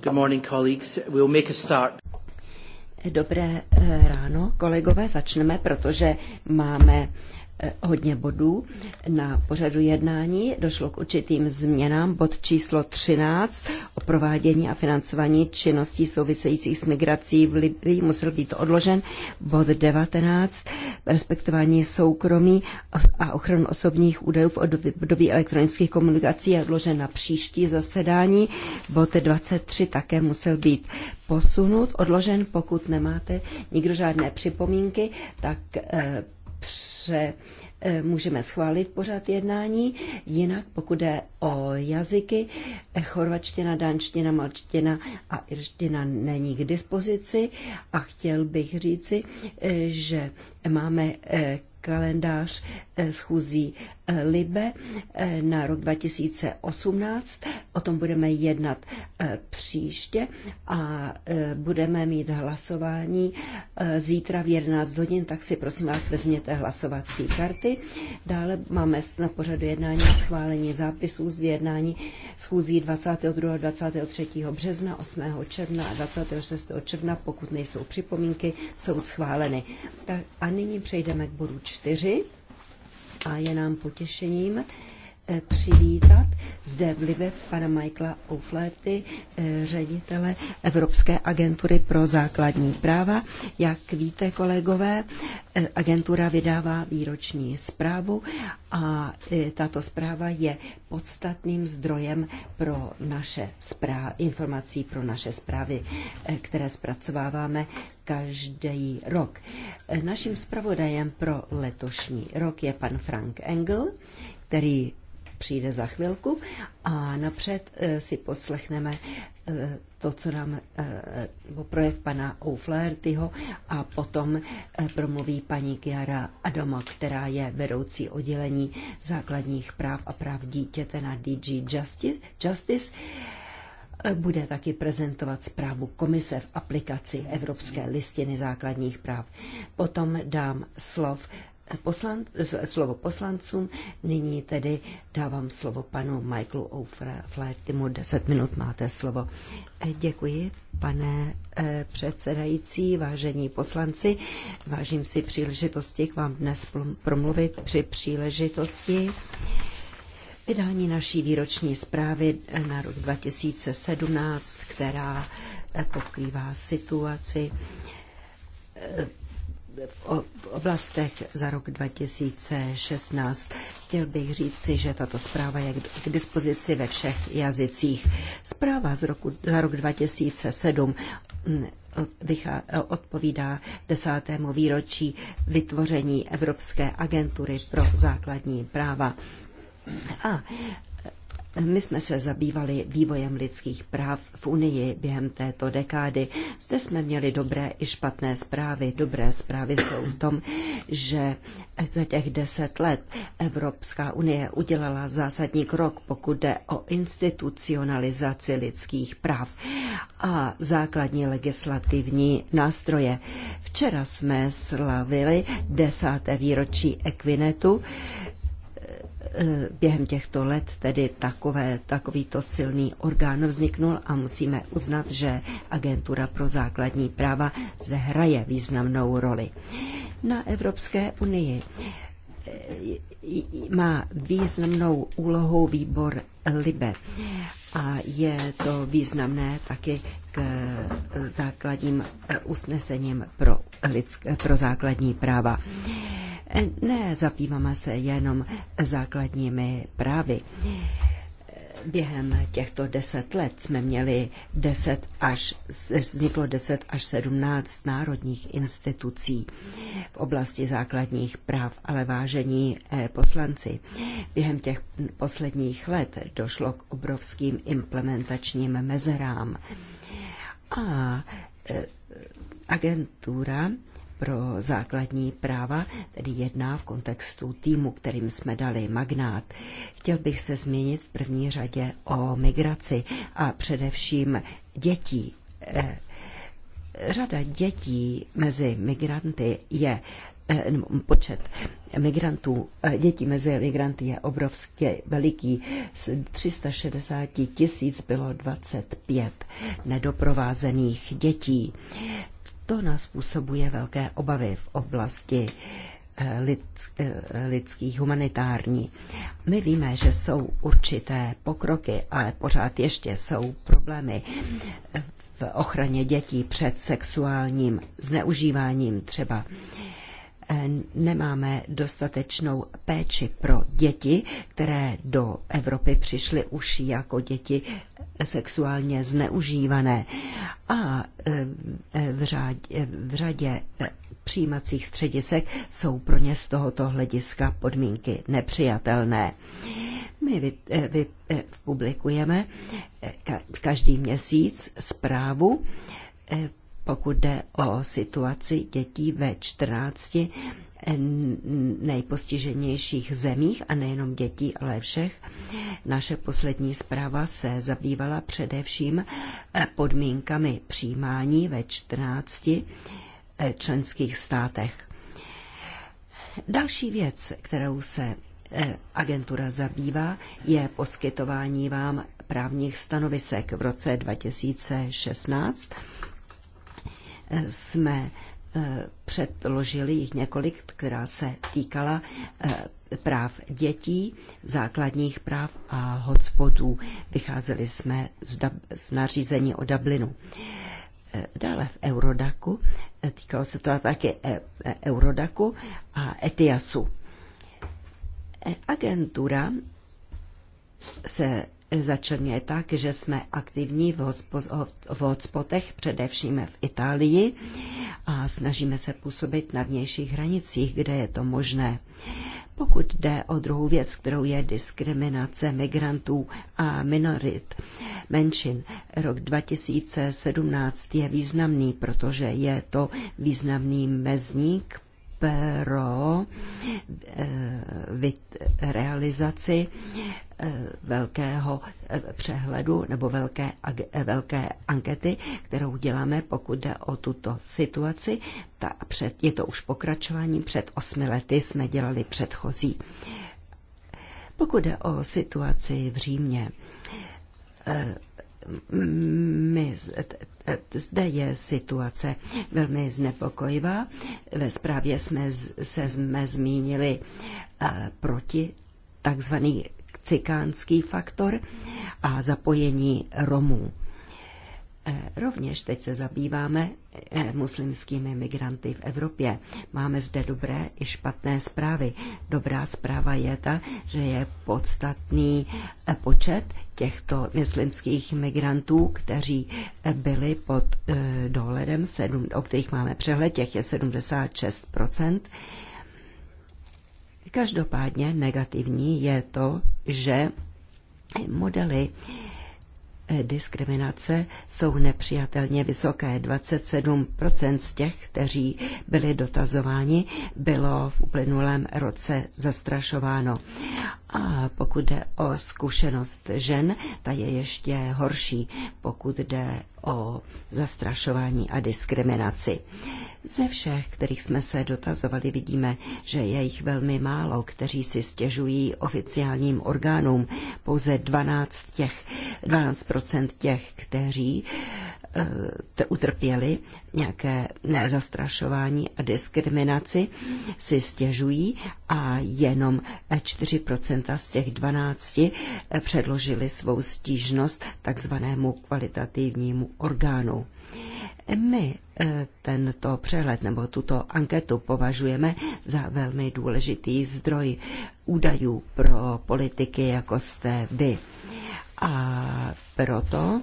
Good morning, colleagues. We'll make a start. Dobré eh, ráno, kolegové, začneme, protože máme hodně bodů na pořadu jednání. Došlo k určitým změnám. Bod číslo 13 o provádění a financování činností souvisejících s migrací v Libii musel být odložen. Bod 19 respektování soukromí a ochranu osobních údajů v období elektronických komunikací je odložen na příští zasedání. Bod 23 také musel být posunut, odložen, pokud nemáte nikdo žádné připomínky, tak eh, pře, eh, můžeme schválit pořád jednání. Jinak, pokud jde o jazyky, eh, chorvačtina, dánština, malčtina a irština není k dispozici. A chtěl bych říci, eh, že máme kalendář schůzí eh, Libe eh, na rok 2018. O tom budeme jednat eh, příště a budeme mít hlasování zítra v 11 hodin, tak si prosím vás vezměte hlasovací karty. Dále máme na pořadu jednání schválení zápisů z jednání schůzí 22. 23. března, 8. června a 26. června, pokud nejsou připomínky, jsou schváleny. Tak a nyní přejdeme k bodu 4 a je nám potěšením, Eh, přivítat zde v Live pana Michaela O'Flaherty, eh, ředitele Evropské agentury pro základní práva. Jak víte, kolegové, eh, agentura vydává výroční zprávu a tato zpráva je podstatným zdrojem pro naše zpráv, informací pro naše zprávy, které zpracováváme každý rok. Naším zpravodajem pro letošní rok je pan Frank Engel, který přijde za chvilku a napřed eh, si poslechneme eh, to, co nám eh, projev pana O'Flahertyho a potom promluví paní Kiara Adama, která je vedoucí oddělení základních práv a práv dítěte na DG Justice. Bude taky prezentovat zprávu Komise v aplikaci Evropské listiny základních práv. Potom dám slov poslan, slovo poslancům. Nyní tedy dávám slovo panu Michaelu O'Flahertymu. Deset minut máte slovo. Eh, děkuji, pane eh, předsedající, vážení poslanci. Vážím si příležitosti k vám dnes promluvit při příležitosti vydání naší výroční zprávy na rok 2017, která eh, pokrývá situaci oblastech za rok 2016. Chtěl bych říci, že tato zpráva je k dispozici ve všech jazycích. Zpráva z roku, za rok 2007 mm, odpovídá desátému výročí vytvoření Evropské agentury pro základní práva. A my jsme se zabývali vývojem lidských práv v Unii během této dekády. Zde jsme měli dobré i špatné zprávy. Dobré zprávy jsou v tom, že za těch deset let Evropská unie udělala zásadní krok, pokud jde o institucionalizaci lidských práv a základní legislativní nástroje. Včera jsme slavili desáté výročí Equinetu, Eh, během těchto let tedy takové, takovýto silný orgán vzniknul a musíme uznat, že Agentura pro základní práva zde hraje významnou roli. Na Evropské unii eh, má významnou úlohu výbor Libe a je to významné taky k eh, základním usnesením pro, lidské, pro základní práva nezabýváme se jenom základními právy. Během těchto deset let jsme měli 10 až, vzniklo 10 až 17 národních institucí v oblasti základních práv, ale vážení eh, poslanci, během těch posledních let došlo k obrovským implementačním mezerám. A eh, agentura pro základní práva, tedy jedná v kontextu týmu, kterým jsme dali magnát. Chtěl bych se změnit v první řadě o migraci a především dětí. Eh, řada dětí mezi migranty je eh, počet migrantů, eh, dětí mezi migranty je obrovský, veliký. Z 360 tisíc bylo 25 nedoprovázených dětí. To nás způsobuje velké obavy v oblasti eh, eh, lidských, humanitární. My víme, že jsou určité pokroky, ale pořád ještě jsou problémy v ochraně dětí před sexuálním zneužíváním třeba. Eh, nemáme dostatečnou péči pro děti, které do Evropy přišly už jako děti sexuálně zneužívané. A eh, v řadě, v eh, řadě přijímacích středisek jsou pro ně z tohoto hlediska podmínky nepřijatelné. My vy, vy, publikujeme každý měsíc zprávu pokud jde o situaci dětí ve 14 nejpostiženějších zemích a nejenom dětí, ale všech. Naše poslední zpráva se zabývala především e, podmínkami přijímání ve 14 e, členských státech. Další věc, kterou se e, agentura zabývá, je poskytování vám právních stanovisek v roce 2016 jsme eh, předložili jich několik, která se týkala eh, práv dětí, základních práv a hotspotů. Vycházeli jsme z, Dab, z nařízení o Dublinu. Eh, dále v Eurodaku, týkalo se to také Eurodaku a Etiasu. Agentura se je tak, že jsme aktivní v, hospo- v hotspotech, především v Itálii, a snažíme se působit na vnějších hranicích, kde je to možné. Pokud jde o druhou věc, kterou je diskriminace migrantů a minorit, menšin, rok 2017 je významný, protože je to významný mezník pero eh, realizaci eh, velkého eh, přehledu nebo velké, velké ankety, kterou děláme, pokud jde o tuto situaci. Ta před, je to už pokračování, před osmi lety jsme dělali předchozí. Pokud jde o situaci v Římě, my, zde je situace velmi znepokojivá. Ve zprávě jsme, se jsme zmínili eh, proti takzvaný cikánský faktor a zapojení Romů. E, rovněž teď se zabýváme e, muslimskými migranty v Evropě. Máme zde dobré i špatné zprávy. Dobrá zpráva je ta, že je podstatný e, počet těchto muslimských migrantů, kteří byli pod dohledem, o kterých máme přehled, těch je 76 Každopádně negativní je to, že modely diskriminace jsou nepřijatelně vysoké. 27% z těch, kteří byli dotazováni, bylo v uplynulém roce zastrašováno. A pokud jde o zkušenost žen, ta je ještě horší, pokud jde o zastrašování a diskriminaci. Ze všech, kterých jsme se dotazovali, vidíme, že je jich velmi málo, kteří si stěžují oficiálním orgánům. Pouze 12, těch, 12 těch, kteří Eh, utrpěli nějaké nezastrašování a diskriminaci, si stěžují a jenom 4% z těch 12 eh, předložili svou stížnost takzvanému kvalitativnímu orgánu. My eh, tento přehled nebo tuto anketu považujeme za velmi důležitý zdroj údajů pro politiky, jako jste vy. A proto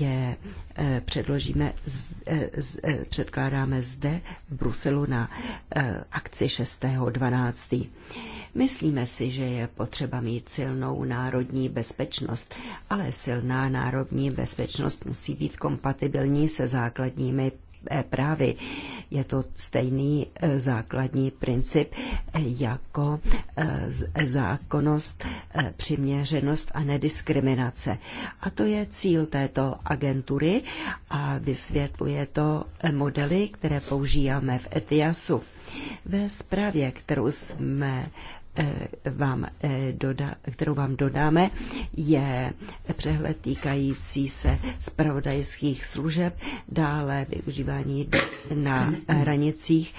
je eh, předložíme, eh, eh, předkládáme zde v Bruselu na akci 6.12. Myslíme si, že je potřeba mít silnou národní bezpečnost, ale silná národní bezpečnost musí být kompatibilní se základními E právy. Je to stejný e, základní princip e, jako zákonnost, přiměřenost a nediskriminace. A to je cíl této agentury a vysvětluje to modely, které používáme v ETIASu. Ve zprávě, kterou jsme Eh, vám eh, doda, kterou vám dodáme, je přehled týkající se spravodajských služeb, dále využívání na hranicích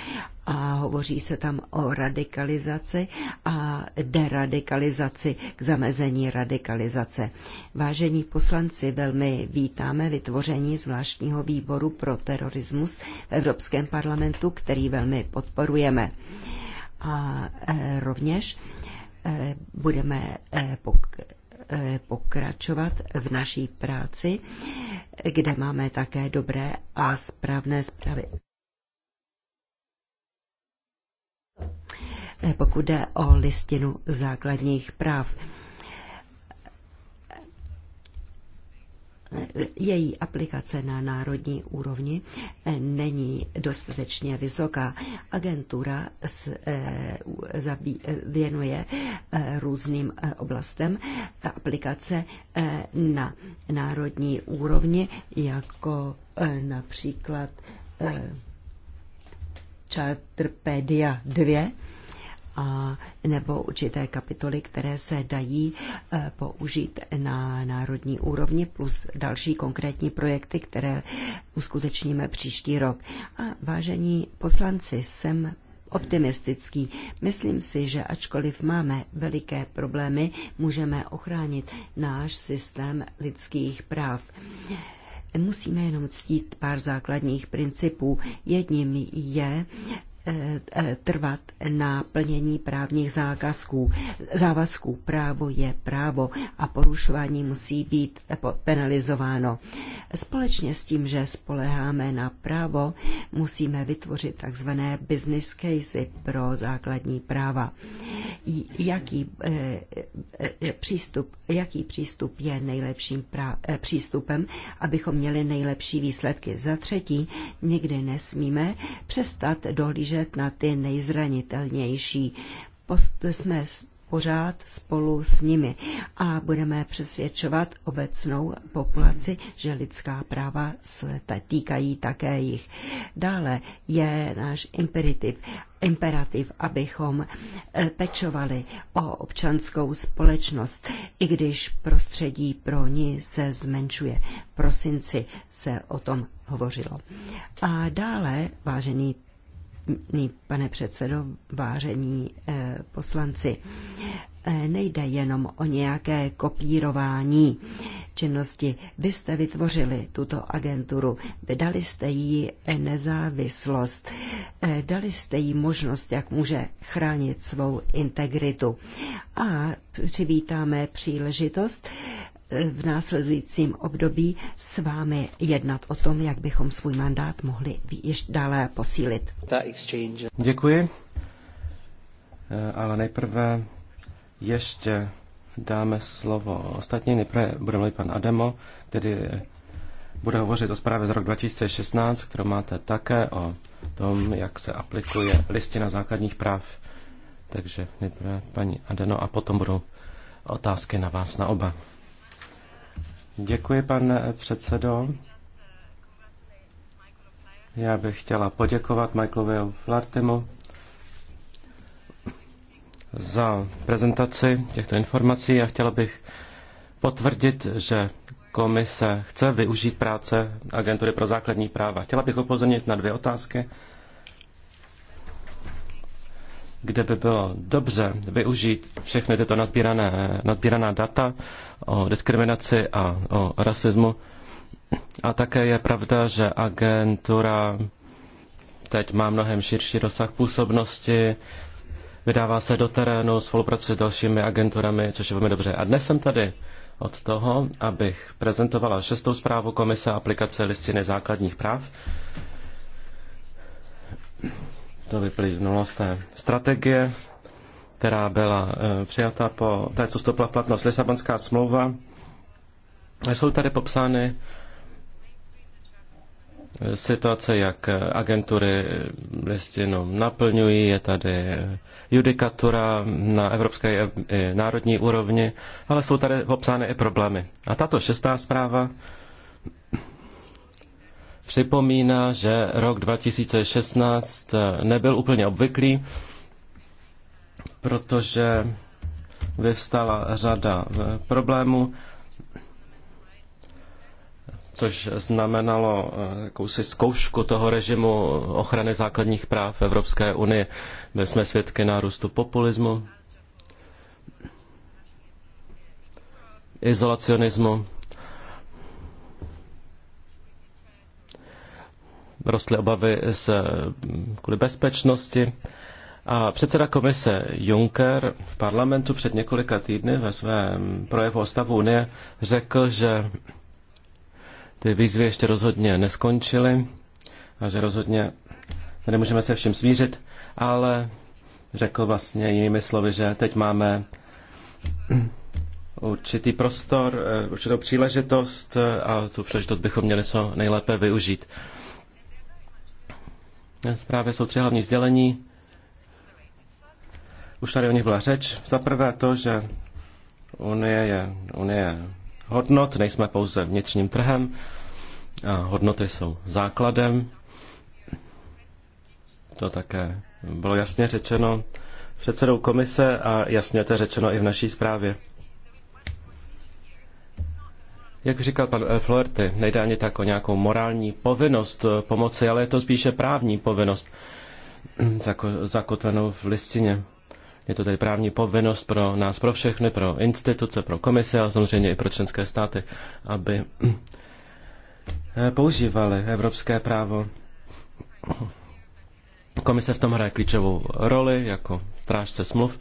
a hovoří se tam o radikalizaci a deradikalizaci k zamezení radikalizace. Vážení poslanci, velmi vítáme vytvoření zvláštního výboru pro terorismus v Evropském parlamentu, který velmi podporujeme. A e, rovněž e, budeme e, pokračovat v naší práci, kde máme také dobré a správné zprávy. Pokud jde o listinu základních práv, její aplikace na národní úrovni eh, není dostatečně vysoká. Agentura eh, věnuje eh, různým oblastem aplikace na národní úrovni, jako například Charterpedia 2, a nebo určité kapitoly, které se dají eh, použít na národní úrovni plus další konkrétní projekty, které uskutečníme příští rok. A vážení poslanci, jsem optimistický. Myslím si, že ačkoliv máme veliké problémy, můžeme ochránit náš systém lidských práv. Musíme jenom ctít pár základních principů. Jedním je Eh, eh, trvat na plnění právních zákazků, závazků. Právo je právo a porušování musí být penalizováno. Společně s tím, že spoleháme na právo, musíme vytvořit takzvané business casey pro základní práva. Jaký eh, přístup, jaký přístup je nejlepším přístupem, abychom měli nejlepší výsledky? Za třetí, nikdy nesmíme přestat dohlížet dohlížet na ty nejzranitelnější. Post jsme pořád spolu s nimi a budeme přesvědčovat obecnou populaci, že lidská práva se týkají také jich. Dále je náš imperativ, imperativ, abychom eh, pečovali o občanskou společnost, i když prostředí pro ní se zmenšuje. V prosinci se o tom hovořilo. A dále, vážený pane předsedo, vážení eh, poslanci. E, nejde jenom o nějaké kopírování činnosti. Vy jste vytvořili tuto agenturu, vydali jste jí nezávislost, e, dali jste jí možnost, jak může chránit svou integritu. A přivítáme příležitost e, v následujícím období s vámi jednat o tom, jak bychom svůj mandát mohli ještě dále posílit. Děkuji. Ale nejprve ještě dáme slovo ostatní. Nejprve bude mluvit pan Ademo, který bude hovořit o zprávě z roku 2016, kterou máte také o tom, jak se aplikuje listina základních práv. Takže nejprve paní Adeno a potom budou otázky na vás na oba. Děkuji, pane předsedo. Já bych chtěla poděkovat Michaelovi Flartemu za prezentaci těchto informací a chtěla bych potvrdit, že komise chce využít práce Agentury pro základní práva. Chtěla bych upozornit na dvě otázky, kde by bylo dobře využít všechny tyto nazbírané, nazbíraná data o diskriminaci a o rasismu. A také je pravda, že agentura teď má mnohem širší rozsah působnosti, vydává se do terénu, spolupracuje s dalšími agenturami, což je velmi dobře. A dnes jsem tady od toho, abych prezentovala šestou zprávu Komise aplikace listiny základních práv. To vyplynulo z té strategie, která byla eh, přijata po té, co stopla platnost Lisabonská smlouva. Jsou tady popsány situace, jak agentury listinu naplňují, je tady judikatura na evropské i národní úrovni, ale jsou tady popsány i problémy. A tato šestá zpráva připomíná, že rok 2016 nebyl úplně obvyklý, protože vyvstala řada problémů což znamenalo eh, jakousi zkoušku toho režimu ochrany základních práv Evropské unie. Byli jsme svědky nárůstu populismu, izolacionismu, rostly obavy z, mm, kvůli bezpečnosti. A předseda komise Juncker v parlamentu před několika týdny ve svém projevu o stavu Unie řekl, že ty výzvy ještě rozhodně neskončily a že rozhodně nemůžeme se všem smířit, ale řekl vlastně jinými slovy, že teď máme určitý prostor, eh, určitou příležitost eh, a tu příležitost bychom měli co nejlépe využít. Zprávě jsou tři hlavní sdělení. Už tady o nich byla řeč. Za prvé to, že Unie je, Unie hodnot, nejsme pouze vnitřním trhem. A hodnoty jsou základem. To také bylo jasně řečeno předsedou komise a jasně to je řečeno i v naší zprávě. Jak říkal pan Flaherty, nejde ani tak o nějakou morální povinnost pomoci, ale je to spíše právní povinnost zakotvenou v listině. Je to tedy právní povinnost pro nás, pro všechny, pro instituce, pro komise a samozřejmě i pro členské státy, aby používali evropské právo. Komise v tom hraje klíčovou roli jako strážce smluv.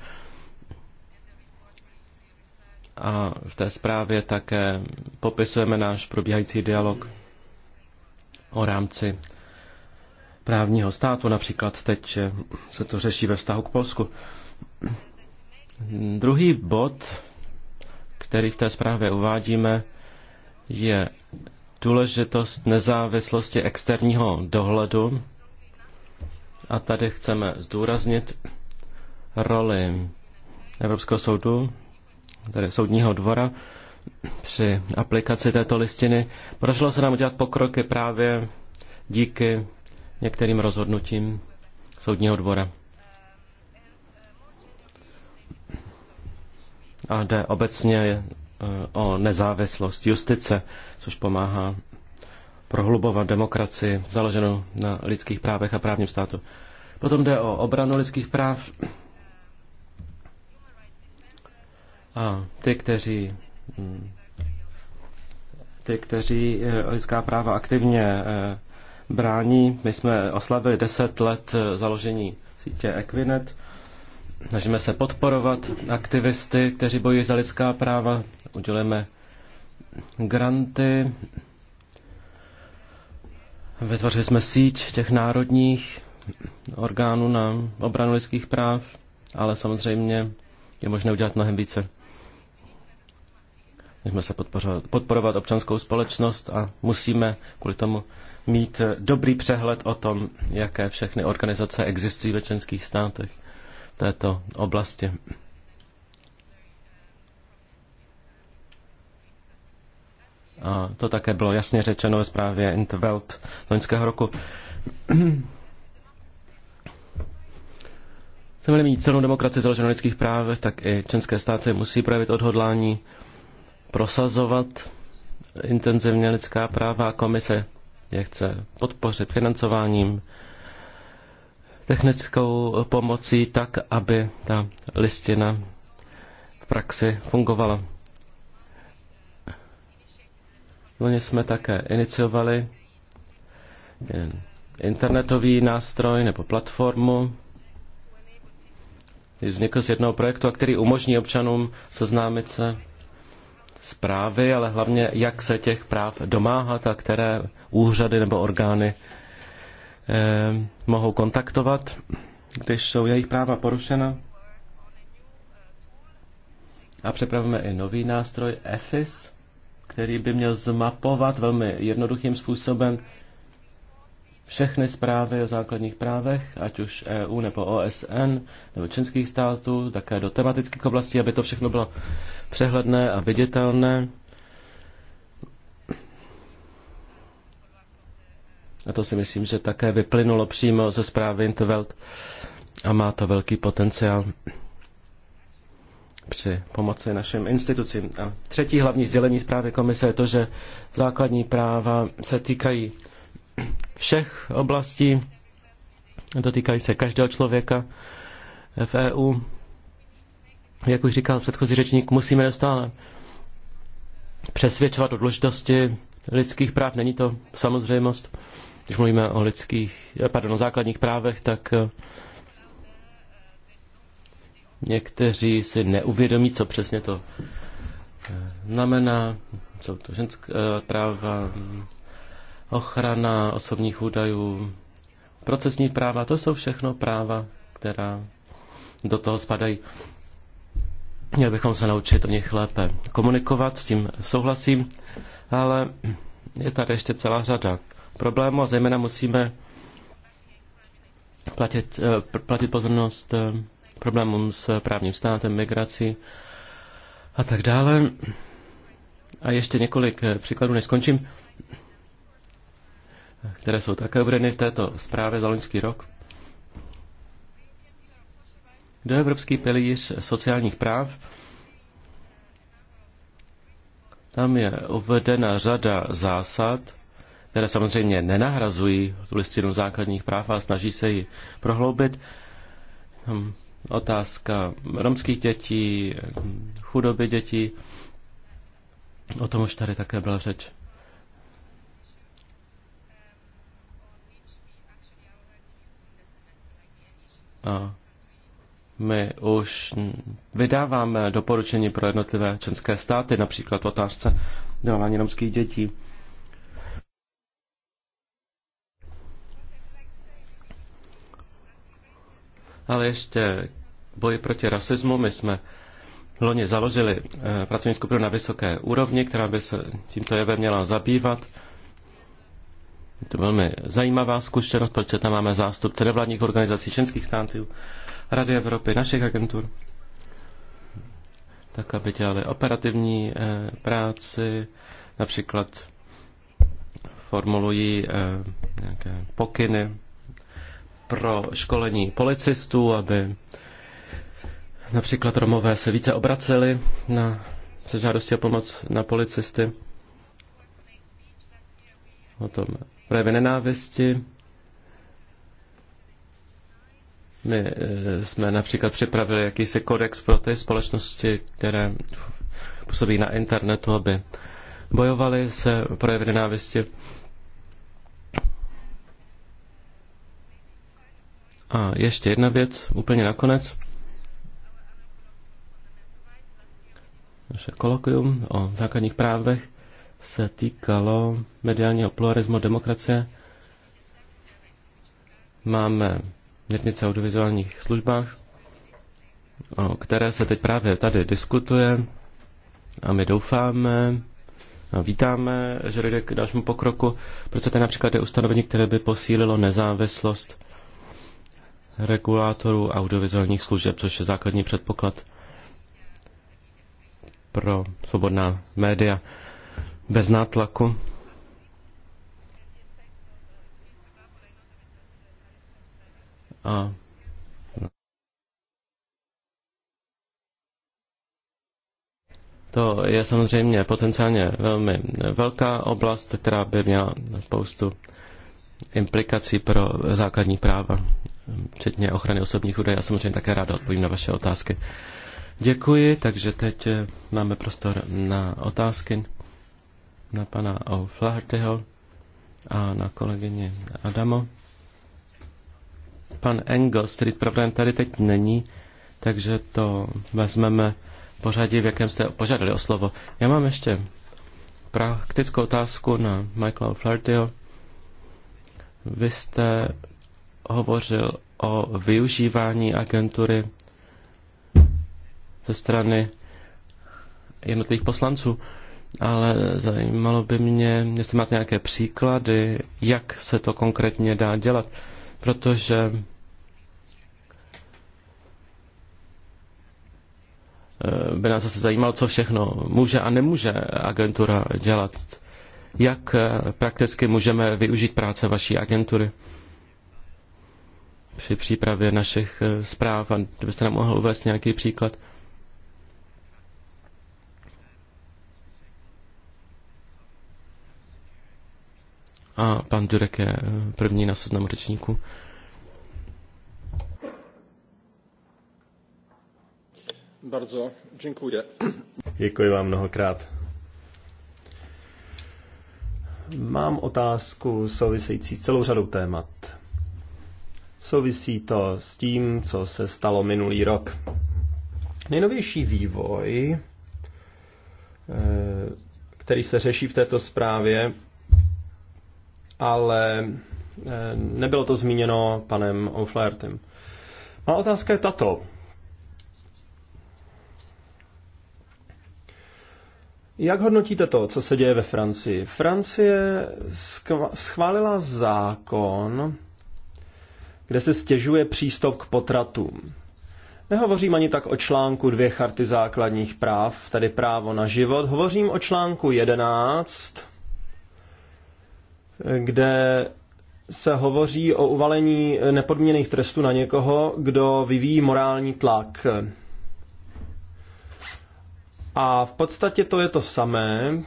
A v té zprávě také popisujeme náš probíhající dialog o rámci právního státu. Například teď se to řeší ve vztahu k Polsku. Druhý bod, který v té zprávě uvádíme, je důležitost nezávislosti externího dohledu. A tady chceme zdůraznit roli Evropského soudu, tedy soudního dvora, při aplikaci této listiny. Prošlo se nám udělat pokroky právě díky některým rozhodnutím soudního dvora. a jde obecně eh, o nezávislost justice, což pomáhá prohlubovat demokracii založenou na lidských právech a právním státu. Potom jde o obranu lidských práv a ty, kteří hm, ty, kteří eh, lidská práva aktivně eh, brání. My jsme oslavili 10 let založení sítě Equinet Snažíme se podporovat aktivisty, kteří bojují za lidská práva. Udělujeme granty. Vytvořili jsme síť těch národních orgánů na obranu lidských práv, ale samozřejmě je možné udělat mnohem více. Můžeme se podporovat občanskou společnost a musíme kvůli tomu mít dobrý přehled o tom, jaké všechny organizace existují ve členských státech této oblasti. A to také bylo jasně řečeno ve zprávě Intervelt loňského roku. chceme mít celou demokracii založenou na lidských právech, tak i členské státy musí projevit odhodlání prosazovat intenzivně lidská práva a komise je chce podpořit financováním, technickou pomocí tak, aby ta listina v praxi fungovala. Loni jsme také iniciovali internetový nástroj nebo platformu, vznikl z jednoho projektu, a který umožní občanům seznámit se s právy, ale hlavně jak se těch práv domáhat a které úřady nebo orgány Eh, mohou kontaktovat, když jsou jejich práva porušena. A přepravíme i nový nástroj EFIS, který by měl zmapovat velmi jednoduchým způsobem všechny zprávy o základních právech, ať už EU nebo OSN nebo členských států, také do tematických oblastí, aby to všechno bylo přehledné a viditelné A to si myslím, že také vyplynulo přímo ze zprávy Intervelt a má to velký potenciál při pomoci našim institucím. A třetí hlavní sdělení zprávy komise je to, že základní práva se týkají všech oblastí, dotýkají se každého člověka v EU. Jak už říkal předchozí řečník, musíme neustále přesvědčovat o důležitosti lidských práv. Není to samozřejmost když mluvíme o lidských, eh, pardon, o základních právech, tak eh, někteří si neuvědomí, co přesně to eh, znamená. Jsou to ženská práva, ochrana osobních údajů, procesní práva, to jsou všechno práva, která do toho spadají. Měli bychom se naučit o nich lépe komunikovat, s tím souhlasím, ale je tady ještě celá řada problému a zejména musíme platit, eh, platit pozornost eh, problémům s právním státem, migrací a tak dále. A ještě několik eh, příkladů, než skončím, které jsou také uvedeny v této zprávě za loňský rok. Do Evropský pilíř sociálních práv tam je uvedena řada zásad, které samozřejmě nenahrazují tu listinu základních práv a snaží se ji prohloubit. Hm, otázka romských dětí, chudoby dětí, o tom už tady také byla řeč. A my už vydáváme doporučení pro jednotlivé členské státy, například v otázce dělání romských dětí. ale ještě boji proti rasismu. My jsme loni založili eh, pracovní skupinu na vysoké úrovni, která by se tímto jevem měla zabývat. Je to velmi zajímavá zkušenost, protože tam máme zástupce nevládních organizací členských států, Rady Evropy, našich agentur, tak aby dělali operativní eh, práci, například formulují eh, nějaké pokyny pro školení policistů, aby například Romové se více obraceli na, se žádosti o pomoc na policisty. O tom projevy nenávisti. My eh, jsme například připravili jakýsi kodex pro ty společnosti, které působí na internetu, aby bojovali se projevy nenávisti. A ještě jedna věc, úplně nakonec. Naše kolokvium o základních právech se týkalo mediálního pluralismu demokracie. Máme měrnice o audiovizuálních službách, o které se teď právě tady diskutuje a my doufáme, a vítáme, že dojde k dalšímu pokroku, protože to je například je ustanovení, které by posílilo nezávislost regulátorů audiovizuálních služeb, což je základní předpoklad pro svobodná média bez nátlaku. A to je samozřejmě potenciálně velmi velká oblast, která by měla spoustu implikací pro základní práva včetně ochrany osobních údajů. Já samozřejmě také ráda odpovím na vaše otázky. Děkuji, takže teď eh, máme prostor na otázky na pana O'Flahertyho a na kolegyni Adamo. Pan Engels, který problém tady teď není, takže to vezmeme pořadí, v jakém jste požádali o slovo. Já mám ještě praktickou otázku na Michaela Flartyho. Vy jste hovořil o využívání agentury ze strany jednotlivých poslanců, ale zajímalo by mě, jestli máte nějaké příklady, jak se to konkrétně dá dělat, protože eh, by nás zase zajímalo, co všechno může a nemůže agentura dělat. Jak eh, prakticky můžeme využít práce vaší agentury? při přípravě našich eh, zpráv a kdybyste nám mohl uvést nějaký příklad. A pan Durek je eh, první na seznamu řečníků. Bardzo dziękuję. Děkuji vám mnohokrát. Mám otázku související s celou řadou témat. Souvisí to s tím, co se stalo minulý rok. Nejnovější vývoj, eh, který se řeší v této zprávě, ale eh, nebylo to zmíněno panem O'Flaherty. Má otázka je tato. Jak hodnotíte to, co se děje ve Francii? Francie schválila zákon, kde se stěžuje přístup k potratům. Nehovořím ani tak o článku dvě Charty základních práv, tedy právo na život. Hovořím o článku 11, kde se hovoří o uvalení nepodmíněných trestů na někoho, kdo vyvíjí morální tlak. A v podstatě to je to samé,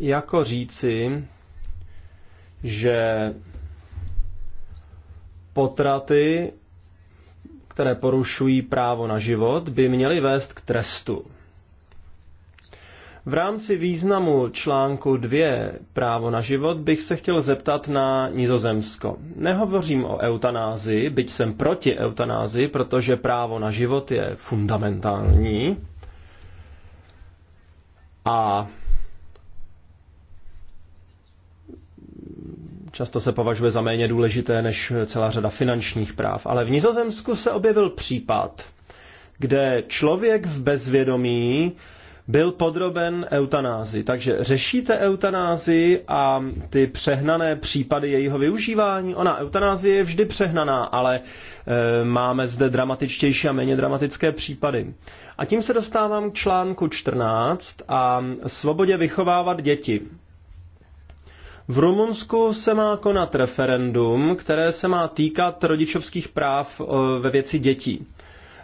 jako říci, že potraty, které porušují právo na život, by měly vést k trestu. V rámci významu článku 2 právo na život bych se chtěl zeptat na Nizozemsko. Nehovořím o eutanázii, byť jsem proti eutanázii, protože právo na život je fundamentální. A Často se považuje za méně důležité než celá řada finančních práv. Ale v Nizozemsku se objevil případ, kde člověk v bezvědomí byl podroben eutanázi. Takže řešíte eutanázi a ty přehnané případy jejího využívání. Ona eutanázie je vždy přehnaná, ale e, máme zde dramatičtější a méně dramatické případy. A tím se dostávám k článku 14 a svobodě vychovávat děti. V Rumunsku se má konat referendum, které se má týkat rodičovských práv eh, ve věci dětí.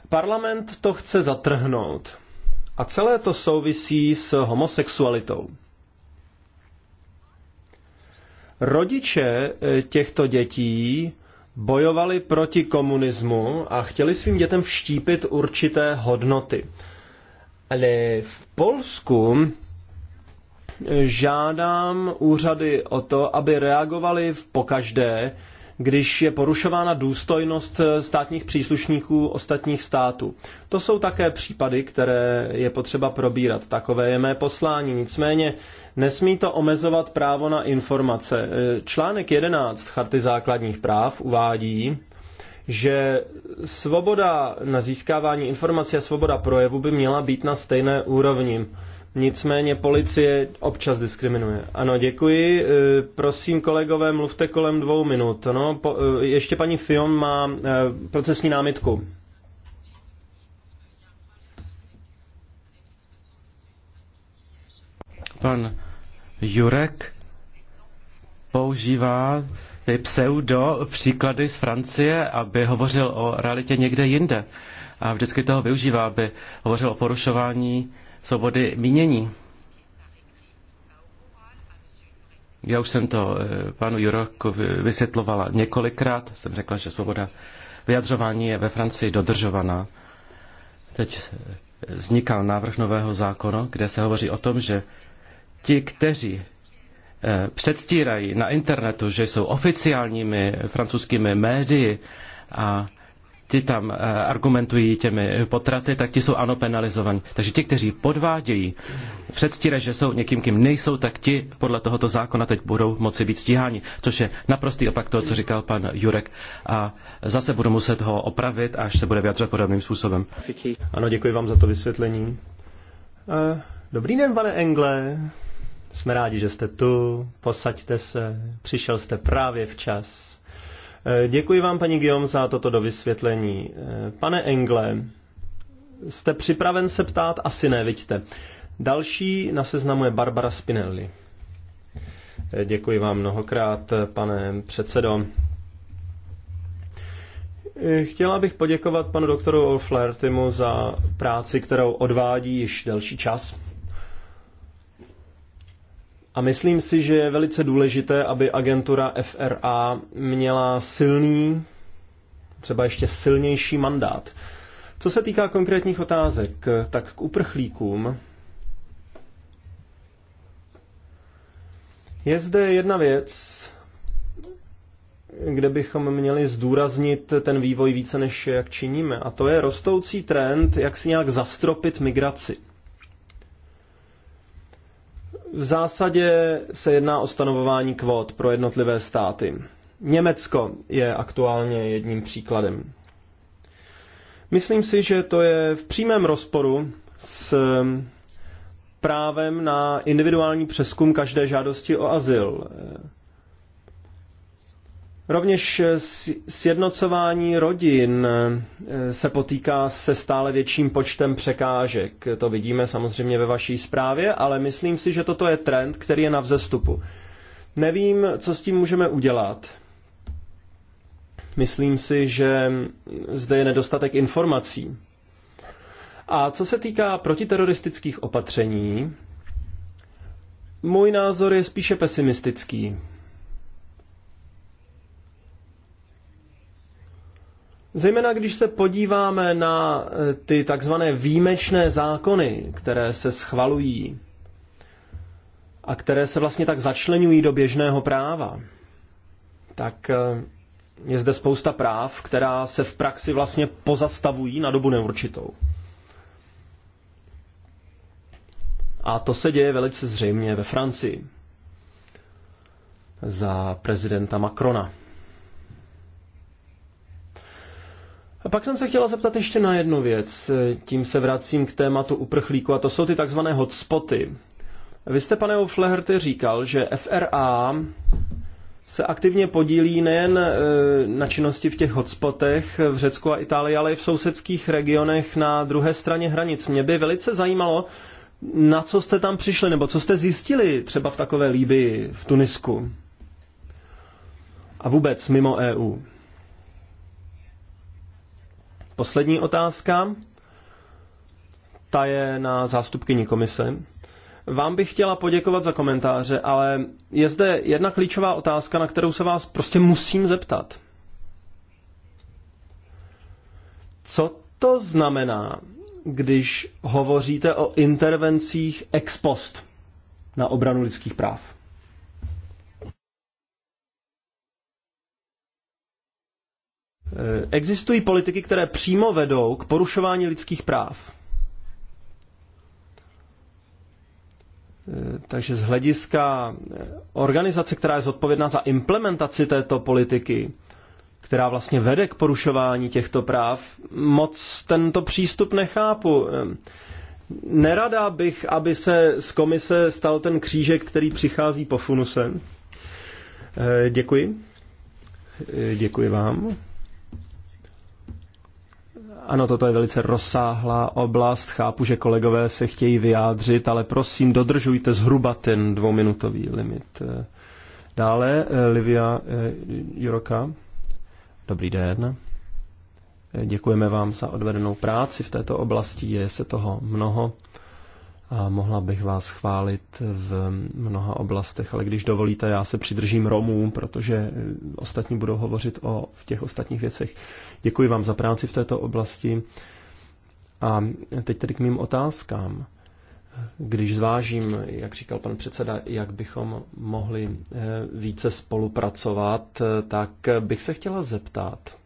Parlament to chce zatrhnout. A celé to souvisí s homosexualitou. Rodiče eh, těchto dětí bojovali proti komunismu a chtěli svým dětem vštípit určité hodnoty. Ale v Polsku žádám úřady o to, aby reagovali v pokaždé, když je porušována důstojnost státních příslušníků ostatních států. To jsou také případy, které je potřeba probírat. Takové je mé poslání. Nicméně nesmí to omezovat právo na informace. Článek 11 Charty základních práv uvádí, že svoboda na získávání informací a svoboda projevu by měla být na stejné úrovni. Nicméně policie občas diskriminuje. Ano, děkuji. E, prosím, kolegové, mluvte kolem dvou minut. No, po, e, ještě paní Fion má e, procesní námitku. Pan Jurek používá ty pseudo příklady z Francie, aby hovořil o realitě někde jinde. A vždycky toho využívá, aby hovořil o porušování svobody mínění. Já už jsem to eh, panu Juroku vysvětlovala několikrát. Jsem řekla, že svoboda vyjadřování je ve Francii dodržovaná. Teď eh, vznikal návrh nového zákona, kde se hovoří o tom, že ti, kteří eh, předstírají na internetu, že jsou oficiálními francouzskými médii a ti tam eh, argumentují těmi potraty, tak ti jsou ano penalizovaní. Takže ti, kteří podvádějí, předstírají, že jsou někým, kým nejsou, tak ti podle tohoto zákona teď budou moci být stíháni, což je naprostý opak toho, co říkal pan Jurek. A zase budu muset ho opravit, až se bude vyjadřovat podobným způsobem. Ano, děkuji vám za to vysvětlení. Eh, dobrý den, pane Engle. Jsme rádi, že jste tu. Posaďte se. Přišel jste právě včas. Eh, děkuji vám, paní Guillaume, za toto dovysvětlení. Eh, pane Engle, jste připraven se ptát? Asi ne, vidíte. Další na seznamu je Barbara Spinelli. Eh, děkuji vám mnohokrát, pane předsedo. Chtěla bych poděkovat panu doktoru Flahertymu za práci, kterou odvádí již delší čas a myslím si, že je velice důležité, aby agentura FRA měla silný, třeba ještě silnější mandát. Co se týká konkrétních otázek, tak k uprchlíkům je zde jedna věc, kde bychom měli zdůraznit ten vývoj více, než jak činíme. A to je rostoucí trend, jak si nějak zastropit migraci. V zásadě se jedná o stanovování kvót pro jednotlivé státy. Německo je aktuálně jedním příkladem. Myslím si, že to je v přímém rozporu s právem na individuální přeskum každé žádosti o azyl. Rovněž eh, sjednocování rodin eh, se potýká se stále větším počtem překážek. To vidíme samozřejmě ve vaší zprávě, ale myslím si, že toto je trend, který je na vzestupu. Nevím, co s tím můžeme udělat. Myslím si, že zde je nedostatek informací. A co se týká protiteroristických opatření, můj názor je spíše pesimistický. Zejména když se podíváme na eh, ty takzvané výjimečné zákony, které se schvalují a které se vlastně tak začlenují do běžného práva, tak eh, je zde spousta práv, která se v praxi vlastně pozastavují na dobu neurčitou. A to se děje velice zřejmě ve Francii za prezidenta Macrona. A pak jsem se chtěla zeptat ještě na jednu věc. Tím se vracím k tématu uprchlíku a to jsou ty takzvané hotspoty. Vy jste, pane Oflehrty, říkal, že FRA se aktivně podílí nejen e, na činnosti v těch hotspotech v Řecku a Itálii, ale i v sousedských regionech na druhé straně hranic. Mě by velice zajímalo, na co jste tam přišli, nebo co jste zjistili třeba v takové Líbii, v Tunisku a vůbec mimo EU. Poslední otázka, ta je na zástupkyni komise. Vám bych chtěla poděkovat za komentáře, ale je zde jedna klíčová otázka, na kterou se vás prostě musím zeptat. Co to znamená, když hovoříte o intervencích ex post na obranu lidských práv? Eh, existují politiky, které přímo vedou k porušování lidských práv. Eh, takže z hlediska eh, organizace, která je zodpovědná za implementaci této politiky, která vlastně vede k porušování těchto práv, moc tento přístup nechápu. Nerada bych, aby se z komise stal ten křížek, který přichází po funuse. Děkuji. Děkuji vám. Ano, toto je velice rozsáhlá oblast, chápu, že kolegové se chtějí vyjádřit, ale prosím, dodržujte zhruba ten dvouminutový limit. Dále eh, Livia eh, Juroka. Dobrý den. Eh, děkujeme vám za odvedenou práci v této oblasti, je se toho mnoho a mohla bych vás chválit v mnoha oblastech, ale když dovolíte, já se přidržím Romů, protože eh, ostatní budou hovořit o v těch ostatních věcech. Děkuji vám za práci v této oblasti. A teď tedy k mým otázkám. Když zvážím, jak říkal pan předseda, jak bychom mohli eh, více spolupracovat, eh, tak bych se chtěla zeptat,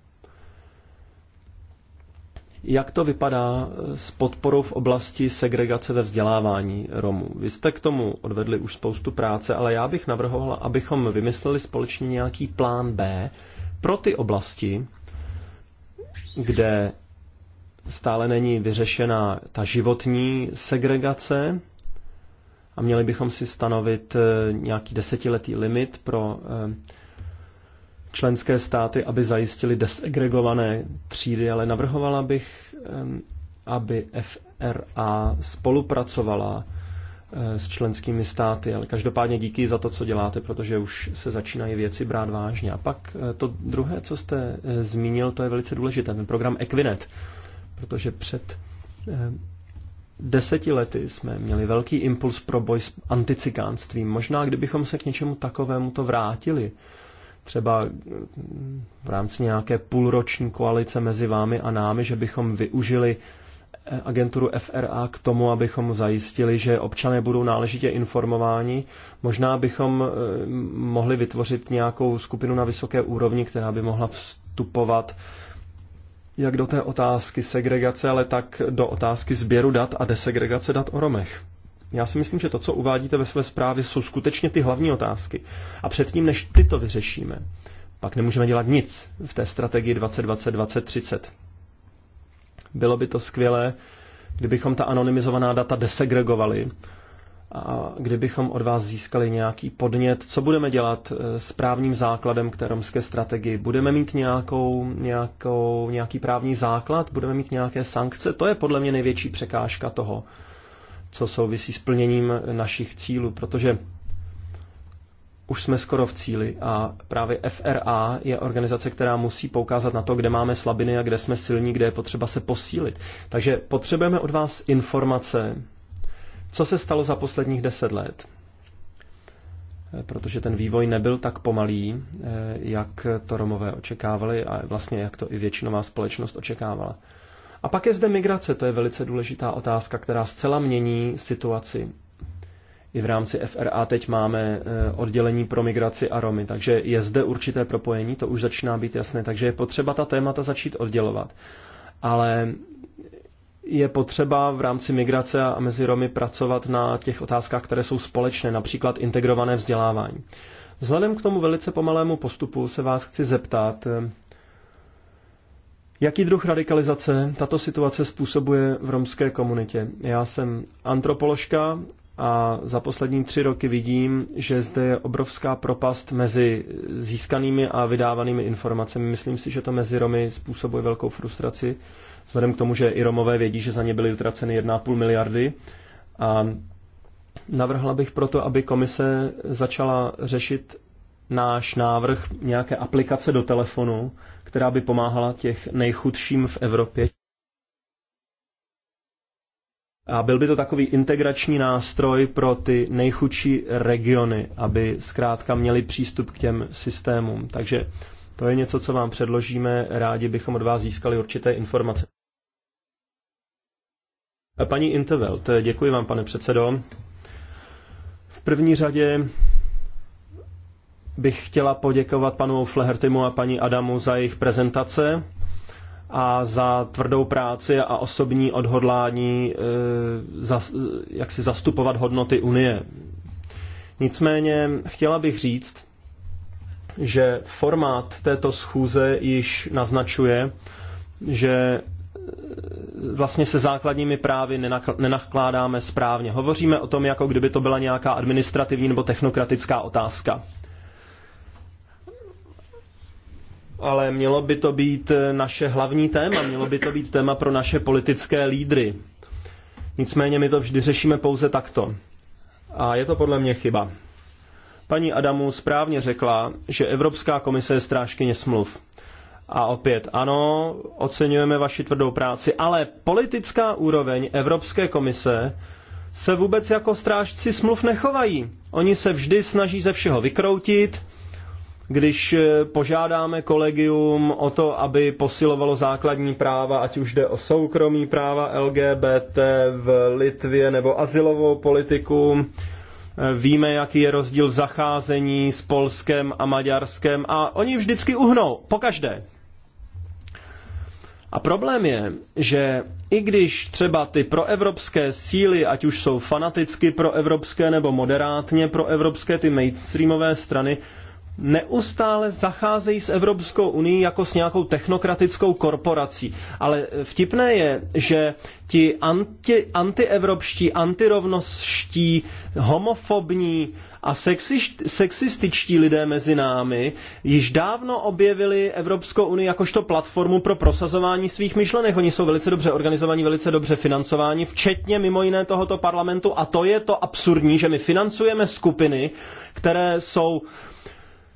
jak to vypadá s podporou v oblasti segregace ve vzdělávání Romů? Vy jste k tomu odvedli už spoustu práce, ale já bych navrhovala, abychom vymysleli společně nějaký plán B pro ty oblasti, kde stále není vyřešena ta životní segregace a měli bychom si stanovit eh, nějaký desetiletý limit pro eh, členské státy, aby zajistili desegregované třídy, ale navrhovala bych, aby FRA spolupracovala eh, s členskými státy, ale každopádně díky za to, co děláte, protože už se začínají věci brát vážně. A pak eh, to druhé, co jste eh, zmínil, to je velice důležité, ten program Equinet, protože před deseti lety jsme měli velký impuls pro boj s anticikánstvím. Možná, kdybychom se k něčemu takovému to vrátili, třeba eh, v rámci nějaké půlroční koalice mezi vámi a námi, že bychom využili eh, agenturu FRA k tomu, abychom zajistili, že občané budou náležitě informováni. Možná bychom eh, mohli vytvořit nějakou skupinu na vysoké úrovni, která by mohla vstupovat jak do té otázky segregace, ale tak do otázky sběru dat a desegregace dat o Romech. Já si myslím, že to, co uvádíte ve své zprávě, jsou skutečně ty hlavní otázky. A předtím, než ty to vyřešíme, pak nemůžeme dělat nic v té strategii 2020-2030. Bylo by to skvělé, kdybychom ta anonymizovaná data desegregovali a kdybychom od vás získali nějaký podnět, co budeme dělat eh, s právním základem k té romské strategii. Budeme mít nějakou, nějakou, nějaký právní základ, budeme mít nějaké sankce, to je podle mě největší překážka toho, co souvisí s plněním našich cílů, protože už jsme skoro v cíli a právě FRA je organizace, která musí poukázat na to, kde máme slabiny a kde jsme silní, kde je potřeba se posílit. Takže potřebujeme od vás informace, co se stalo za posledních deset let, protože ten vývoj nebyl tak pomalý, eh, jak to Romové očekávali a vlastně jak to i většinová společnost očekávala. A pak je zde migrace, to je velice důležitá otázka, která zcela mění situaci. I v rámci FRA teď máme eh, oddělení pro migraci a Romy, takže je zde určité propojení, to už začíná být jasné, takže je potřeba ta témata začít oddělovat. Ale je potřeba v rámci migrace a mezi Romy pracovat na těch otázkách, které jsou společné, například integrované vzdělávání. Vzhledem k tomu velice pomalému postupu se vás chci zeptat, eh, Jaký druh radikalizace tato situace způsobuje v romské komunitě? Já jsem antropoložka a za poslední tři roky vidím, že zde je obrovská propast mezi získanými a vydávanými informacemi. Myslím si, že to mezi Romy způsobuje velkou frustraci, vzhledem k tomu, že i Romové vědí, že za ně byly utraceny 1,5 miliardy. A navrhla bych proto, aby komise začala řešit náš návrh nějaké aplikace do telefonu, která by pomáhala těch nejchudším v Evropě. A byl by to takový integrační nástroj pro ty nejchudší regiony, aby zkrátka měli přístup k těm systémům. Takže to je něco, co vám předložíme. Rádi bychom od vás získali určité informace. Paní Intervelt, děkuji vám, pane předsedo. V první řadě bych chtěla poděkovat panu Flehertimu a paní Adamu za jejich prezentace a za tvrdou práci a osobní odhodlání eh, jak si zastupovat hodnoty Unie. Nicméně chtěla bych říct, že formát této schůze již naznačuje, že eh, vlastně se základními právy nenakládáme správně. Hovoříme o tom, jako kdyby to byla nějaká administrativní nebo technokratická otázka. ale mělo by to být eh, naše hlavní téma, mělo by to být téma pro naše politické lídry. Nicméně my to vždy řešíme pouze takto. A je to podle mě chyba. Paní Adamu správně řekla, že Evropská komise je strážkyně smluv. A opět, ano, oceňujeme vaši tvrdou práci, ale politická úroveň Evropské komise se vůbec jako strážci smluv nechovají. Oni se vždy snaží ze všeho vykroutit, když eh, požádáme kolegium o to, aby posilovalo základní práva, ať už jde o soukromí práva LGBT v Litvě nebo asilovou politiku, eh, Víme, jaký je rozdíl v zacházení s Polskem a Maďarskem a oni vždycky uhnou, pokaždé. A problém je, že i když třeba ty proevropské síly, ať už jsou fanaticky proevropské nebo moderátně proevropské, ty mainstreamové strany, neustále zacházejí s Evropskou unii jako s nějakou technokratickou korporací. Ale vtipné je, že ti anti, antievropští, antirovnostští, homofobní a sexišt, sexističtí lidé mezi námi již dávno objevili Evropskou unii jakožto platformu pro prosazování svých myšlenek. Oni jsou velice dobře organizovaní, velice dobře financováni, včetně mimo jiné tohoto parlamentu. A to je to absurdní, že my financujeme skupiny, které jsou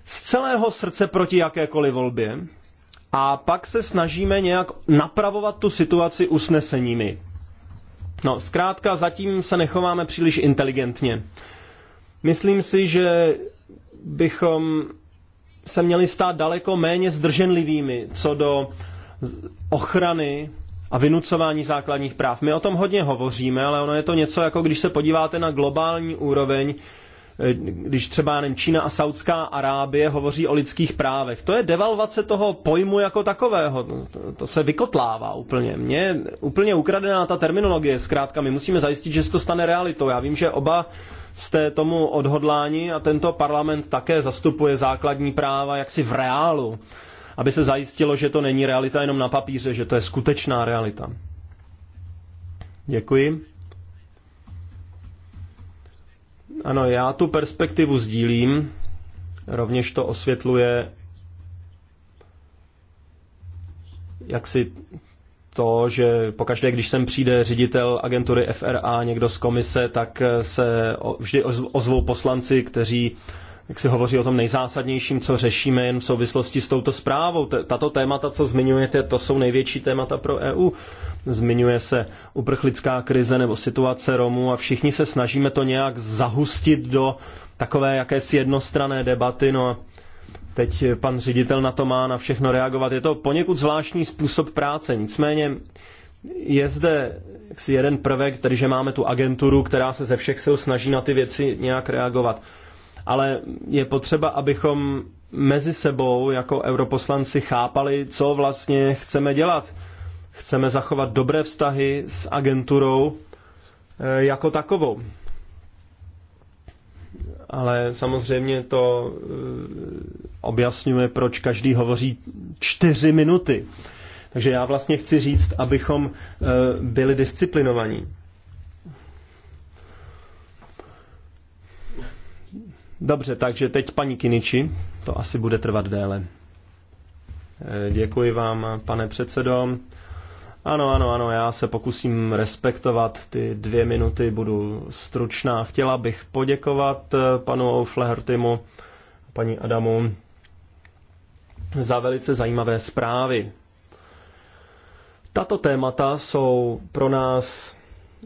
z celého srdce proti jakékoliv volbě a pak se snažíme nějak napravovat tu situaci usneseními. No, zkrátka, zatím se nechováme příliš inteligentně. Myslím si, že bychom se měli stát daleko méně zdrženlivými co do ochrany a vynucování základních práv. My o tom hodně hovoříme, ale ono je to něco, jako když se podíváte na globální úroveň, když třeba nevím, Čína a Saudská Arábie hovoří o lidských právech. To je devalvace toho pojmu jako takového. To, to se vykotlává úplně. Mně úplně ukradená ta terminologie. Zkrátka, my musíme zajistit, že se to stane realitou. Já vím, že oba jste tomu odhodláni a tento parlament také zastupuje základní práva jaksi v reálu, aby se zajistilo, že to není realita jenom na papíře, že to je skutečná realita. Děkuji. Ano, já tu perspektivu sdílím. Rovněž to osvětluje jak si to, že pokaždé, když sem přijde ředitel agentury FRA, někdo z komise, tak se vždy ozvou poslanci, kteří jak se hovoří o tom nejzásadnějším, co řešíme jen v souvislosti s touto zprávou. Tato témata, co zmiňujete, to jsou největší témata pro EU. Zmiňuje se uprchlická krize nebo situace Romů a všichni se snažíme to nějak zahustit do takové jakési jednostrané debaty. No a teď pan ředitel na to má na všechno reagovat. Je to poněkud zvláštní způsob práce, nicméně je zde jeden prvek, tedy že máme tu agenturu, která se ze všech sil snaží na ty věci nějak reagovat ale je potřeba, abychom mezi sebou jako europoslanci chápali, co vlastně chceme dělat. Chceme zachovat dobré vztahy s agenturou eh, jako takovou. Ale samozřejmě to eh, objasňuje, proč každý hovoří čtyři minuty. Takže já vlastně chci říct, abychom eh, byli disciplinovaní. Dobře, takže teď paní Kiniči, to asi bude trvat déle. Eh, děkuji vám, pane předsedo. Ano, ano, ano, já se pokusím respektovat ty dvě minuty, budu stručná. Chtěla bych poděkovat eh, panu Flehertimu, paní Adamu, za velice zajímavé zprávy. Tato témata jsou pro nás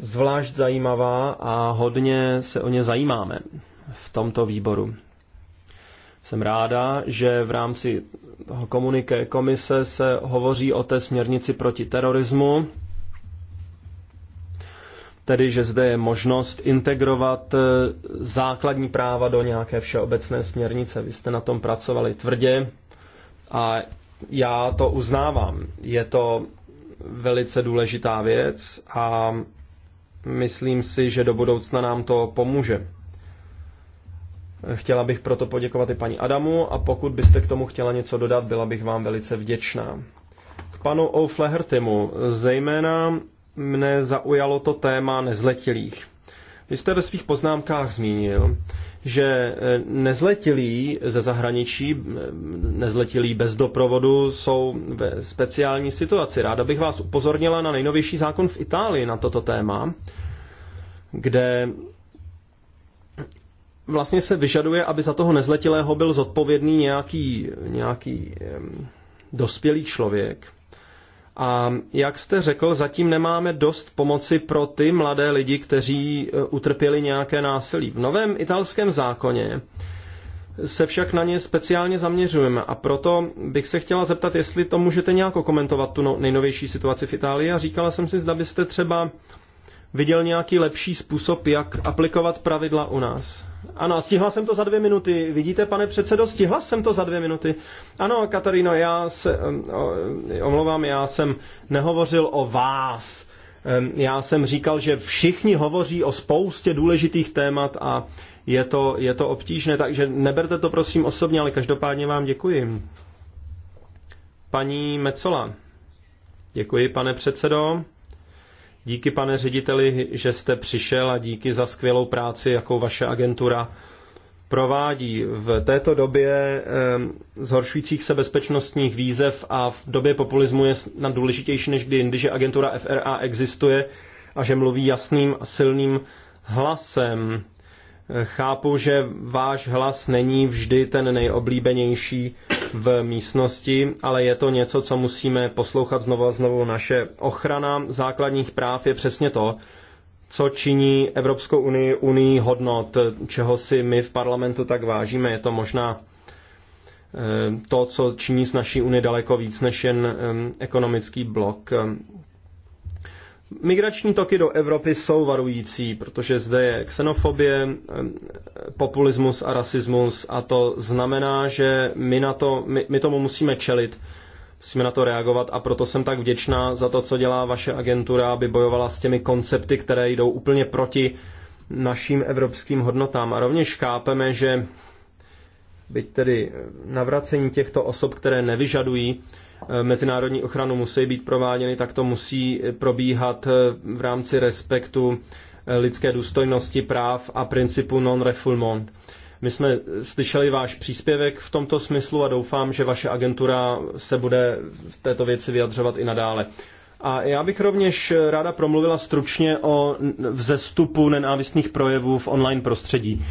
zvlášť zajímavá a hodně se o ně zajímáme v tomto výboru. Jsem ráda, že v rámci toho komuniké komise se hovoří o té směrnici proti terorismu, tedy že zde je možnost integrovat eh, základní práva do nějaké všeobecné směrnice. Vy jste na tom pracovali tvrdě a já to uznávám. Je to velice důležitá věc a myslím si, že do budoucna nám to pomůže. Chtěla bych proto poděkovat i paní Adamu a pokud byste k tomu chtěla něco dodat, byla bych vám velice vděčná. K panu O'Flahertymu zejména mne zaujalo to téma nezletilých. Vy jste ve svých poznámkách zmínil, že e, nezletilí ze zahraničí, nezletilí bez doprovodu jsou ve speciální situaci. Ráda bych vás upozornila na nejnovější zákon v Itálii na toto téma, kde vlastně se vyžaduje, aby za toho nezletilého byl zodpovědný nějaký, nějaký dospělý člověk. A jak jste řekl, zatím nemáme dost pomoci pro ty mladé lidi, kteří e, utrpěli nějaké násilí. V novém italském zákoně se však na ně speciálně zaměřujeme a proto bych se chtěla zeptat, jestli to můžete nějak komentovat, tu no, nejnovější situaci v Itálii a říkala jsem si, zda byste třeba viděl nějaký lepší způsob, jak aplikovat pravidla u nás. Ano, stihla jsem to za dvě minuty. Vidíte, pane předsedo, stihla jsem to za dvě minuty. Ano, Kataríno, já se omlouvám, já jsem nehovořil o vás. Já jsem říkal, že všichni hovoří o spoustě důležitých témat a je to, je to obtížné, takže neberte to prosím osobně, ale každopádně vám děkuji. Paní Mecola. Děkuji, pane předsedo. Díky, pane řediteli, že jste přišel a díky za skvělou práci, jakou vaše agentura provádí. V této době ehm, zhoršujících se bezpečnostních výzev a v době populismu je snad důležitější než kdy jindy, že agentura FRA existuje a že mluví jasným a silným hlasem. Chápu, že váš hlas není vždy ten nejoblíbenější v místnosti, ale je to něco, co musíme poslouchat znovu a znovu. Naše ochrana základních práv je přesně to, co činí Evropskou unii unii hodnot, čeho si my v parlamentu tak vážíme. Je to možná eh, to, co činí z naší unie daleko víc než jen eh, ekonomický blok. Migrační toky do Evropy jsou varující, protože zde je xenofobie, populismus a rasismus a to znamená, že my, na to, my, my tomu musíme čelit, musíme na to reagovat a proto jsem tak vděčná za to, co dělá vaše agentura, aby bojovala s těmi koncepty, které jdou úplně proti naším evropským hodnotám. A rovněž chápeme, že byť tedy navracení těchto osob, které nevyžadují Eh, mezinárodní ochranu musí být prováděny, tak to musí eh, probíhat eh, v rámci respektu lidské důstojnosti, práv a principu non-refoulement. My jsme slyšeli váš příspěvek v tomto smyslu a doufám, že vaše agentura se bude v této věci vyjadřovat i nadále. A já bych rovněž ráda promluvila stručně o vzestupu nenávistných projevů v online prostředí.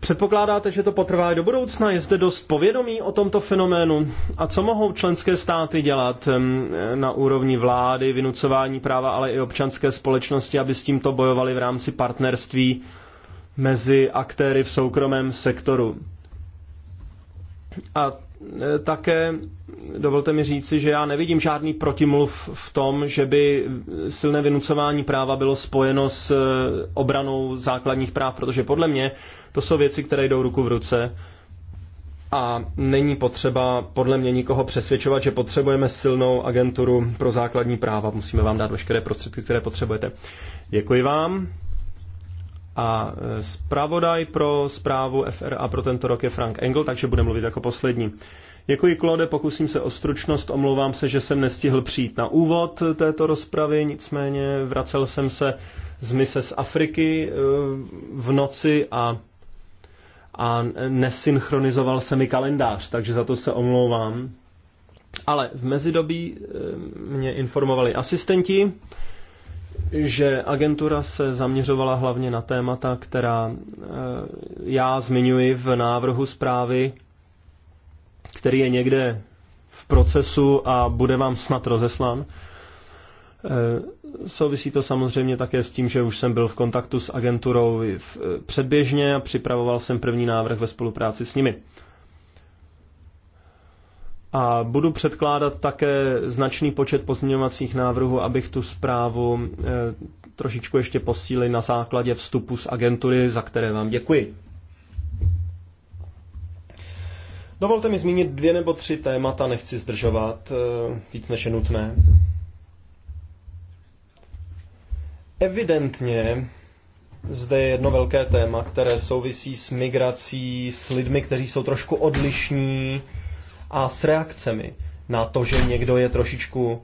Předpokládáte, že to potrvá i do budoucna? Je zde dost povědomí o tomto fenoménu? A co mohou členské státy dělat na úrovni vlády, vynucování práva, ale i občanské společnosti, aby s tímto bojovali v rámci partnerství mezi aktéry v soukromém sektoru? A E, také dovolte mi říci, že já nevidím žádný protimluv v tom, že by silné vynucování práva bylo spojeno s e, obranou základních práv, protože podle mě to jsou věci, které jdou ruku v ruce a není potřeba podle mě nikoho přesvědčovat, že potřebujeme silnou agenturu pro základní práva. Musíme vám dát veškeré prostředky, které potřebujete. Děkuji vám. A e, zpravodaj pro zprávu FRA pro tento rok je Frank Engel, takže bude mluvit jako poslední. Děkuji, Klode, pokusím se o stručnost. Omlouvám se, že jsem nestihl přijít na úvod této rozpravy, nicméně vracel jsem se z mise z Afriky e, v noci a, a nesynchronizoval se mi kalendář, takže za to se omlouvám. Ale v mezidobí e, mě informovali asistenti, že agentura se zaměřovala hlavně na témata, která eh, já zmiňuji v návrhu zprávy, který je někde v procesu a bude vám snad rozeslan. Eh, souvisí to samozřejmě také s tím, že už jsem byl v kontaktu s agenturou eh, předběžně a připravoval jsem první návrh ve spolupráci s nimi. A budu předkládat také značný počet pozměňovacích návrhů, abych tu zprávu eh, trošičku ještě posílil na základě vstupu z agentury, za které vám děkuji. Dovolte mi zmínit dvě nebo tři témata, nechci zdržovat, eh, víc než je nutné. Evidentně zde je jedno velké téma, které souvisí s migrací, s lidmi, kteří jsou trošku odlišní, a s reakcemi na to, že někdo je trošičku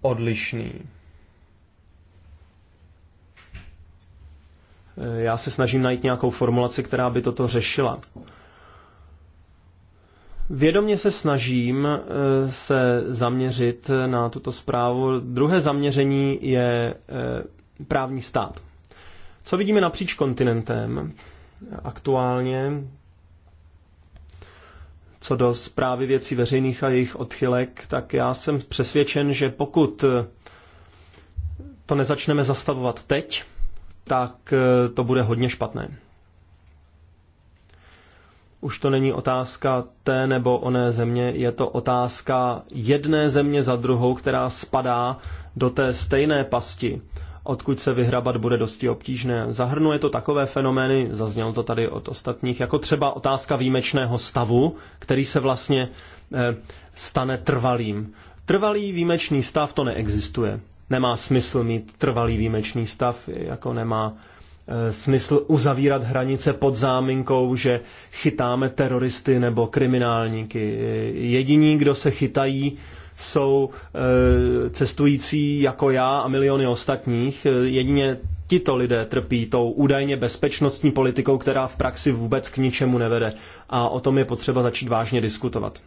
odlišný. Já se snažím najít nějakou formulaci, která by toto řešila. Vědomně se snažím eh, se zaměřit na tuto zprávu. Druhé zaměření je eh, právní stát. Co vidíme napříč kontinentem aktuálně, co do zprávy věcí veřejných a jejich odchylek, tak já jsem přesvědčen, že pokud to nezačneme zastavovat teď, tak eh, to bude hodně špatné. Už to není otázka té nebo oné země, je to otázka jedné země za druhou, která spadá do té stejné pasti odkud se vyhrabat bude dosti obtížné. Zahrnuje to takové fenomény, zaznělo to tady od ostatních, jako třeba otázka výjimečného stavu, který se vlastně eh, stane trvalým. Trvalý výjimečný stav to neexistuje. Nemá smysl mít trvalý výjimečný stav, jako nemá eh, smysl uzavírat hranice pod záminkou, že chytáme teroristy nebo kriminálníky. Jediní, kdo se chytají jsou e, cestující jako já a miliony ostatních. E, jedině tito lidé trpí tou údajně bezpečnostní politikou, která v praxi vůbec k ničemu nevede. A o tom je potřeba začít vážně diskutovat.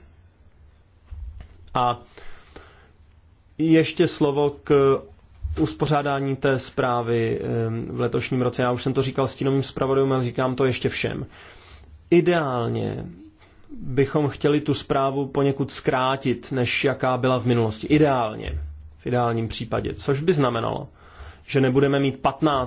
A ještě slovo k uspořádání té zprávy e, v letošním roce. Já už jsem to říkal stínovým zpravodajům a říkám to ještě všem. Ideálně bychom chtěli tu zprávu poněkud zkrátit, než jaká byla v minulosti. Ideálně, v ideálním případě, což by znamenalo, že nebudeme mít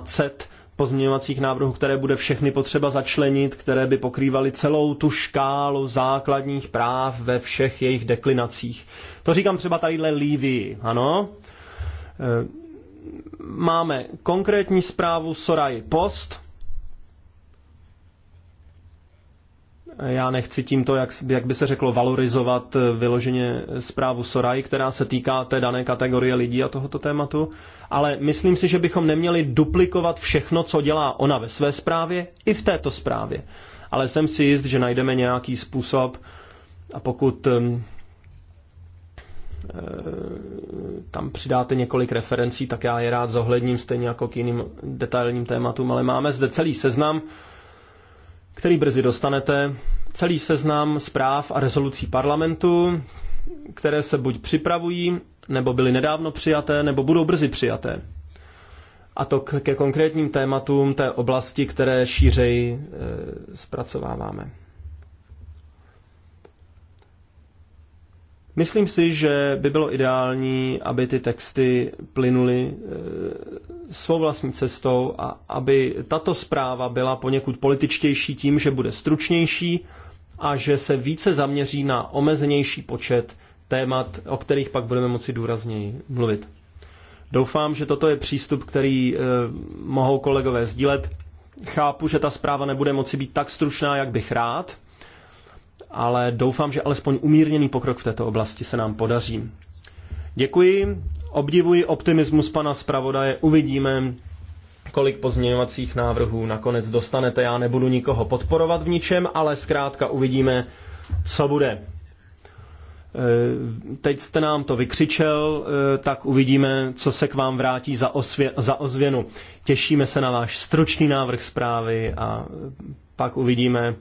1500 pozměňovacích návrhů, které bude všechny potřeba začlenit, které by pokrývaly celou tu škálu základních práv ve všech jejich deklinacích. To říkám třeba tadyhle Lívii, ano? E, máme konkrétní zprávu Soraj Post, Já nechci tímto, jak, jak by se řeklo, valorizovat eh, vyloženě zprávu Soraj, která se týká té dané kategorie lidí a tohoto tématu, ale myslím si, že bychom neměli duplikovat všechno, co dělá ona ve své zprávě, i v této zprávě. Ale jsem si jist, že najdeme nějaký způsob a pokud ehm, eh, tam přidáte několik referencí, tak já je rád zohledním, stejně jako k jiným detailním tématům, ale máme zde celý seznam který brzy dostanete, celý seznam zpráv a rezolucí parlamentu, které se buď připravují, nebo byly nedávno přijaté, nebo budou brzy přijaté. A to ke konkrétním tématům té oblasti, které šířej eh, zpracováváme. Myslím si, že by bylo ideální, aby ty texty plynuly eh, svou vlastní cestou a aby tato zpráva byla poněkud političtější tím, že bude stručnější a že se více zaměří na omezenější počet témat, o kterých pak budeme moci důrazněji mluvit. Doufám, že toto je přístup, který eh, mohou kolegové sdílet. Chápu, že ta zpráva nebude moci být tak stručná, jak bych rád, ale doufám, že alespoň umírněný pokrok v této oblasti se nám podaří. Děkuji, obdivuji optimismus pana zpravodaje, uvidíme, kolik pozměňovacích návrhů nakonec dostanete. Já nebudu nikoho podporovat v ničem, ale zkrátka uvidíme, co bude. Eh, teď jste nám to vykřičel, eh, tak uvidíme, co se k vám vrátí za, osvě- za ozvěnu. Těšíme se na váš stručný návrh zprávy a pak uvidíme,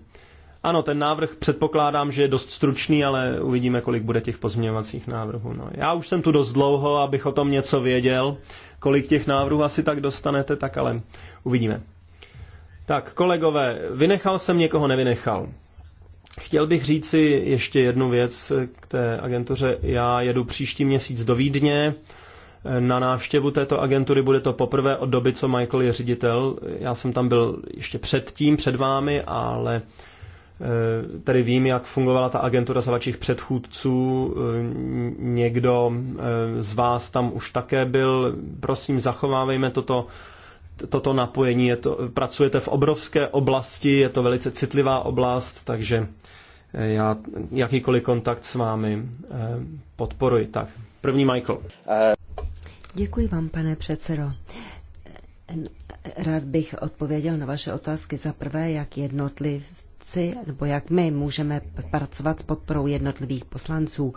ano, ten návrh předpokládám, že je dost stručný, ale uvidíme, kolik bude těch pozměňovacích návrhů. No, já už jsem tu dost dlouho, abych o tom něco věděl. Kolik těch návrhů asi tak dostanete, tak ale uvidíme. Tak, kolegové, vynechal jsem někoho, nevynechal. Chtěl bych říci ještě jednu věc k té agentuře. Já jedu příští měsíc do Vídně. Na návštěvu této agentury bude to poprvé od doby, co Michael je ředitel. Já jsem tam byl ještě předtím, před vámi, ale Eh, tady vím, jak fungovala ta agentura za vašich předchůdců. Eh, někdo eh, z vás tam už také byl. Prosím, zachovávejme toto, toto napojení. Je to, pracujete v obrovské oblasti, je to velice citlivá oblast, takže já jakýkoliv kontakt s vámi podporuji. Tak, první Michael. Děkuji vám, pane předsedo. Rád bych odpověděl na vaše otázky. Za prvé, jak jednotliv poslanci, nebo jak my můžeme pracovat s podporou jednotlivých poslanců.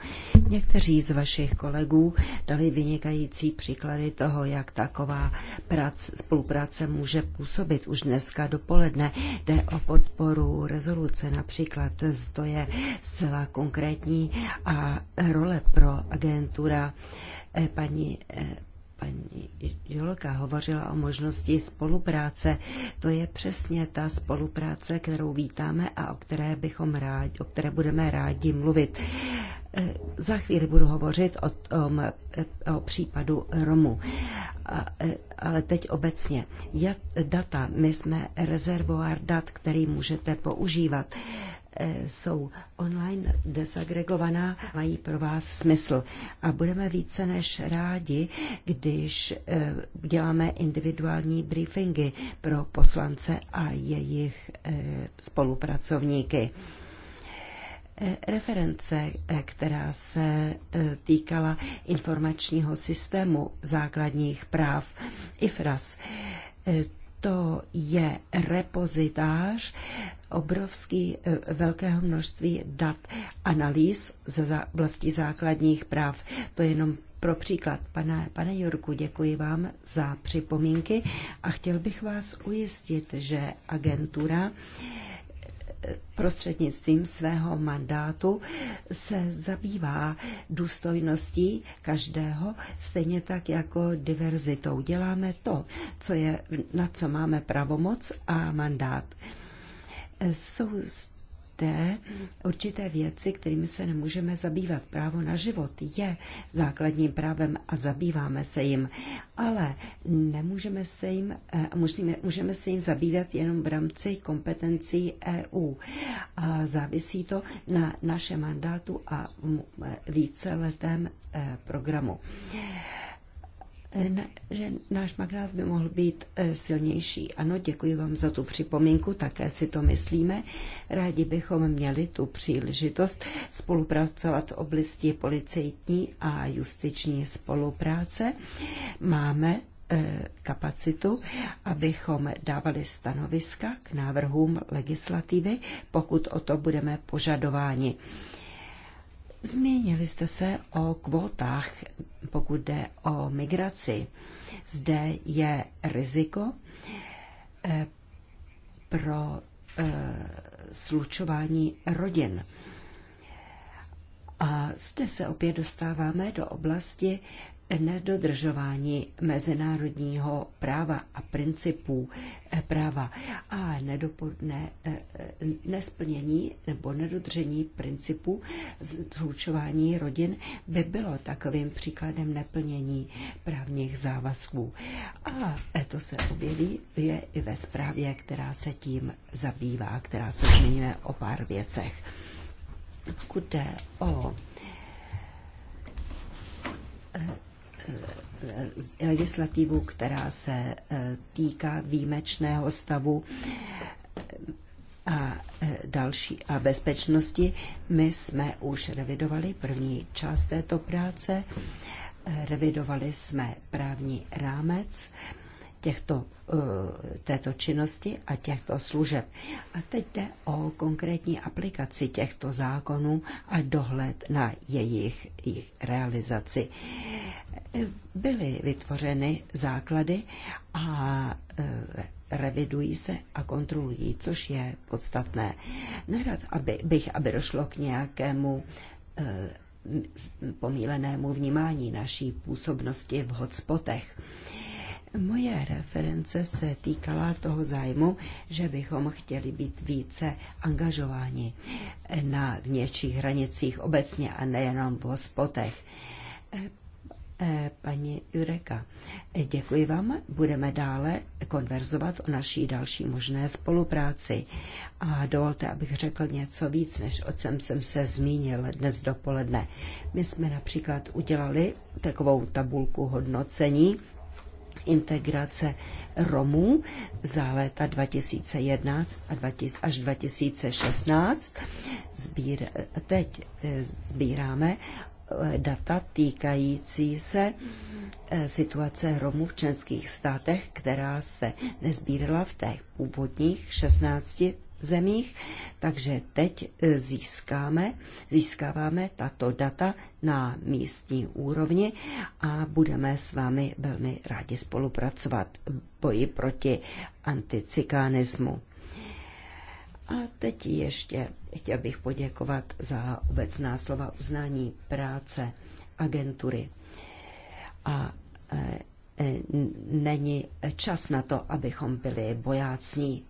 Někteří z vašich kolegů dali vynikající příklady toho, jak taková prac, spolupráce může působit. Už dneska dopoledne jde o podporu rezoluce, například to je zcela konkrétní a role pro agentura eh, paní eh, Paní Julka hovořila o možnosti spolupráce. To je přesně ta spolupráce, kterou vítáme a o které, bychom rádi, o které budeme rádi mluvit. E, za chvíli budu hovořit o, tom, e, o případu Romu, e, ale teď obecně. Data, my jsme rezervoár dat, který můžete používat. Eh, jsou online desagregovaná, mají pro vás smysl. A budeme více než rádi, když eh, děláme individuální briefingy pro poslance a jejich eh, spolupracovníky. Reference, která se týkala informačního systému základních práv IFRAS, to je repozitář obrovský eh, velkého množství dat, analýz ze oblasti základních práv. To je jenom pro příklad, pane, pane Jorku, děkuji vám za připomínky a chtěl bych vás ujistit, že agentura eh, prostřednictvím svého mandátu se zabývá důstojností každého, stejně tak jako diverzitou. Děláme to, co je, na co máme pravomoc a mandát jsou zde určité věci, kterými se nemůžeme zabývat. Právo na život je základním právem a zabýváme se jim, ale nemůžeme se jim, eh, musíme, můžeme se jim zabývat jenom v rámci kompetencí EU. A závisí to na našem mandátu a víceletém eh, programu že náš magnát by mohl být e, silnější. Ano, děkuji vám za tu připomínku, také si to myslíme. Rádi bychom měli tu příležitost spolupracovat v oblasti policejní a justiční spolupráce. Máme e, kapacitu, abychom dávali stanoviska k návrhům legislativy, pokud o to budeme požadováni. Zmínili jste se o kvótách, pokud jde o migraci. Zde je riziko eh, pro eh, slučování rodin. A zde se opět dostáváme do oblasti nedodržování mezinárodního práva a principů eh, práva a nedopo, ne, eh, eh, nesplnění nebo nedodržení principů zlučování rodin by bylo takovým příkladem neplnění právních závazků. A to se objeví je i ve zprávě, která se tím zabývá, která se zmiňuje o pár věcech. Pokud jde o Eh, legislativu, která se eh, týká výjimečného stavu eh, a další a bezpečnosti. My jsme už revidovali první část této práce, revidovali jsme právní rámec těchto, eh, této činnosti a těchto služeb. A teď jde o konkrétní aplikaci těchto zákonů a dohled na jejich, jejich realizaci. Eh, byly vytvořeny základy a eh, revidují se a kontrolují, což je podstatné. Nerad aby, bych, aby došlo k nějakému pomílenému vnímání naší působnosti v hotspotech. Moje reference se týkala toho zájmu, že bychom chtěli být více angažováni na vnějších hranicích obecně a nejenom v hospotech. Eh, eh, paní Jureka, děkuji vám. Budeme dále konverzovat o naší další možné spolupráci. A dovolte, abych řekl něco víc, než o čem jsem se zmínil dnes dopoledne. My jsme například udělali takovou tabulku hodnocení integrace Romů za léta 2011 až 2016. Zbír, teď eh, sbíráme eh, data týkající se eh, situace Romů v členských státech, která se nezbírala v těch původních 16 zemích, takže teď e, získáme, získáváme tato data na místní úrovni a budeme s vámi velmi rádi spolupracovat v boji proti anticikánismu. A teď ještě chtěl bych poděkovat za obecná slova uznání práce agentury. A e, e, není čas na to, abychom byli bojácní.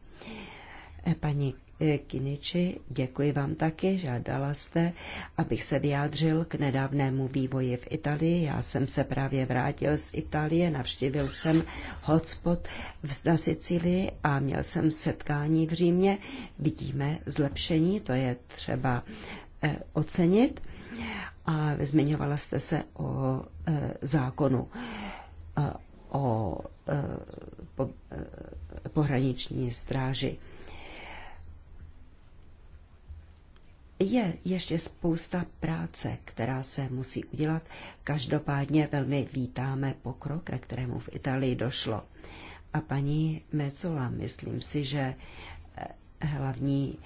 Eh, paní eh, Kiniči, děkuji vám taky, žádala jste, abych se vyjádřil k nedávnému vývoji v Itálii. Já jsem se právě vrátil z Itálie, navštívil jsem hotspot v Sicílii a měl jsem setkání v Římě. Vidíme zlepšení, to je třeba eh, ocenit. A zmiňovala jste se o zákonu o pohraniční stráži Je ještě spousta práce, která se musí udělat. Každopádně velmi vítáme pokrok, ke kterému v Itálii došlo. A paní Mecola, myslím si, že hlavní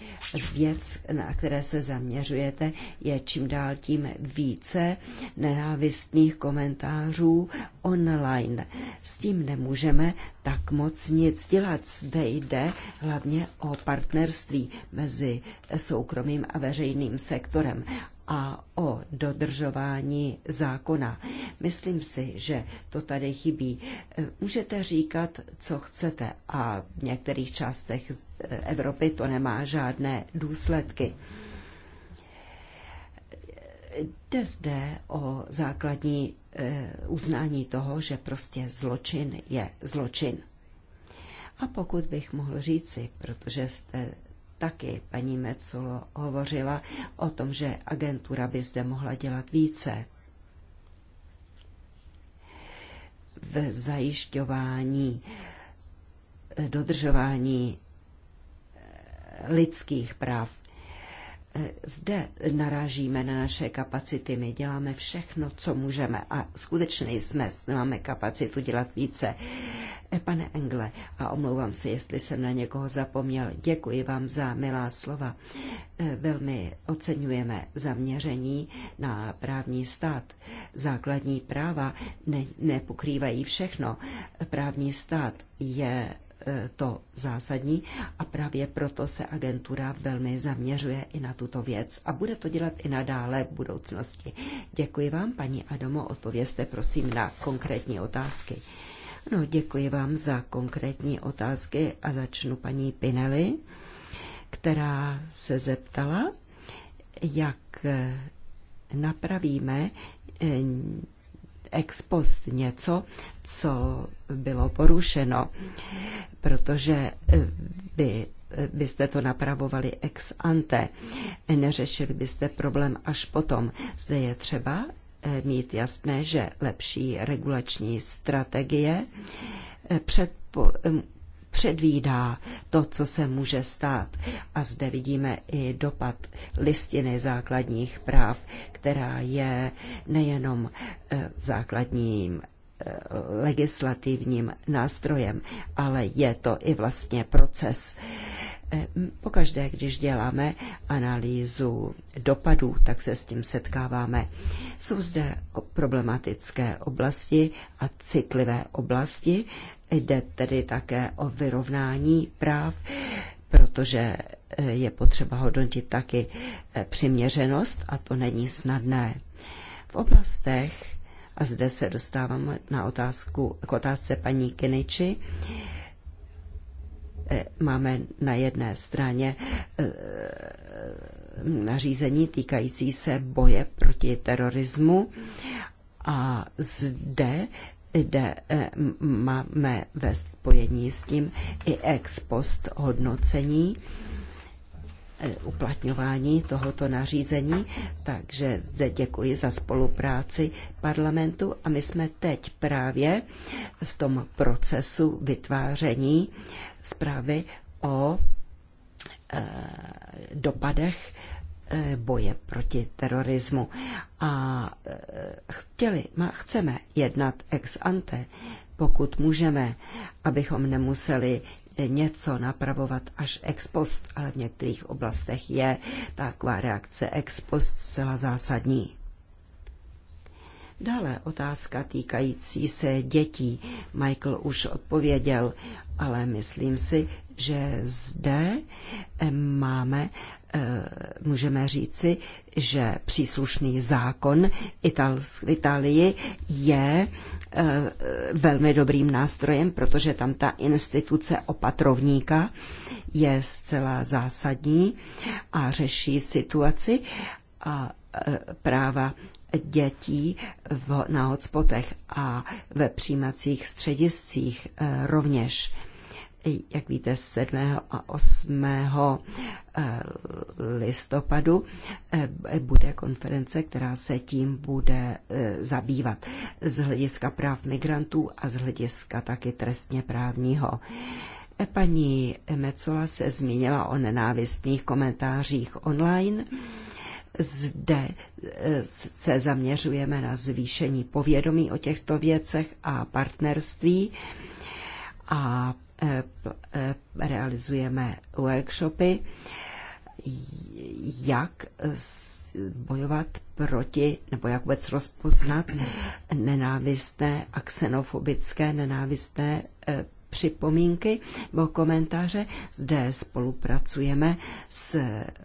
věc, na které se zaměřujete, je čím dál tím více nenávistných komentářů online. S tím nemůžeme tak moc nic dělat. Zde jde hlavně o partnerství mezi soukromým a veřejným sektorem a o dodržování zákona. Myslím si, že to tady chybí. Eh, můžete říkat, co chcete a v některých částech eh, Evropy to nemá žádné důsledky. Jde zde o základní eh, uznání toho, že prostě zločin je zločin. A pokud bych mohl říci, protože jste Taky paní Meculo hovořila o tom, že agentura by zde mohla dělat více v zajišťování eh, dodržování eh, lidských práv zde narážíme na naše kapacity. My děláme všechno, co můžeme a skutečně jsme, máme kapacitu dělat více. E, pane Engle, a omlouvám se, jestli jsem na někoho zapomněl, děkuji vám za milá slova. E, velmi oceňujeme zaměření na právní stát. Základní práva ne, nepokrývají všechno. Právní stát je E, to zásadní a právě proto se agentura velmi zaměřuje i na tuto věc a bude to dělat i nadále v budoucnosti. Děkuji vám, paní Adamo, odpovězte prosím na konkrétní otázky. No, děkuji vám za konkrétní otázky a začnu paní Pinelli, která se zeptala, jak e, napravíme e, ex post něco, co bylo porušeno, protože by eh, eh, byste to napravovali ex ante, neřešili byste problém až potom. Zde je třeba eh, mít jasné, že lepší regulační strategie před předvídá to, co se může stát. A zde vidíme i dopad listiny základních práv, která je nejenom eh, základním eh, legislativním nástrojem, ale je to i vlastně proces Eh, pokaždé, když děláme analýzu dopadů, tak se s tím setkáváme. Jsou zde problematické oblasti a citlivé oblasti. Jde tedy také o vyrovnání práv, protože eh, je potřeba hodnotit taky eh, přiměřenost a to není snadné. V oblastech, a zde se dostávám na otázku, k otázce paní Kiniči, Eh, máme na jedné straně eh, nařízení týkající se boje proti terorismu a zde jde, eh, máme ve spojení s tím i ex post hodnocení uplatňování tohoto nařízení, takže zde děkuji za spolupráci parlamentu a my jsme teď právě v tom procesu vytváření zprávy o eh, dopadech eh, boje proti terorismu. A eh, chtěli, chceme jednat ex ante, pokud můžeme, abychom nemuseli něco napravovat až ex post, ale v některých oblastech je taková reakce ex post zcela zásadní. Dále otázka týkající se dětí. Michael už odpověděl, ale myslím si, že zde eh, máme Eh, můžeme říci, že příslušný zákon v Itálii je eh, velmi dobrým nástrojem, protože tam ta instituce opatrovníka je zcela zásadní a řeší situaci a eh, práva dětí na hotspotech a ve přijímacích střediscích rovněž jak víte, 7. a 8. Eh, listopadu eh, bude konference, která se tím bude eh, zabývat z hlediska práv migrantů a z hlediska taky trestně právního. Paní Mecola se zmínila o nenávistných komentářích online. Zde se zaměřujeme na zvýšení povědomí o těchto věcech a partnerství a Eh, realizujeme workshopy, jak bojovat proti, nebo jak vůbec rozpoznat nenávistné a xenofobické nenávistné eh, připomínky nebo komentáře. Zde spolupracujeme s,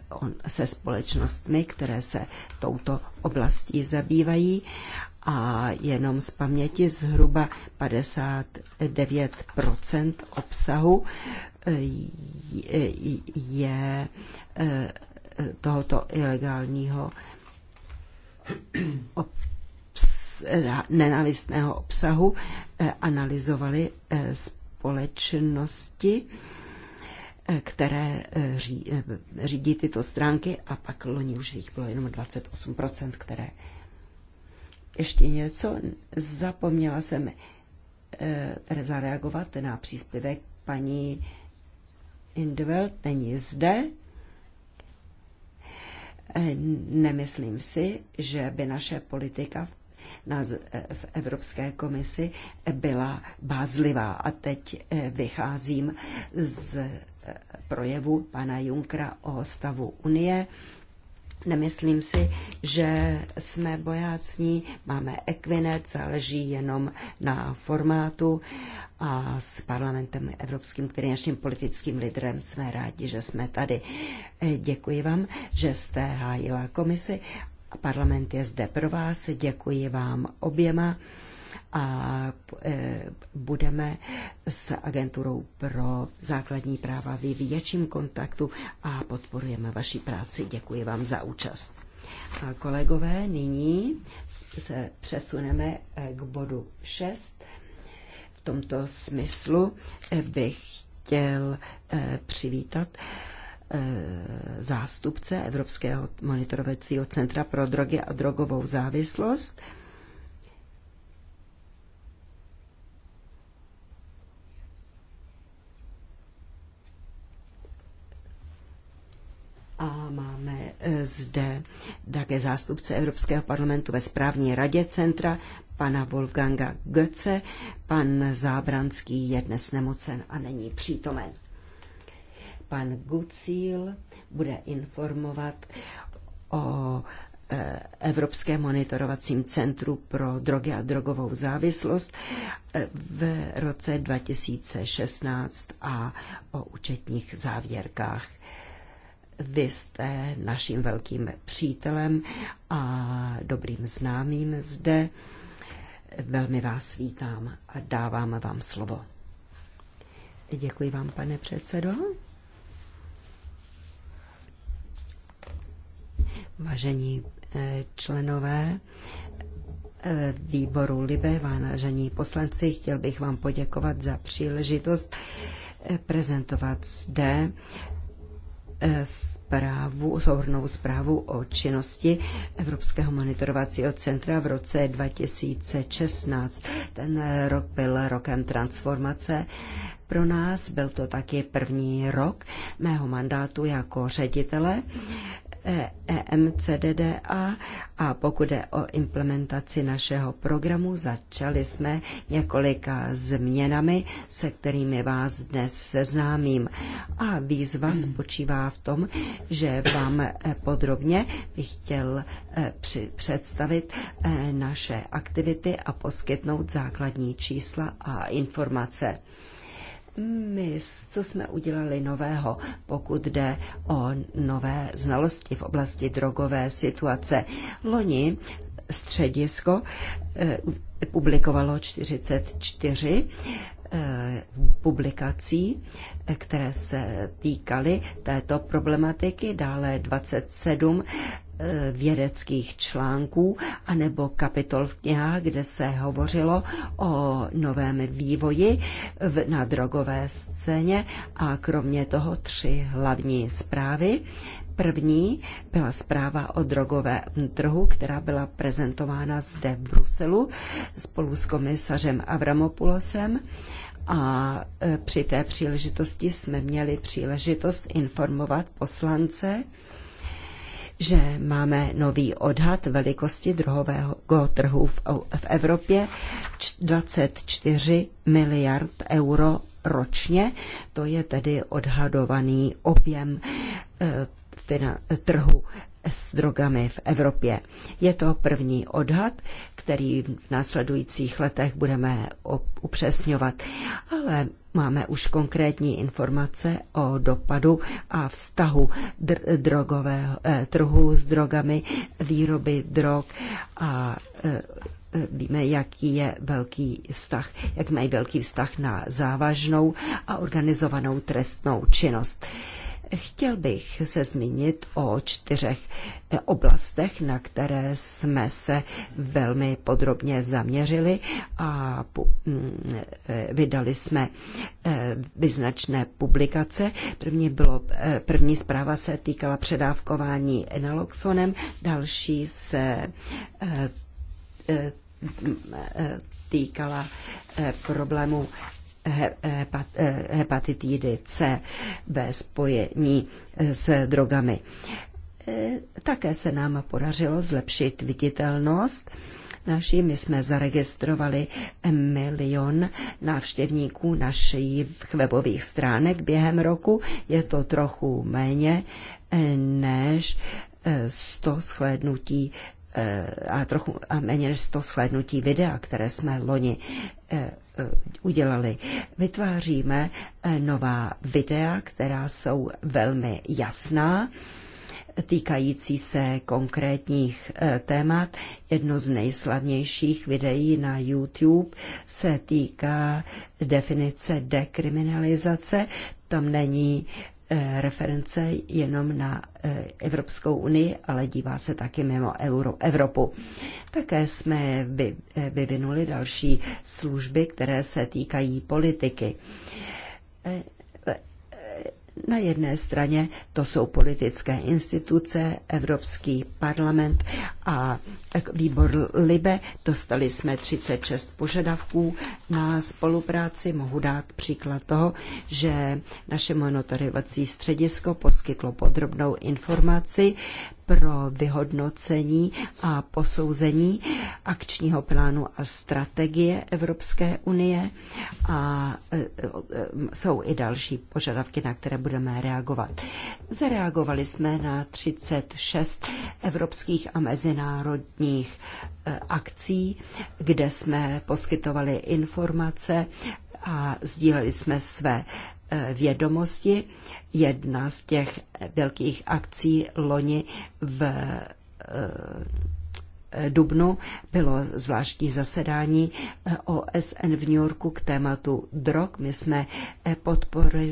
on, se společnostmi, které se touto oblastí zabývají a jenom z paměti zhruba 59 obsahu eh, je eh, tohoto ilegálního obs, obsahu eh, analyzovali společnosti, které řídí tyto stránky a pak loni už jich bylo jenom 28%, které ještě něco, zapomněla jsem eh, zareagovat na příspěvek paní Indwell. není zde. Eh, nemyslím si, že by naše politika v na, eh, v Evropské komisi byla bázlivá. A teď vycházím z projevu pana Junkra o stavu Unie. Nemyslím si, že jsme bojácní, máme ekvinec, záleží jenom na formátu a s parlamentem evropským, který naším politickým lidrem jsme rádi, že jsme tady. Eh, děkuji vám, že jste hájila komisi. Parlament je zde pro vás. Děkuji vám oběma a e, budeme s agenturou pro základní práva v větším kontaktu a podporujeme vaši práci. Děkuji vám za účast. A kolegové, nyní se přesuneme e, k bodu 6. V tomto smyslu e, bych chtěl přivítat zástupce Evropského monitorovacího centra pro drogy a drogovou závislost, A máme e, zde také zástupce Evropského parlamentu ve správní radě centra, pana Wolfganga Götze. Pan Zábranský je dnes nemocen a není přítomen. Pan Gucíl bude informovat o e, Evropské monitorovacím centru pro drogy a drogovou závislost e, v roce 2016 a o účetních závěrkách vy jste naším velkým přítelem a dobrým známým zde. Velmi vás vítám a dávám vám slovo. Děkuji vám, pane předsedo. Vážení eh, členové eh, výboru Libe, vážení poslanci, chtěl bych vám poděkovat za příležitost eh, prezentovat zde zprávu, souhrnou zprávu o činnosti Evropského monitorovacího centra v roce 2016. Ten rok byl rokem transformace. Pro nás byl to taky první rok mého mandátu jako ředitele EMCDDA e a pokud je o implementaci našeho programu, začali jsme několika změnami, se kterými vás dnes seznámím. A výzva spočívá v tom, že vám e, podrobně bych chtěl e, představit naše aktivity a poskytnout základní čísla a informace my, co jsme udělali nového, pokud jde o nové znalosti v oblasti drogové situace. Loni středisko eh, publikovalo 44 Eh, publikací, eh, které se týkaly této problematiky, dále 27 eh, vědeckých článků anebo kapitol v knihách, kde se hovořilo o novém vývoji v, na drogové scéně a kromě toho tři hlavní zprávy. První byla zpráva o drogovém trhu, která byla prezentována zde v Bruselu spolu s komisařem Avramopulosem a e, při té příležitosti jsme měli příležitost informovat poslance, že máme nový odhad velikosti drogového trhu v Evropě 24 miliard euro ročně. To je tedy odhadovaný objem e, trhu s drogami v Evropě. Je to první odhad, který v následujících letech budeme upřesňovat, ale máme už konkrétní informace o dopadu a vztahu dr- drogového eh, trhu s drogami, výroby drog a eh, eh víme, jaký je velký vztah, jak mají velký vztah na závažnou a organizovanou trestnou činnost. Eh, Chtěl bych se zmínit o čtyřech eh, oblastech, na které jsme se velmi podrobně zaměřili a mm, eh, vydali jsme eh, vyznačné publikace. První, bylo, první zpráva se týkala předávkování enaloxonem, další se týkala problému Eh, hepatitidy C ve spojení s drogami. Eh, také se nám podařilo zlepšit viditelnost naší. My jsme zaregistrovali milion návštěvníků našich webových stránek během roku. Je to trochu méně eh, než 100 shlédnutí a, trochu, a méně než 100 shlédnutí videa, které jsme loni Eh, udělali. Vytváříme eh, nová videa, která jsou velmi jasná týkající se konkrétních eh, témat. Jedno z nejslavnějších videí na YouTube se týká definice dekriminalizace. Tam není Eh, reference jenom na eh, Evropskou unii, ale dívá se taky mimo Evropu. Také jsme eh, vyvinuli další služby, které se týkají politiky. Na jedné straně to jsou politické instituce, Evropský parlament a výbor LIBE. Dostali jsme 36 požadavků na spolupráci. Mohu dát příklad toho, že naše monitorovací středisko poskytlo podrobnou informaci pro vyhodnocení a posouzení akčního plánu a strategie Evropské unie a e, e, jsou i další požadavky, na které budeme reagovat. Zareagovali jsme na 36 evropských a mezinárodních e, akcí, kde jsme poskytovali informace a sdíleli jsme své Eh, vědomosti. Jedna z těch velkých akcí loni v eh, dubnu bylo zvláštní zasedání eh, OSN v New Yorku k tématu drog. My jsme eh,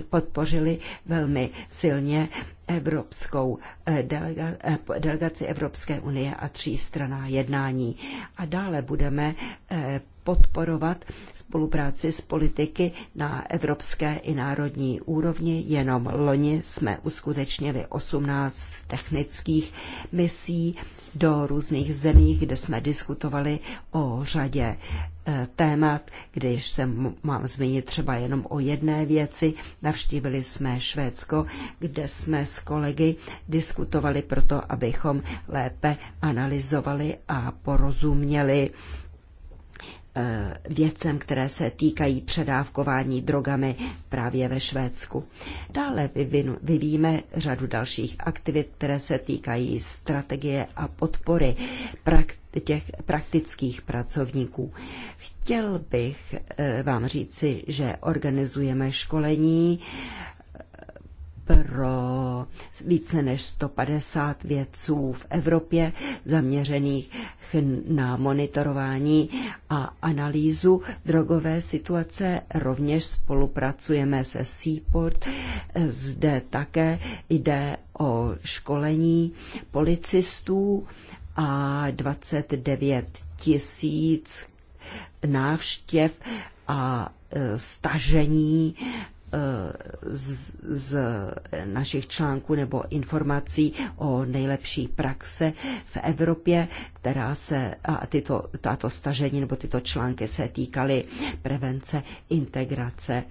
podpořili velmi silně evropskou eh, delega, delegaci Evropské unie a třístraná jednání. A dále budeme podporovat spolupráci s politiky na evropské i národní úrovni. Jenom loni jsme uskutečnili 18 technických misí do různých zemí, kde jsme diskutovali o řadě e, témat, když se mám zmínit třeba jenom o jedné věci. Navštívili jsme Švédsko, kde jsme s kolegy diskutovali proto, abychom lépe analyzovali a porozuměli Eh, věcem, které se týkají předávkování drogami právě ve Švédsku. Dále vyvinu, vyvíjíme řadu dalších aktivit, které se týkají strategie a podpory těch praktických pracovníků. Chtěl bych eh, vám říci, že organizujeme školení pro více než 150 vědců v Evropě zaměřených na monitorování a analýzu drogové situace. Rovněž spolupracujeme se Seaport. Zde také jde o školení policistů a 29 tisíc návštěv a e, stažení z, z našich článků nebo informací o nejlepší praxe v Evropě, která se, a tyto, tato stažení nebo tyto články se týkaly prevence, integrace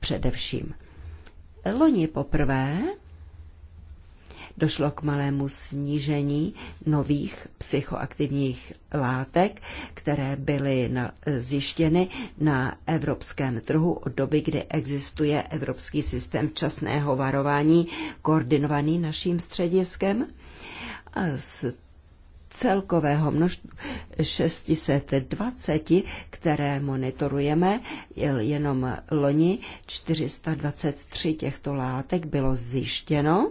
především. Loni poprvé Došlo k malému snížení nových psychoaktivních látek, které byly na, zjištěny na evropském trhu od doby, kdy existuje evropský systém časného varování, koordinovaný naším střediskem. A s celkového množství 620, které monitorujeme, jenom loni 423 těchto látek bylo zjištěno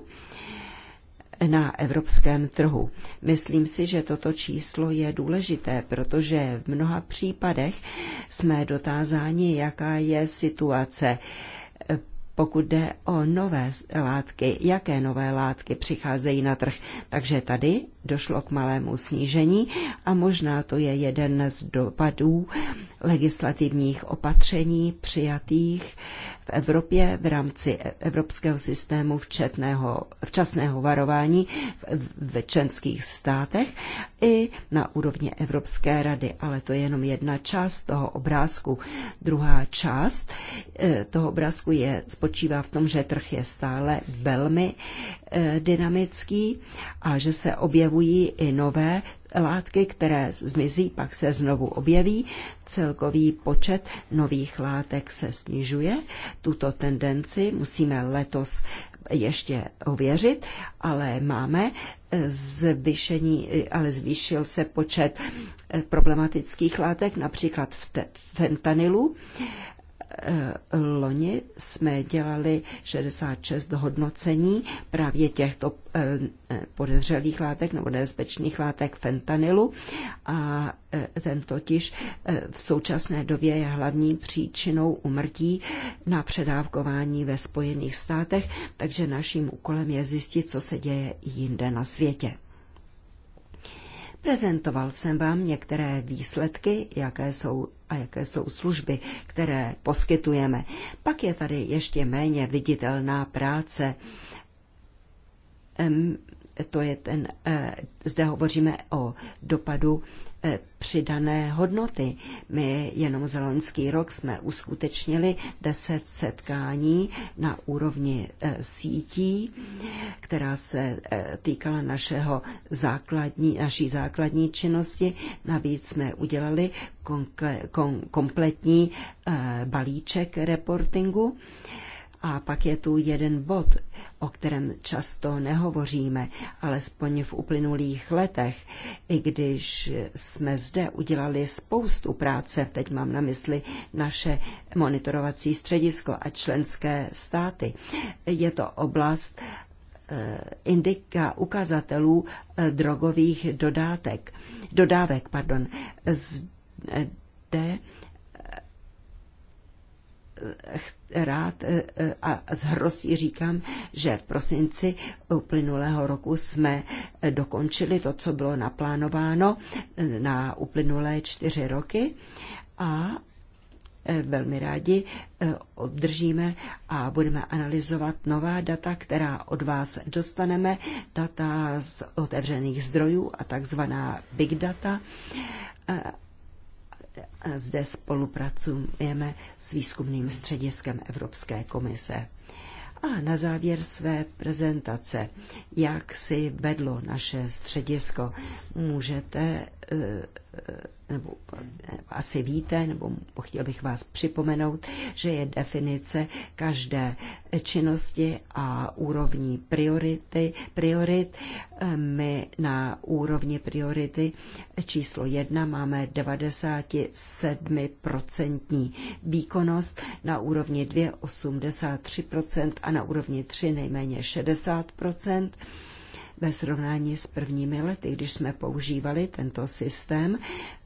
na evropském trhu. Myslím si, že toto číslo je důležité, protože v mnoha případech jsme dotázáni, jaká je situace pokud jde o nové látky, jaké nové látky přicházejí na trh. Takže tady došlo k malému snížení a možná to je jeden z dopadů legislativních opatření přijatých v Evropě v rámci evropského systému včetného, včasného varování v, v členských státech i na úrovni Evropské rady. Ale to je jenom jedna část toho obrázku. Druhá část eh, toho obrázku je, spočívá v tom, že trh je stále velmi eh, dynamický a že se objevují i nové látky, které zmizí, pak se znovu objeví. Celkový počet nových látek se snižuje. Tuto tendenci musíme letos ještě ověřit, ale máme eh, zvýšení, eh, ale zvýšil se počet eh, problematických látek, například v fentanylu Loni jsme dělali 66 hodnocení právě těchto eh, eh, podezřelých látek nebo nebezpečných látek fentanylu a eh, ten totiž v současné době je hlavní příčinou umrtí na předávkování ve Spojených státech, takže naším úkolem je zjistit, co se děje jinde na světě. Prezentoval jsem vám některé výsledky, jaké jsou a jaké jsou služby, které poskytujeme. Pak je tady ještě méně viditelná práce. To je ten, eh, zde hovoříme o dopadu Eh, přidané hodnoty. My jenom za loňský rok jsme uskutečnili deset setkání na úrovni eh, sítí, která se eh, týkala našeho základní, naší základní činnosti. Navíc jsme udělali kompletní balíček reportingu. A pak je tu jeden bod, o kterém často nehovoříme, alespoň v uplynulých letech, i když jsme zde udělali spoustu práce, teď mám na mysli naše monitorovací středisko a členské státy. Je to oblast eh, indika ukazatelů eh, drogových dodátek, dodávek. Pardon. Zde rád eh, eh, a s hrostí říkám, že v prosinci uplynulého roku jsme eh, dokončili to, co bylo naplánováno na uplynulé čtyři roky a velmi rádi obdržíme a budeme analyzovat nová data, která od vás dostaneme, data z otevřených zdrojů a takzvaná big data zde spolupracujeme s výzkumným střediskem Evropské komise. A na závěr své prezentace, jak si vedlo naše středisko, můžete Eh, nebo asi víte, nebo chtěl bych vás připomenout, že je definice každé činnosti a úrovní priority, priorit. Eh, my na úrovni priority číslo jedna máme 97% výkonnost, na úrovni 2 83% a na úrovni 3 nejméně 60% ve srovnání s prvními lety, když jsme používali tento systém,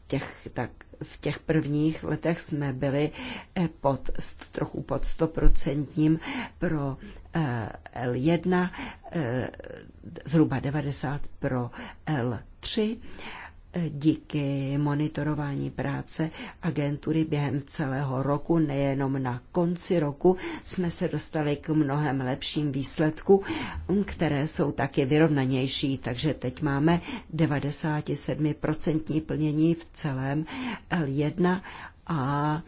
těch, tak v těch prvních letech jsme byli eh, pod, trochu pod 100% pro eh, L1, eh, zhruba 90 pro L3 díky monitorování práce agentury během celého roku, nejenom na konci roku, jsme se dostali k mnohem lepším výsledkům, které jsou taky vyrovnanější, takže teď máme 97% plnění v celém L1 a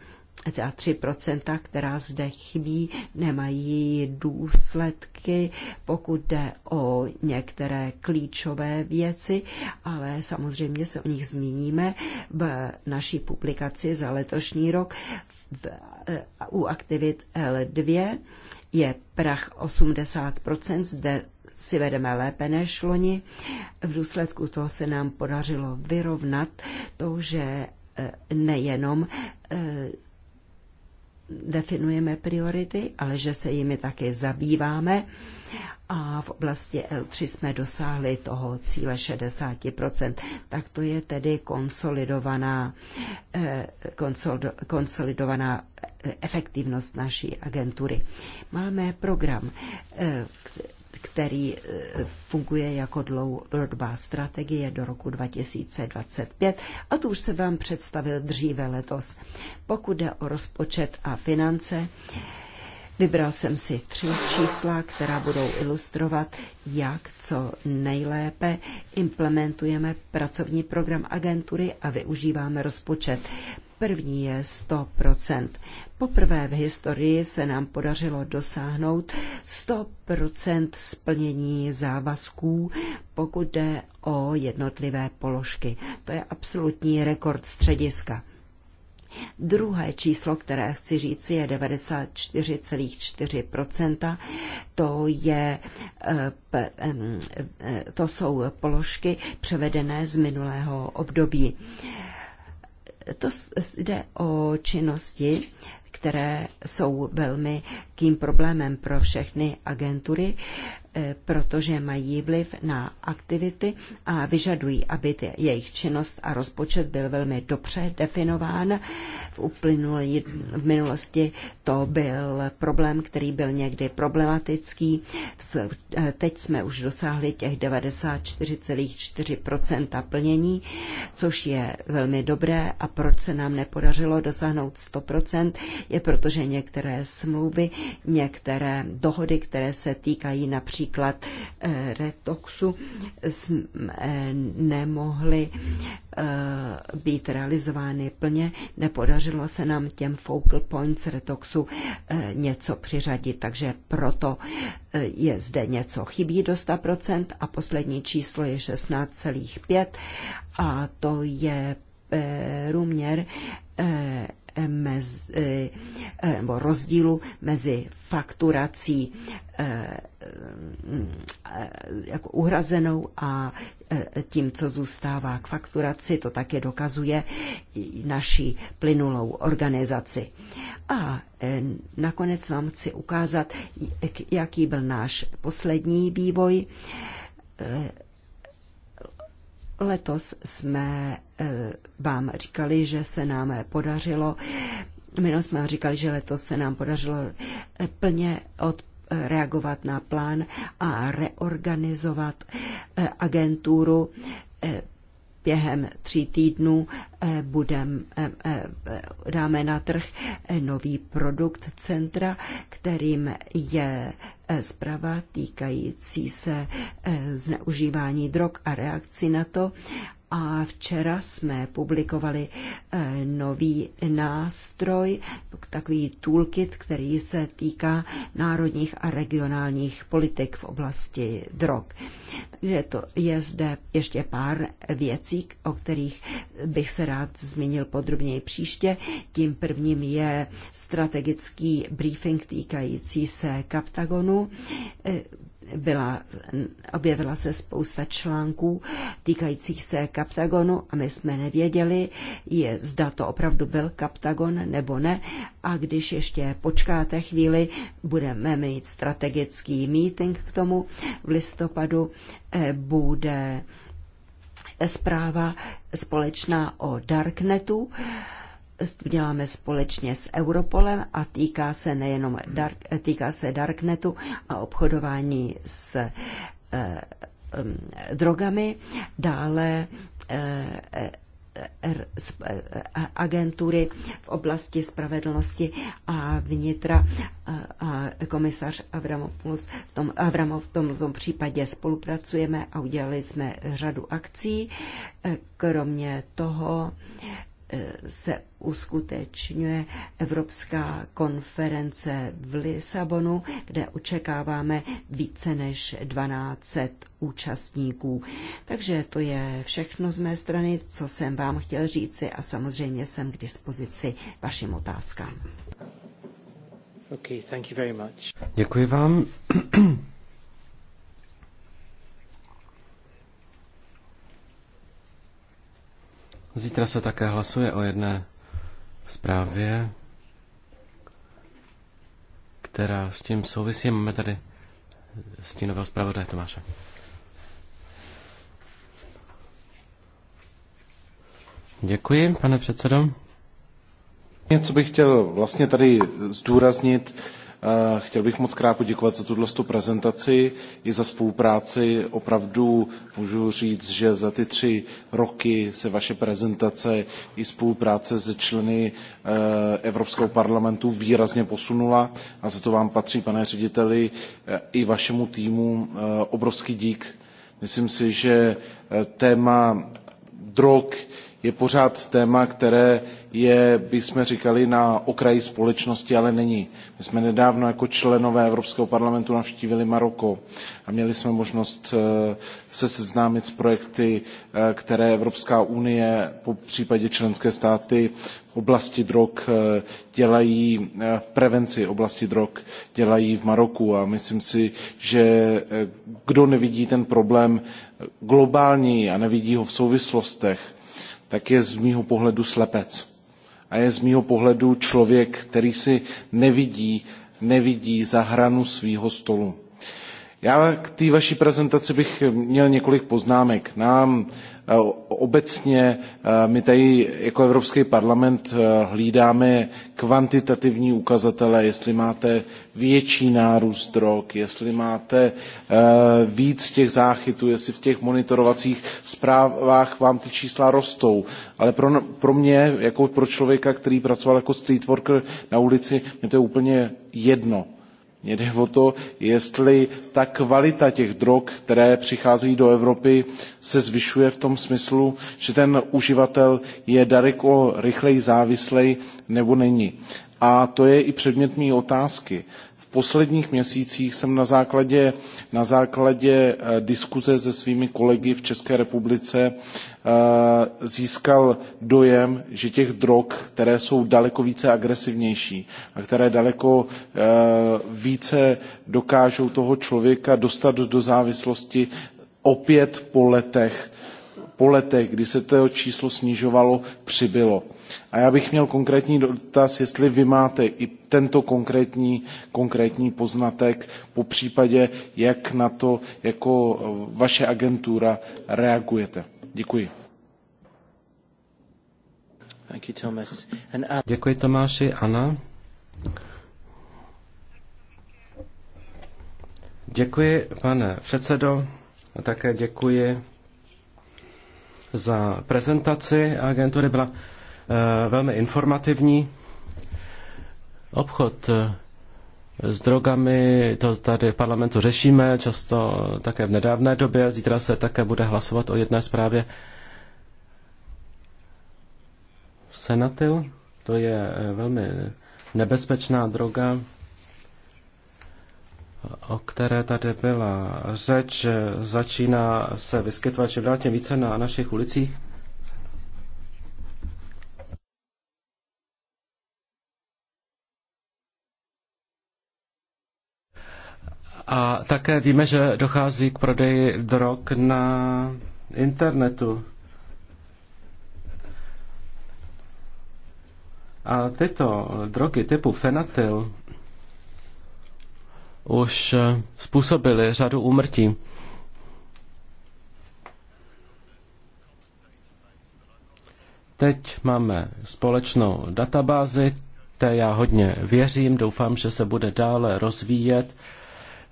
ta 3%, která zde chybí, nemají důsledky, pokud jde o některé klíčové věci, ale samozřejmě se o nich zmíníme v naší publikaci za letošní rok v, eh, u aktivit L2 je prach 80%, zde si vedeme lépe než loni. V důsledku toho se nám podařilo vyrovnat to, že eh, nejenom eh, definujeme priority, ale že se jimi také zabýváme. A v oblasti L3 jsme dosáhli toho cíle 60%. Tak to je tedy konsolidovaná, eh, konsolidovaná eh, efektivnost naší agentury. Máme program eh, který e, funguje jako dlouhodobá strategie do roku 2025 a tu už se vám představil dříve letos. Pokud jde o rozpočet a finance, Vybral jsem si tři čísla, která budou ilustrovat, jak co nejlépe implementujeme pracovní program agentury a využíváme rozpočet. První je 100%. Poprvé v historii se nám podařilo dosáhnout 100% splnění závazků, pokud jde o jednotlivé položky. To je absolutní rekord střediska. Druhé číslo, které chci říct, je 94,4%. To, je, eh, eh, to jsou položky převedené z minulého období. To jde o činnosti, které jsou velmi tím problémem pro všechny agentury, E, protože mají vliv na aktivity a vyžadují, aby jejich činnost a rozpočet byl velmi dobře definován. V uplynulé v minulosti to byl problém, který byl někdy problematický. E, teď jsme už dosáhli těch 94,4 plnění, což je velmi dobré a proč se nám nepodařilo dosáhnout 100 je protože některé smlouvy, některé dohody, které se týkají například například eh, retoxu nemohly eh, být realizovány plně. Nepodařilo se nám těm focal points retoxu eh, něco přiřadit, takže proto je zde něco chybí do 100% a poslední číslo je 16,5 a to je průměr mezi, eh, eh, nebo rozdílu mezi fakturací eh, jako uhrazenou a tím, co zůstává k fakturaci, to také dokazuje naší plynulou organizaci. A nakonec vám chci ukázat, jaký byl náš poslední vývoj Letos jsme eh, vám říkali, že se nám podařilo, minule jsme vám říkali, že letos se nám podařilo eh, plně od eh, reagovat na plán a reorganizovat agenturu během tří týdnů eh, budem, eh, eh, dáme na trh nový produkt centra, kterým je zprava týkající se zneužívání drog a reakci na to a včera jsme publikovali eh, nový nástroj, takový toolkit, který se týká národních a regionálních politik v oblasti drog. Takže to je zde ještě pár věcí, o kterých bych se rád zmínil podrobněji příště. Tím prvním je strategický briefing týkající se kaptagonu eh, byla, objevila se spousta článků týkajících se kaptagonu a my jsme nevěděli, je, zda to opravdu byl kaptagon nebo ne. A když ještě počkáte chvíli, budeme mít strategický meeting k tomu. V listopadu eh, bude eh, zpráva společná o Darknetu děláme společně s Europolem a týká se nejenom dark, týká se Darknetu a obchodování s eh, drogami, dále eh, eh, eh, agentury v oblasti spravedlnosti a vnitra eh, a komisař Avramopoulos v tom, Avramo v tom, v tom případě spolupracujeme a udělali jsme řadu akcí. Kromě toho se uskutečňuje Evropská konference v Lisabonu, kde očekáváme více než 12 účastníků. Takže to je všechno z mé strany, co jsem vám chtěl říci a samozřejmě jsem k dispozici vašim otázkám. Okay, thank you very much. Děkuji vám. Zítra se také hlasuje o jedné zprávě, která s tím souvisí. Máme tady stínového zpravodaje Tomáše. Děkuji, pane předsedo. něco bych chtěl vlastně tady zdůraznit, Eh, chtěl bych moc krát poděkovat za tuhle prezentaci i za spolupráci. Opravdu můžu říct, že za ty tři roky se vaše prezentace i spolupráce se členy eh, Evropského parlamentu výrazně posunula a za to vám patří, pane řediteli, eh, i vašemu týmu obrovský dík. Myslím si, že téma drog je pořád téma, které je, bychom říkali, na okraji společnosti, ale není. My jsme nedávno jako členové Evropského parlamentu navštívili Maroko a měli jsme možnost eh, se seznámit s projekty, eh, které Evropská unie, po případě členské státy v oblasti drog eh, dělají, v prevenci oblasti drog dělají v Maroku a myslím si, že kdo nevidí ten problém globální a nevidí ho v souvislostech, tak je z mýho pohledu slepec. A je z mýho pohledu člověk, který si nevidí, nevidí za hranu svýho stolu. Já k té vaší prezentaci bych měl několik poznámek. Nám eh, obecně, eh, my tady jako Evropský parlament eh, hlídáme kvantitativní ukazatele, jestli máte větší nárůst drog, jestli máte víc těch záchytů, jestli v těch monitorovacích zprávách vám ty čísla rostou. Ale pro, pro mě, jako pro člověka, který pracoval jako street worker na ulici, mi to je úplně jedno mně jde o to, jestli ta kvalita těch drog, které přicházejí do Evropy, se zvyšuje v tom smyslu, že ten uživatel je daleko rychleji závislý nebo není. A to je i předmět mý otázky posledních měsících jsem na základě, na základě eh, diskuze se svými kolegy v České republice eh, získal dojem, že těch drog, které jsou daleko více agresivnější a které daleko eh, více dokážou toho člověka dostat do závislosti, opět po letech po letech, kdy se to číslo snižovalo, přibylo. A já bych měl konkrétní dotaz, jestli vy máte i tento konkrétní, konkrétní poznatek, po případě, jak na to jako eh, vaše agentura reagujete. Děkuji. Uh, děkuji Tomáši. Ana? Děkuji, pane předsedo, a také děkuji za prezentaci agentury, byla eh, velmi informativní. Obchod eh, s drogami, to tady v parlamentu řešíme, často také v nedávné době. Zítra se také bude hlasovat o jedné zprávě senatil. To je eh, velmi nebezpečná droga, o které tady byla řeč, začíná se vyskytovat čím dál tím více na našich ulicích. A také víme, že dochází k prodeji drog na internetu. A tyto drogy typu fenatyl už eh, způsobili řadu úmrtí. Teď máme společnou databázi, té já hodně věřím, doufám, že se bude dále rozvíjet.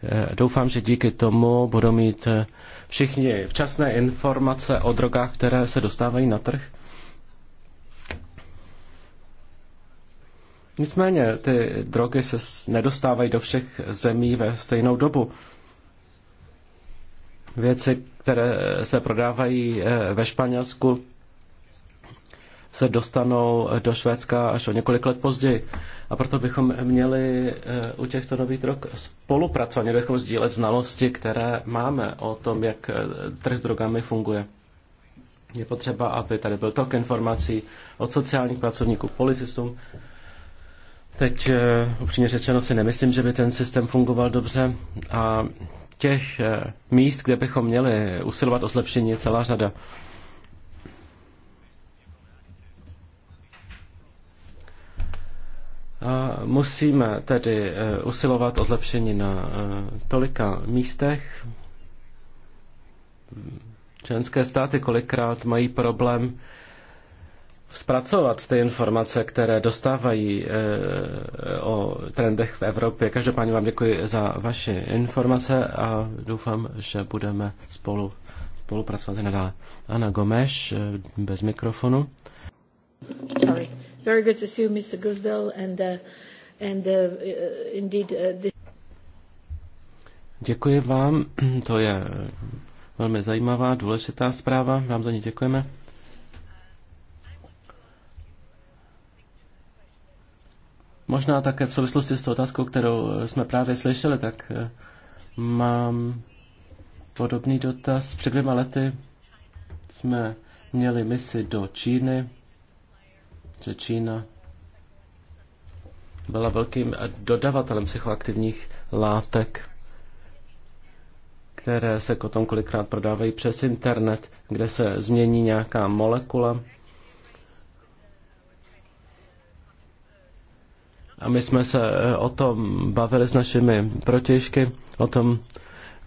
Eh, doufám, že díky tomu budou mít eh, všichni včasné informace o drogách, které se dostávají na trh. Nicméně ty drogy se nedostávají do všech zemí ve stejnou dobu. Věci, které se prodávají eh, ve Španělsku, se dostanou do Švédska až o několik let později. A proto bychom měli eh, u těchto nových drog spolupracovat, měli bychom sdílet znalosti, které máme o tom, jak eh, trh s drogami funguje. Je potřeba, aby tady byl tok informací od sociálních pracovníků, policistům, Teď eh, upřímně řečeno si nemyslím, že by ten systém fungoval dobře a těch eh, míst, kde bychom měli usilovat o zlepšení, je celá řada. A musíme tedy eh, usilovat o zlepšení na tolika místech. Členské státy kolikrát mají problém zpracovat ty informace, které dostávají eh, o trendech v Evropě. Každopádně vám děkuji za vaše informace a doufám, že budeme spolu spolupracovat i nadále. Ana Gomes eh, bez mikrofonu. Sorry. Very good to see you, Mr. and, uh, and uh, uh, indeed uh, this... Děkuji vám, to je velmi zajímavá, důležitá zpráva, vám za ní děkujeme. Možná také v souvislosti s tou otázkou, kterou eh, jsme právě slyšeli, tak eh, mám podobný dotaz. Před dvěma lety jsme měli misi do Číny, že Čína byla velkým eh, dodavatelem psychoaktivních látek, které se potom kolikrát prodávají přes internet, kde se změní nějaká molekula A my jsme se eh, o tom bavili s našimi protěžky, o tom,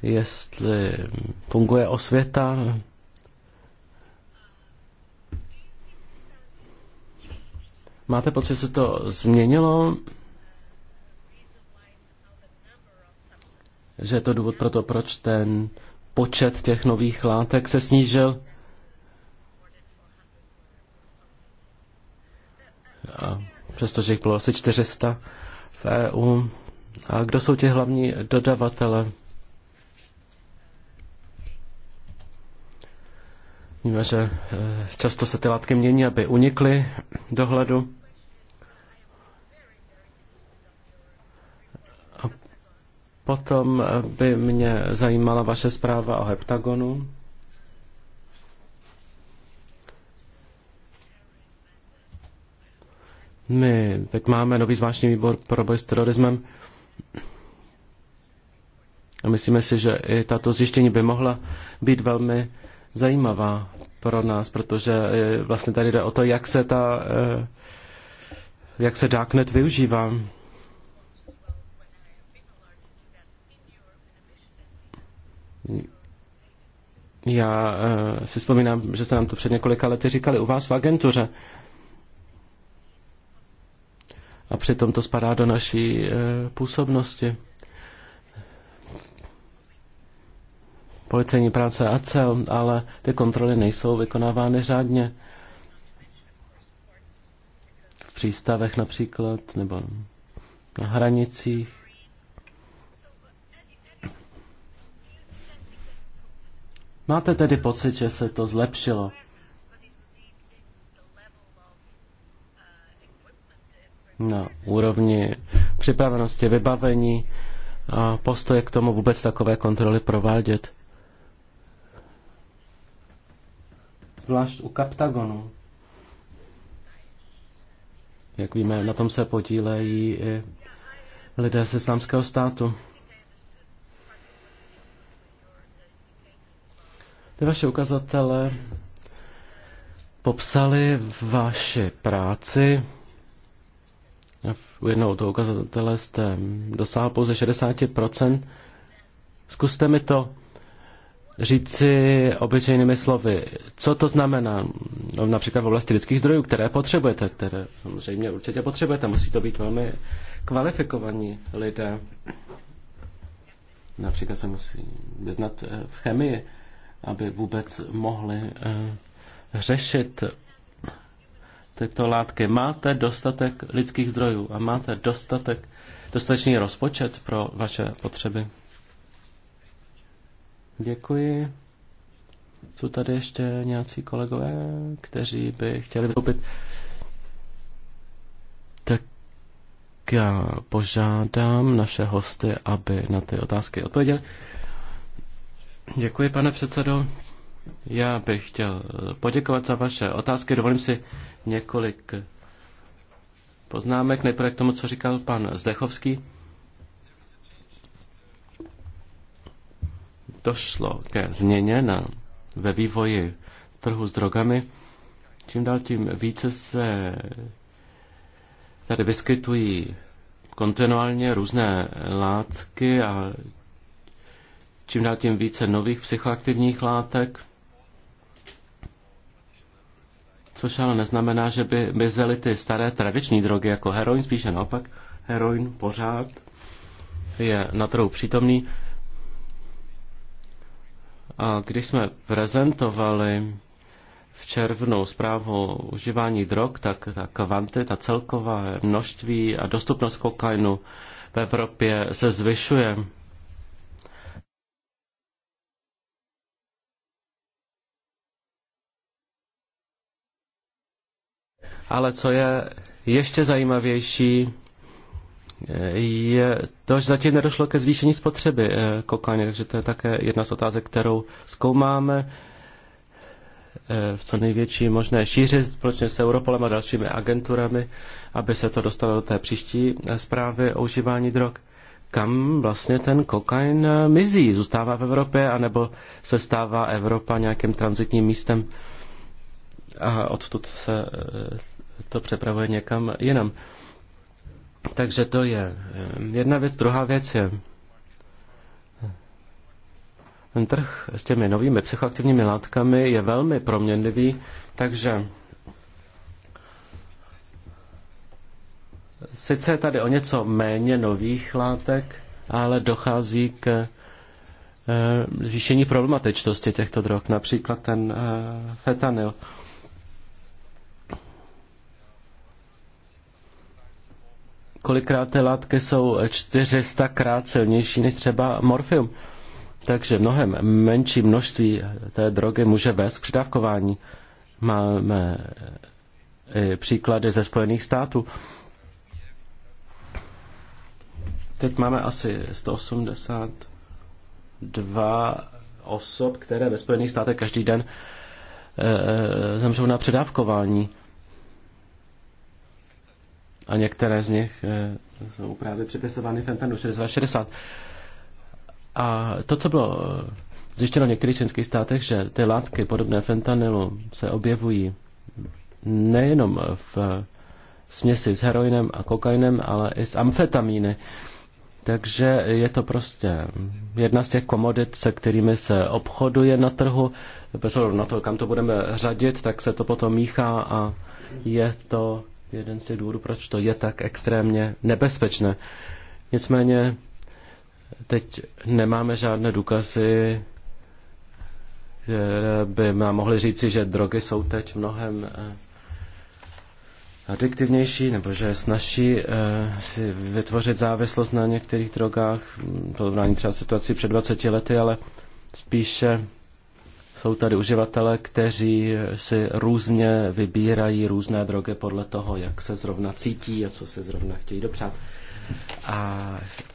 jestli funguje osvěta. Máte pocit, že se to změnilo? Že je to důvod pro to, proč ten počet těch nových látek se snížil? A přestože jich bylo asi 400 v EU. A kdo jsou ti hlavní dodavatele? Víme, že eh, často se ty látky mění, aby unikly dohledu. A potom eh, by mě zajímala vaše zpráva o heptagonu. My teď máme nový zvláštní výbor pro boj s terorismem a myslíme si, že i tato zjištění by mohla být velmi zajímavá pro nás, protože e, vlastně tady jde o to, jak se ta, e, jak se Darknet využívá. Já e, si vzpomínám, že jste nám to před několika lety říkali u vás v agentuře a přitom to spadá do naší e, působnosti. Policejní práce a cel, ale ty kontroly nejsou vykonávány řádně. V přístavech například, nebo na hranicích. Máte tedy pocit, že se to zlepšilo? na úrovni připravenosti, vybavení a postoje k tomu vůbec takové kontroly provádět. Zvlášť u Kaptagonu. Jak víme, na tom se podílejí i lidé z islámského státu. Ty vaše ukazatele popsali vaši práci, u jednoho toho ukazatele jste dosáhl pouze 60%. Zkuste mi to říci obyčejnými slovy. Co to znamená? No, například v oblasti lidských zdrojů, které potřebujete, které samozřejmě určitě potřebujete. Musí to být velmi kvalifikovaní lidé. Například se musí vyznat eh, v chemii, aby vůbec mohli eh, řešit této látky. Máte dostatek lidských zdrojů a máte dostatek, dostatečný rozpočet pro vaše potřeby. Děkuji. Jsou tady ještě nějací kolegové, kteří by chtěli vystoupit? Tak já požádám naše hosty, aby na ty otázky odpověděli. Děkuji, pane předsedo. Já bych chtěl eh, poděkovat za vaše otázky. Dovolím si několik poznámek. Nejprve k tomu, co říkal pan Zdechovský. Došlo ke změně na, ve vývoji trhu s drogami. Čím dál tím více se tady vyskytují kontinuálně různé látky a čím dál tím více nových psychoaktivních látek. což ale neznamená, že by mizely ty staré tradiční drogy jako heroin, spíše naopak. Heroin pořád je na trhu přítomný. A když jsme prezentovali v červnu zprávu užívání drog, tak ta kvanty, ta celková množství a dostupnost kokainu v Evropě se zvyšuje. Ale co je ještě zajímavější, je to, že zatím nedošlo ke zvýšení spotřeby eh, kokainu, takže to je také jedna z otázek, kterou zkoumáme eh, v co největší možné šíři společně s Europolem a dalšími agenturami, aby se to dostalo do té příští eh, zprávy o užívání drog. Kam vlastně ten kokain mizí? Zůstává v Evropě, anebo se stává Evropa nějakým transitním místem? A odtud se to přepravuje někam jinam. Takže to je eh, jedna věc. Druhá věc je ten trh s těmi novými psychoaktivními látkami je velmi proměnlivý, takže sice tady o něco méně nových látek, ale dochází k eh, zvýšení problematičnosti těchto drog, například ten eh, fetanyl. Kolikrát ty látky jsou 400 krát silnější než třeba morfium. Takže mnohem menší množství té drogy může vést k předávkování. Máme eh, příklady ze Spojených států. Teď máme asi 182 osob, které ve Spojených státech každý den eh, eh, zemřou na předávkování a některé z nich eh, jsou právě připisovány Fentanu 60. A to, co bylo eh, zjištěno v některých členských státech, že ty látky podobné fentanylu se objevují nejenom v eh, směsi s heroinem a kokainem, ale i s amfetamíny. Takže je to prostě jedna z těch komodit, se kterými se obchoduje na trhu. Bez ohledu na to, kam to budeme řadit, tak se to potom míchá a je to jeden z těch důvodů, proč to je tak extrémně nebezpečné. Nicméně teď nemáme žádné důkazy, které by nám mohli říci, že drogy jsou teď mnohem eh, adiktivnější, nebo že je snaží eh, si vytvořit závislost na některých drogách, porovnání třeba situaci před 20 lety, ale spíše jsou tady uživatelé, kteří si různě vybírají různé drogy podle toho, jak se zrovna cítí a co se zrovna chtějí dopřát. A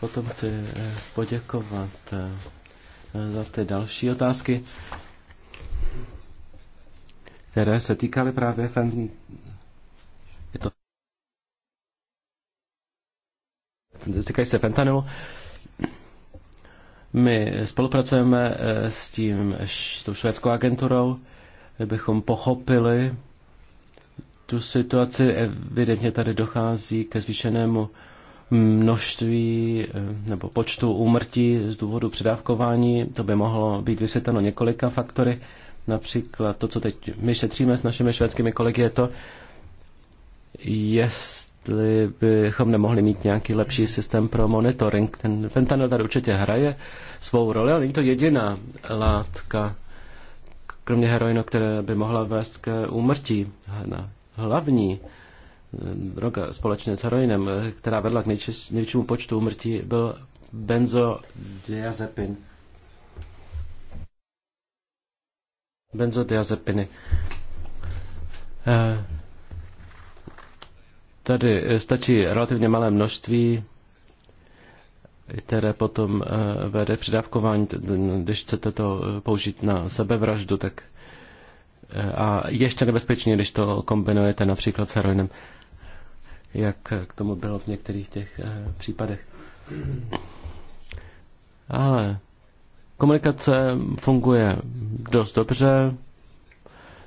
potom chci eh, poděkovat eh, za ty další otázky, které se týkaly právě FN. Je to... Týkají se fentanylu. My spolupracujeme eh, s tím, s tou švédskou agenturou, abychom pochopili tu situaci. Evidentně tady dochází ke zvýšenému množství eh, nebo počtu úmrtí z důvodu předávkování. To by mohlo být vysvětleno několika faktory. Například to, co teď my šetříme s našimi švédskými kolegy, je to, jest jestli bychom nemohli mít nějaký lepší systém pro monitoring. Ten fentanyl tady určitě hraje svou roli, ale není to jediná látka, kromě heroinu, která by mohla vést k úmrtí. Hlavní eh, droga společně s heroinem, eh, která vedla k největšímu počtu úmrtí, byl benzodiazepin. Benzodiazepiny. Eh Tady eh, stačí relativně malé množství, které potom eh, vede předávkování, přidávkování. Když chcete to eh, použít na sebevraždu, tak a ještě nebezpečně, když to kombinujete například s heroinem, jak k tomu bylo v některých těch případech. Ale komunikace funguje dost dobře.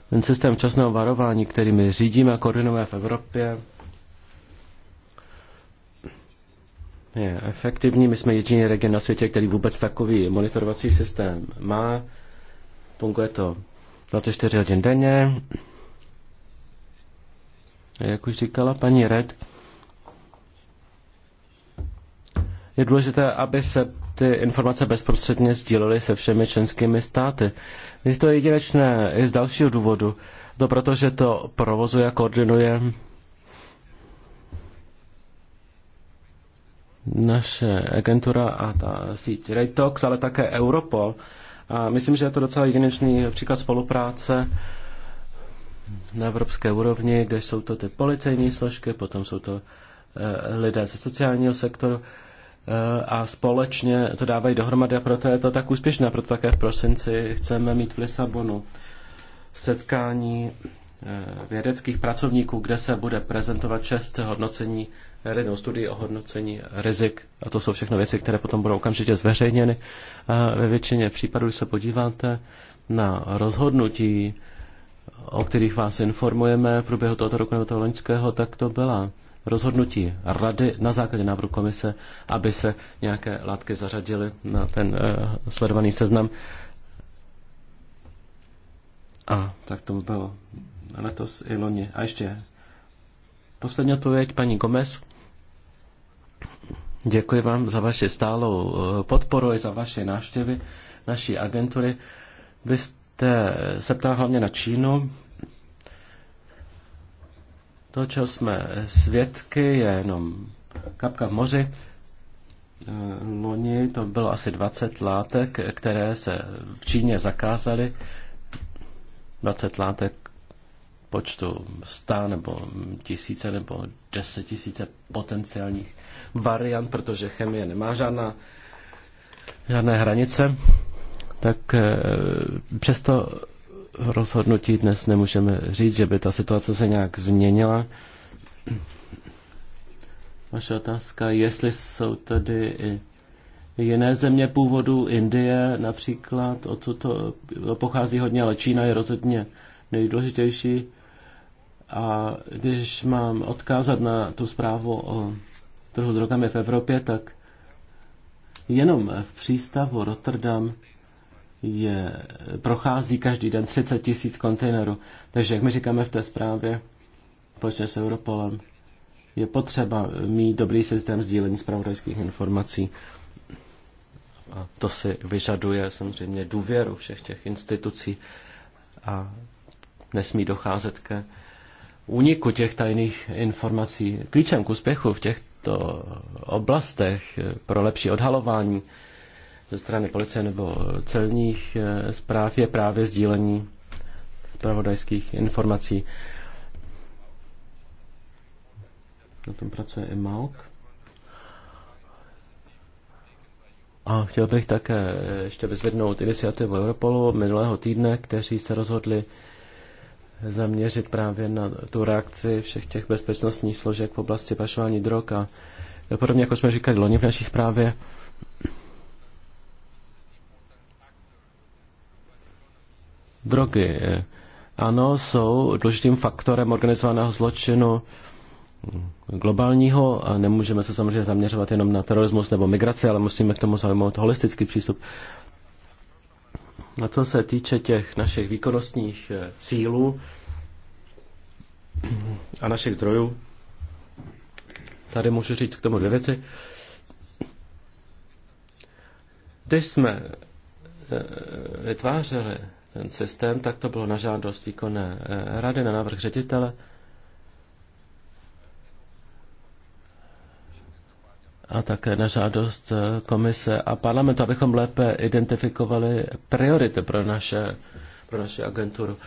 Ten systém časného varování, který my řídíme a koordinujeme v Evropě, je efektivní. My jsme jediný region na světě, který vůbec takový monitorovací systém má. Funguje to 24 hodin denně. Jak už říkala paní Red, je důležité, aby se ty informace bezprostředně sdílely se všemi členskými státy. Je to jedinečné i z dalšího důvodu. To proto, že to provozuje a koordinuje naše agentura a ta síť Raytox, ale také Europol. A myslím, že je to docela jedinečný příklad spolupráce na evropské úrovni, kde jsou to ty policejní složky, potom jsou to eh, lidé ze sociálního sektoru eh, a společně to dávají dohromady a proto je to tak úspěšné. Proto také v prosinci chceme mít v Lisabonu setkání Eh, vědeckých pracovníků, kde se bude prezentovat šest hodnocení rizik, nebo studii o hodnocení rizik. A to jsou všechno věci, které potom budou okamžitě zveřejněny. A ve většině případů, když se podíváte na rozhodnutí, o kterých vás informujeme v průběhu tohoto roku nebo toho loňského, tak to byla rozhodnutí rady na základě návrhu komise, aby se nějaké látky zařadily na ten uh, sledovaný seznam. A tak tomu bylo letos i loni. A ještě poslední odpověď, paní Gomez. Děkuji vám za vaši stálou eh, podporu i za vaše návštěvy naší agentury. Vy jste se ptal hlavně na Čínu. To, čeho jsme svědky, je jenom kapka v moři. Eh, loni to bylo asi 20 látek, které se v Číně zakázaly. 20 látek, počtu 100 nebo tisíce nebo deset tisíce potenciálních variant, protože chemie nemá žádná, žádné hranice, tak eh, přesto rozhodnutí dnes nemůžeme říct, že by ta situace se nějak změnila. Vaše otázka, jestli jsou tady i jiné země původu, Indie například, o co to pochází hodně, ale Čína je rozhodně nejdůležitější. A když mám odkázat na tu zprávu o trhu s drogami v Evropě, tak jenom v přístavu Rotterdam je, prochází každý den 30 tisíc kontejnerů. Takže, jak my říkáme v té zprávě, počne s Europolem, je potřeba mít dobrý systém sdílení zpravodajských informací. A to si vyžaduje samozřejmě důvěru všech těch institucí a nesmí docházet ke úniku těch tajných informací. Klíčem k úspěchu v těchto oblastech pro lepší odhalování ze strany policie nebo celních eh, zpráv je právě sdílení pravodajských informací. Na tom pracuje i Malk. A chtěl bych také ještě vyzvednout iniciativu Europolu minulého týdne, kteří se rozhodli zaměřit právě na tu reakci všech těch bezpečnostních složek v oblasti pašování drog a podobně, jako jsme říkali loni v naší zprávě, drogy eh, ano, jsou důležitým faktorem organizovaného zločinu globálního a nemůžeme se samozřejmě zaměřovat jenom na terorismus nebo migraci, ale musíme k tomu zaujmout holistický přístup. A co se týče těch našich výkonnostních eh, cílů a našich zdrojů, tady můžu říct k tomu dvě věci. Když jsme eh, vytvářeli ten systém, tak to bylo na žádost výkonné eh, rady, na návrh ředitele. a také na žádost eh, komise a parlamentu, abychom lépe identifikovali priority pro, naše, pro naši agenturu.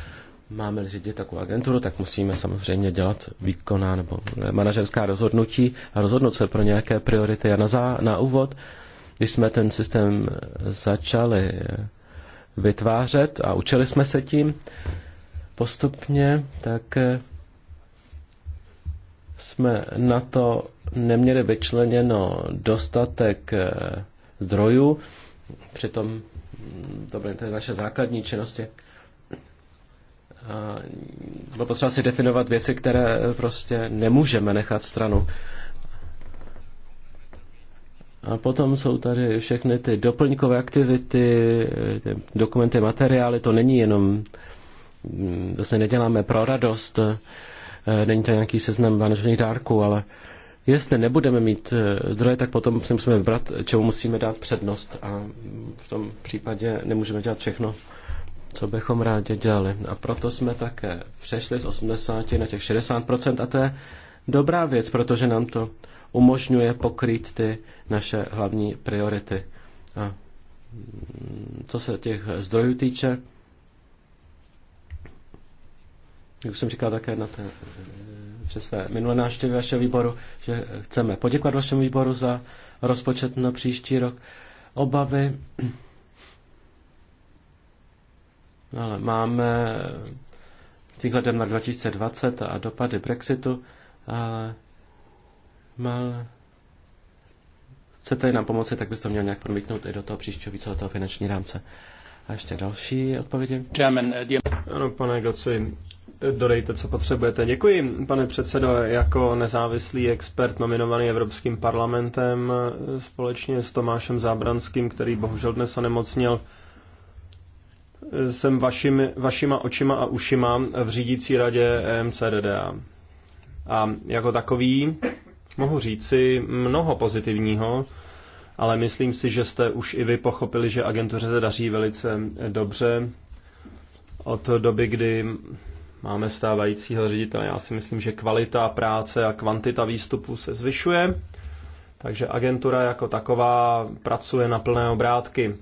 máme řídit takovou agenturu, tak musíme samozřejmě dělat výkonná nebo manažerská rozhodnutí a rozhodnout se pro nějaké priority. A na, zá, na úvod, když jsme ten systém začali vytvářet a učili jsme se tím postupně, tak eh, jsme na to neměli vyčleněno dostatek eh, zdrojů, přitom mm, to byly ty naše základní činnosti. A bylo potřeba si definovat věci, které eh, prostě nemůžeme nechat stranu. A potom jsou tady všechny ty doplňkové aktivity, eh, ty dokumenty, materiály, to není jenom, mm, zase neděláme pro radost, není to nějaký seznam vánočních dárků, ale Jestli nebudeme mít eh, zdroje, tak potom si musíme vybrat, čemu musíme dát přednost a v tom případě nemůžeme dělat všechno, co bychom rádi dělali. A proto jsme také přešli z 80 na těch 60% a to je dobrá věc, protože nám to umožňuje pokrýt ty naše hlavní priority. A mm, co se těch zdrojů týče, jak už jsem říkal také na té při své minulé návštěvě vašeho výboru, že chceme poděkovat vašemu výboru za rozpočet na příští rok. Obavy, ale máme výhledem na 2020 a dopady Brexitu, ale mal... chcete nám pomoci, tak byste měl nějak promítnout i do toho příštího víceletého finanční rámce. A ještě další odpovědi. Uh, ano, pane Goci, Dodejte, co potřebujete. Děkuji, pane předsedo. Jako nezávislý expert nominovaný Evropským parlamentem společně s Tomášem Zábranským, který bohužel dnes onemocnil. jsem vašimi, vašima očima a ušima v řídící radě MCDDA. A jako takový mohu říci mnoho pozitivního, ale myslím si, že jste už i vy pochopili, že agentuře se daří velice dobře od doby, kdy máme stávajícího ředitele. Já si myslím, že kvalita práce a kvantita výstupů se zvyšuje, takže agentura jako taková pracuje na plné obrátky.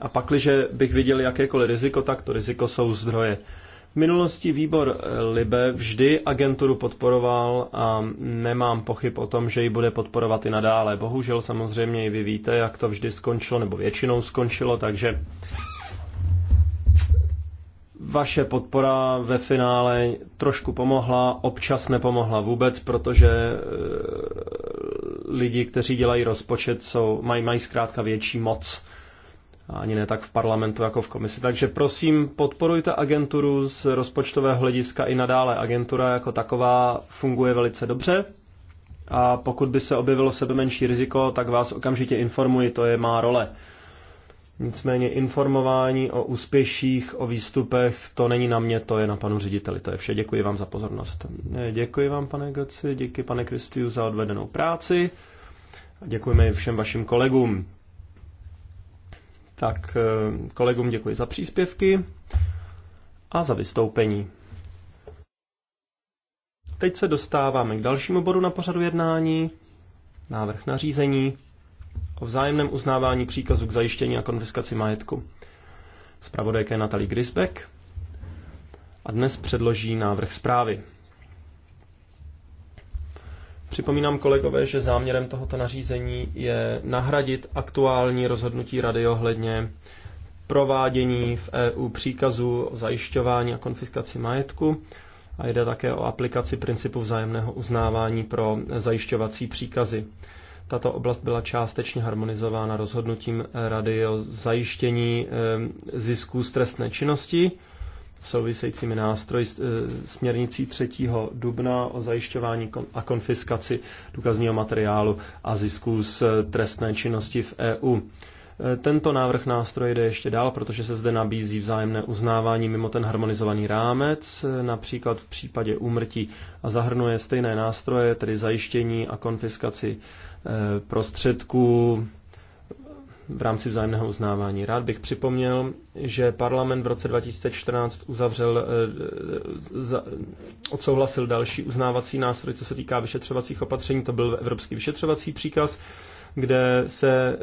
A pak, když bych viděl jakékoliv riziko, tak to riziko jsou zdroje. V minulosti výbor Libe vždy agenturu podporoval a nemám pochyb o tom, že ji bude podporovat i nadále. Bohužel samozřejmě i vy víte, jak to vždy skončilo, nebo většinou skončilo, takže vaše podpora ve finále trošku pomohla, občas nepomohla vůbec, protože e, lidi, kteří dělají rozpočet, jsou, mají, mají zkrátka větší moc. A ani ne tak v parlamentu, jako v komisi. Takže prosím, podporujte agenturu z rozpočtového hlediska i nadále. Agentura jako taková funguje velice dobře. A pokud by se objevilo sebe menší riziko, tak vás okamžitě informuji, to je má role. Nicméně informování o úspěších, o výstupech, to není na mě, to je na panu řediteli. To je vše. Děkuji vám za pozornost. Eh, děkuji vám, pane Goci, děkuji pane Kristiu za odvedenou práci děkujeme i všem vašim kolegům. Tak eh, kolegům děkuji za příspěvky a za vystoupení. Teď se dostáváme k dalšímu bodu na pořadu jednání, návrh na řízení o vzájemném uznávání příkazu k zajištění a konfiskaci majetku. Spravodajka je Natalie Grisbeck a dnes předloží návrh zprávy. Připomínám kolegové, že záměrem tohoto nařízení je nahradit aktuální rozhodnutí Rady ohledně provádění v EU příkazu o zajišťování a konfiskaci majetku a jde také o aplikaci principu vzájemného uznávání pro zajišťovací příkazy. Tato oblast byla částečně harmonizována rozhodnutím Rady o zajištění eh, zisků z trestné činnosti souvisejícími nástroji eh, směrnicí 3. dubna o zajišťování a konfiskaci důkazního materiálu a zisků z eh, trestné činnosti v EU. Tento návrh nástroje jde ještě dál, protože se zde nabízí vzájemné uznávání mimo ten harmonizovaný rámec, například v případě úmrtí a zahrnuje stejné nástroje, tedy zajištění a konfiskaci Eh, prostředků v rámci vzájemného uznávání. Rád bych připomněl, že parlament v roce 2014 uzavřel, eh, eh, odsouhlasil další uznávací nástroj, co se týká vyšetřovacích opatření. To byl Evropský vyšetřovací příkaz, kde se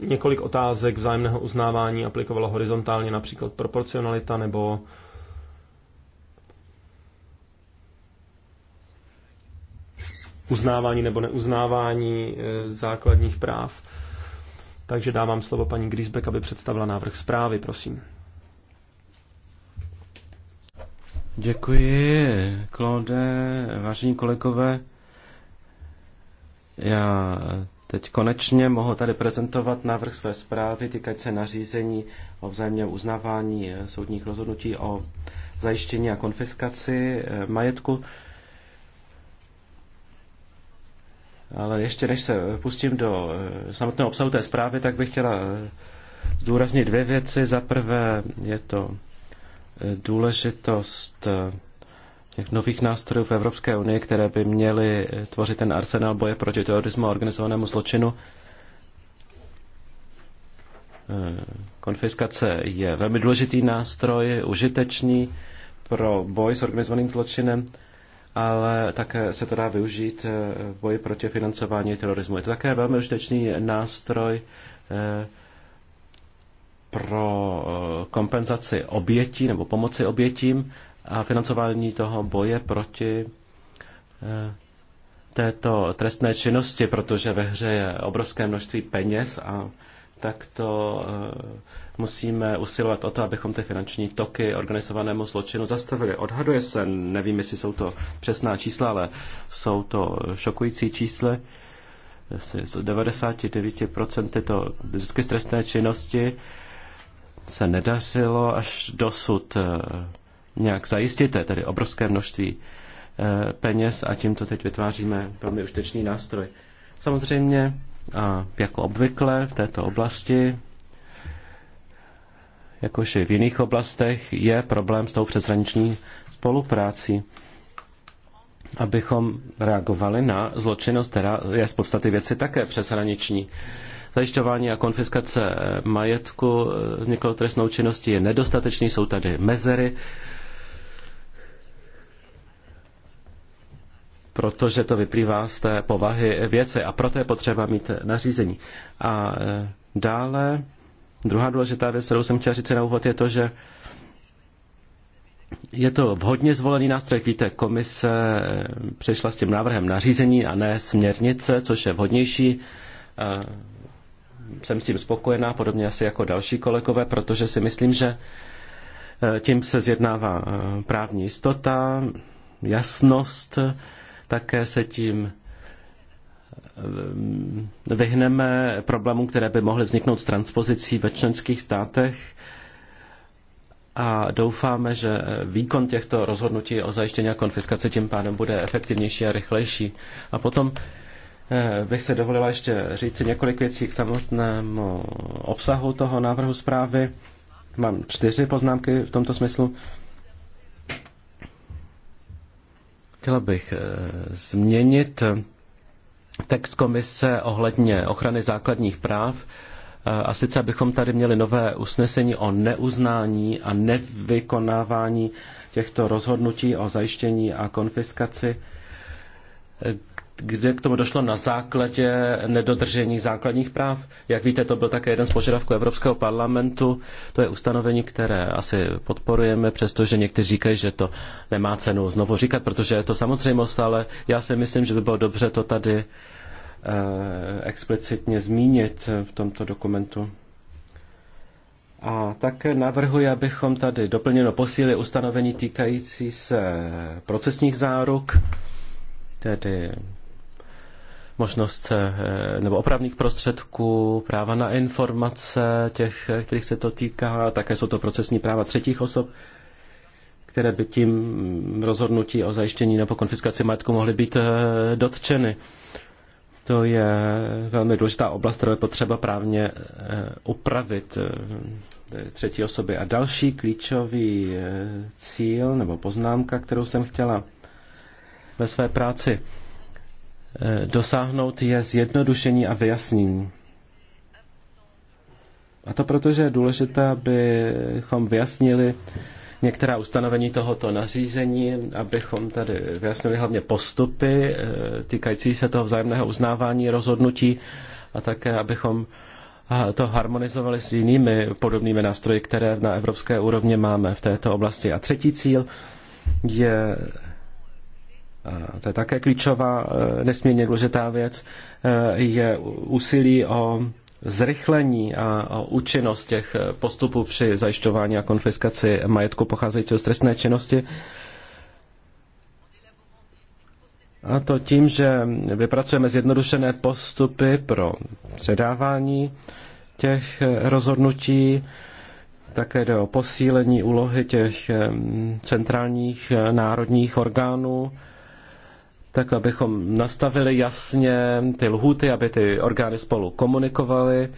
několik otázek vzájemného uznávání aplikovalo horizontálně, například proporcionalita nebo uznávání nebo neuznávání eh, základních práv. Takže dávám slovo paní Griesbeck, aby představila návrh zprávy, prosím. Děkuji, Claude, vážení kolegové. Já teď konečně mohu tady prezentovat návrh své zprávy týkající se nařízení o vzájemném uznávání soudních rozhodnutí o zajištění a konfiskaci eh, majetku. Ale ještě než se pustím do eh, samotného obsahu té zprávy, tak bych chtěla eh, zdůraznit dvě věci. Za prvé je to eh, důležitost těch nových nástrojů v Evropské unii, které by měly tvořit ten arsenál boje proti terorismu a organizovanému zločinu. Konfiskace je velmi důležitý nástroj, užitečný pro boj s organizovaným zločinem ale také se to dá využít eh, v boji proti financování terorismu. Je to také velmi užitečný nástroj eh, pro eh, kompenzaci obětí nebo pomoci obětím a financování toho boje proti této trestné činnosti, protože ve hře je obrovské množství peněz a tak to musíme usilovat o to, abychom ty finanční toky organizovanému zločinu zastavili. Odhaduje se, nevím, jestli jsou to přesná čísla, ale jsou to šokující čísla. Z 99% to zisky z trestné činnosti se nedařilo až dosud eh, nějak zajistit, tedy obrovské množství eh, peněz a tímto teď vytváříme velmi užtečný nástroj. Samozřejmě, a jako obvykle v této oblasti, jakož i v jiných oblastech, je problém s tou přeshraniční spoluprácí. Abychom reagovali na zločinnost, která je z podstaty věci také přeshraniční. Zajišťování a konfiskace majetku vzniklou trestnou činností je nedostatečný, jsou tady mezery, protože to vyplývá z té povahy věce, a proto je potřeba mít nařízení. A e, dále Druhá důležitá věc, kterou jsem chtěl říct na úvod, je to, že je to vhodně zvolený nástroj. víte, komise přišla s tím návrhem nařízení a ne směrnice, což je vhodnější. Jsem s tím spokojená, podobně asi jako další kolegové, protože si myslím, že e, tím se zjednává e, právní jistota, jasnost, také se tím Eh, vyhneme problémům, které by mohly vzniknout s transpozicí ve členských státech a doufáme, že výkon těchto rozhodnutí o zajištění a konfiskaci tím pádem bude efektivnější a rychlejší. A potom eh, bych se dovolila ještě říct několik věcí k samotnému obsahu toho návrhu zprávy. Mám čtyři poznámky v tomto smyslu. Chtěla bych eh, změnit text komise ohledně ochrany základních práv. Eh, a sice, abychom tady měli nové usnesení o neuznání a nevykonávání těchto rozhodnutí o zajištění a konfiskaci, eh, kde k tomu došlo na základě nedodržení základních práv. Jak víte, to byl také jeden z požadavků Evropského parlamentu. To je ustanovení, které asi podporujeme, přestože někteří říkají, že to nemá cenu znovu říkat, protože je to samozřejmost, ale já si myslím, že by bylo dobře to tady eh, explicitně zmínit v tomto dokumentu. A tak navrhuji, abychom tady doplněno posíli ustanovení týkající se procesních záruk, tedy možnost eh, nebo opravných prostředků, práva na informace těch, eh, kterých se to týká, také jsou to procesní práva třetích osob, které by tím rozhodnutí o zajištění nebo konfiskaci majetku mohly být eh, dotčeny. To je velmi důležitá oblast, kterou je potřeba právně upravit třetí osoby. A další klíčový cíl nebo poznámka, kterou jsem chtěla ve své práci Eh, dosáhnout, je zjednodušení a vyjasnění. A to proto, že je důležité, abychom vyjasnili některá ustanovení tohoto nařízení, abychom tady vyjasnili hlavně postupy eh, týkající se toho vzájemného uznávání rozhodnutí a také, abychom eh, to harmonizovali s jinými podobnými nástroji, které na evropské úrovni máme v této oblasti. A třetí cíl je to je také klíčová, eh, nesmírně důležitá věc, eh, je úsilí o zrychlení a o účinnost těch eh, postupů při zajišťování a konfiskaci majetku pocházejícího z trestné činnosti. A to tím, že vypracujeme zjednodušené postupy pro předávání těch rozhodnutí, také jde o posílení úlohy těch centrálních národních orgánů, tak abychom nastavili jasně ty lhuty, aby ty orgány spolu komunikovaly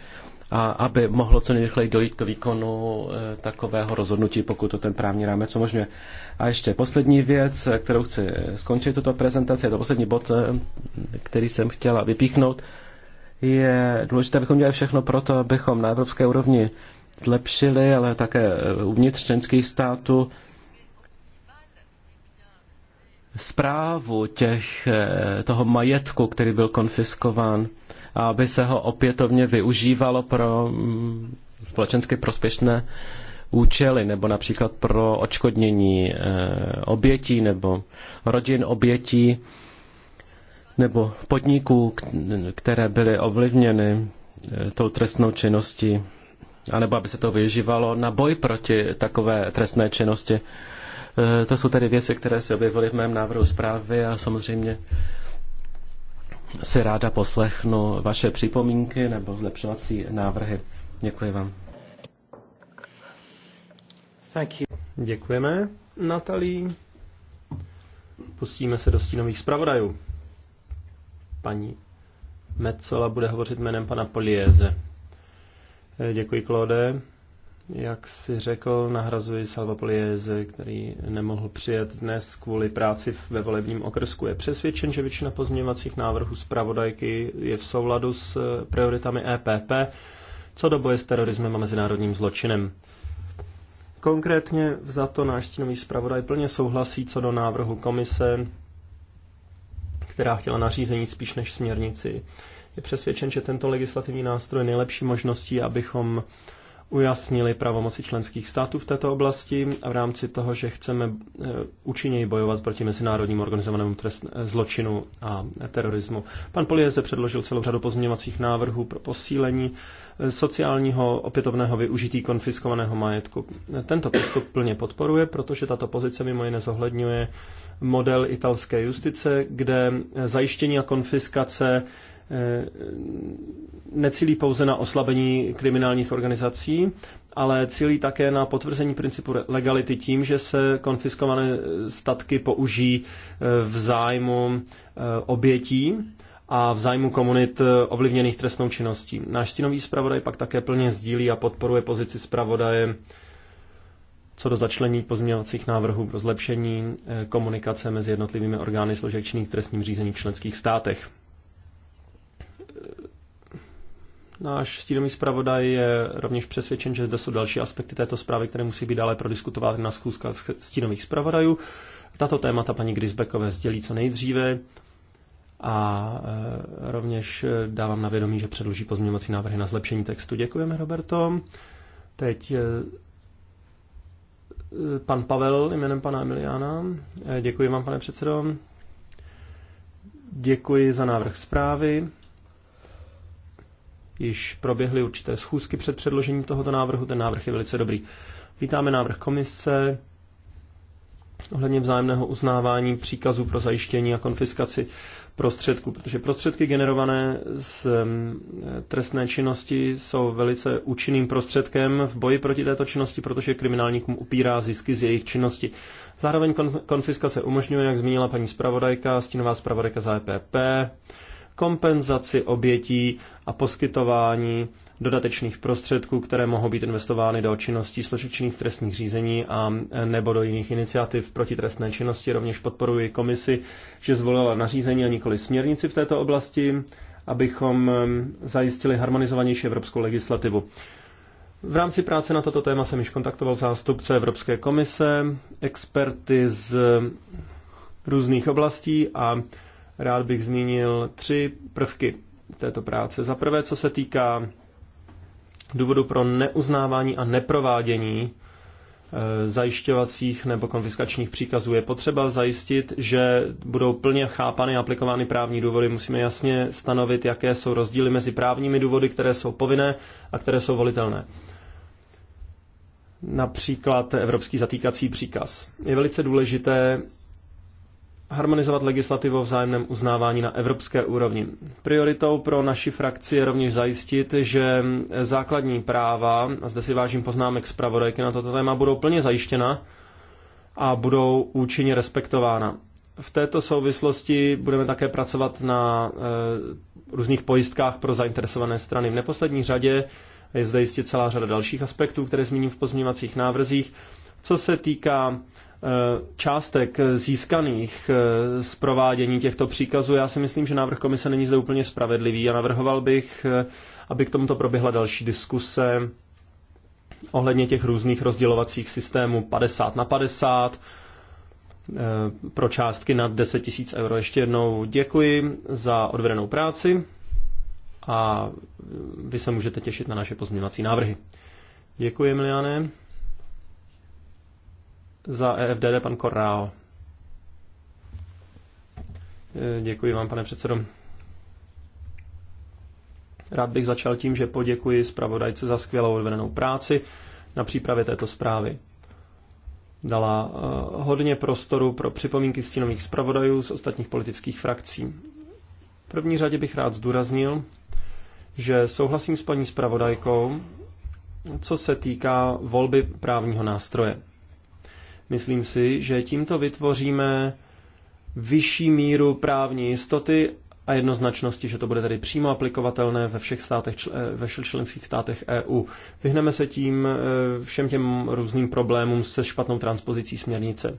a aby mohlo co nejrychleji dojít k výkonu eh, takového rozhodnutí, pokud to ten právní rámec umožňuje. A ještě poslední věc, kterou chci eh, skončit tuto prezentaci, je to poslední bod, eh, který jsem chtěla vypíchnout, je důležité, abychom dělali všechno pro to, abychom na evropské úrovni zlepšili, ale také uvnitř členských států zprávu těch, eh, toho majetku, který byl konfiskován, aby se ho opětovně využívalo pro mm, společensky prospěšné účely, nebo například pro očkodnění eh, obětí nebo rodin obětí nebo podniků, které byly ovlivněny eh, tou trestnou činností, anebo aby se to využívalo na boj proti takové trestné činnosti. Eh, to jsou tedy věci, které se objevily v mém návrhu zprávy a samozřejmě si ráda poslechnu vaše připomínky nebo zlepšovací návrhy. Děkuji vám. Thank you. Děkujeme, Natalí. Pustíme se do stínových zpravodajů. Paní Mecola bude hovořit jménem pana Polieze. Eh, děkuji, Klode. Jak si řekl, nahrazuji Salva Polieze, který nemohl přijet dnes kvůli práci ve volebním okrsku. Je přesvědčen, že většina pozměňovacích návrhů zpravodajky je v souladu s eh, prioritami EPP, co do boje s terorismem a mezinárodním zločinem. Konkrétně za to náš stínový zpravodaj plně souhlasí co do návrhu komise, která chtěla nařízení spíš než směrnici. Je přesvědčen, že tento legislativní nástroj je nejlepší možností, abychom ujasnili pravomoci členských států v této oblasti a v rámci toho, že chceme eh, účinněji bojovat proti mezinárodnímu organizovanému trest, eh, zločinu a terorismu. Pan Polieze předložil celou řadu pozměňovacích návrhů pro posílení eh, sociálního opětovného využití konfiskovaného majetku. Tento postup plně podporuje, protože tato pozice mimo jiné zohledňuje model italské justice, kde zajištění a konfiskace necílí pouze na oslabení kriminálních organizací, ale cílí také na potvrzení principu legality tím, že se konfiskované statky použijí e, v zájmu e, obětí a v zájmu komunit e, ovlivněných trestnou činností. Náš stínový zpravodaj pak také plně sdílí a podporuje pozici zpravodaje co do začlení pozměňovacích návrhů pro zlepšení komunikace mezi jednotlivými orgány složečných trestním řízení v členských státech. Náš stínový zpravodaj je rovněž přesvědčen, že zde jsou další aspekty této zprávy, které musí být dále prodiskutovány na schůzkách stínových zpravodajů. Tato témata paní Grisbekové sdělí co nejdříve a e, rovněž e, dávám na vědomí, že předloží pozměňovací návrhy na zlepšení textu. Děkujeme, Roberto. Teď e, pan Pavel jménem pana Emiliana. Děkuji vám, pane předsedo. Děkuji za návrh zprávy již proběhly určité schůzky před předložením tohoto návrhu. Ten návrh je velice dobrý. Vítáme návrh komise ohledně vzájemného uznávání příkazů pro zajištění a konfiskaci prostředků, protože prostředky generované z mm, trestné činnosti jsou velice účinným prostředkem v boji proti této činnosti, protože kriminálníkům upírá zisky z jejich činnosti. Zároveň konfiskace umožňuje, jak zmínila paní zpravodajka, stínová zpravodajka za EPP, kompenzaci obětí a poskytování dodatečných prostředků, které mohou být investovány do činností složek trestních řízení a e, nebo do jiných iniciativ proti trestné činnosti. Rovněž podporuji komisi, že zvolila nařízení a nikoli směrnici v této oblasti, abychom e, zajistili harmonizovanější evropskou legislativu. V rámci práce na toto téma jsem již kontaktoval zástupce Evropské komise, experty z různých oblastí a rád bych zmínil tři prvky této práce. Za prvé, co se týká důvodu pro neuznávání a neprovádění e, zajišťovacích nebo konfiskačních příkazů. Je potřeba zajistit, že budou plně chápany a aplikovány právní důvody. Musíme jasně stanovit, jaké jsou rozdíly mezi právními důvody, které jsou povinné a které jsou volitelné. Například evropský zatýkací příkaz. Je velice důležité harmonizovat legislativu o vzájemném uznávání na evropské úrovni. Prioritou pro naši frakci je rovněž zajistit, že základní práva, a zde si vážím poznámek pravodajky na toto téma, budou plně zajištěna a budou účinně respektována. V této souvislosti budeme také pracovat na e, různých pojistkách pro zainteresované strany. V neposlední řadě je zde jistě celá řada dalších aspektů, které zmíním v pozměňovacích návrzích. Co se týká Eh, částek získaných eh, z provádění těchto příkazů. Já si myslím, že návrh komise není zde úplně spravedlivý a navrhoval bych, eh, aby k tomuto proběhla další diskuse ohledně těch různých rozdělovacích systémů 50 na 50 pro částky nad 10 tisíc euro. Ještě jednou děkuji za odvedenou práci a vy se můžete těšit na naše pozměňovací návrhy. Děkuji, Miliane. Za EFDD pan Korrao. E, děkuji vám, pane předsedo. Rád bych začal tím, že poděkuji zpravodajce za skvělou odvedenou práci na přípravě této zprávy. Dala e, hodně prostoru pro připomínky stínových zpravodajů z ostatních politických frakcí. V první řadě bych rád zdůraznil, že souhlasím s paní zpravodajkou, co se týká volby právního nástroje. Myslím si, že tímto vytvoříme vyšší míru právní jistoty a jednoznačnosti, že to bude tedy přímo aplikovatelné ve všech, státech, eh, ve všech členských státech EU. Vyhneme se tím eh, všem těm různým problémům se špatnou transpozicí směrnice.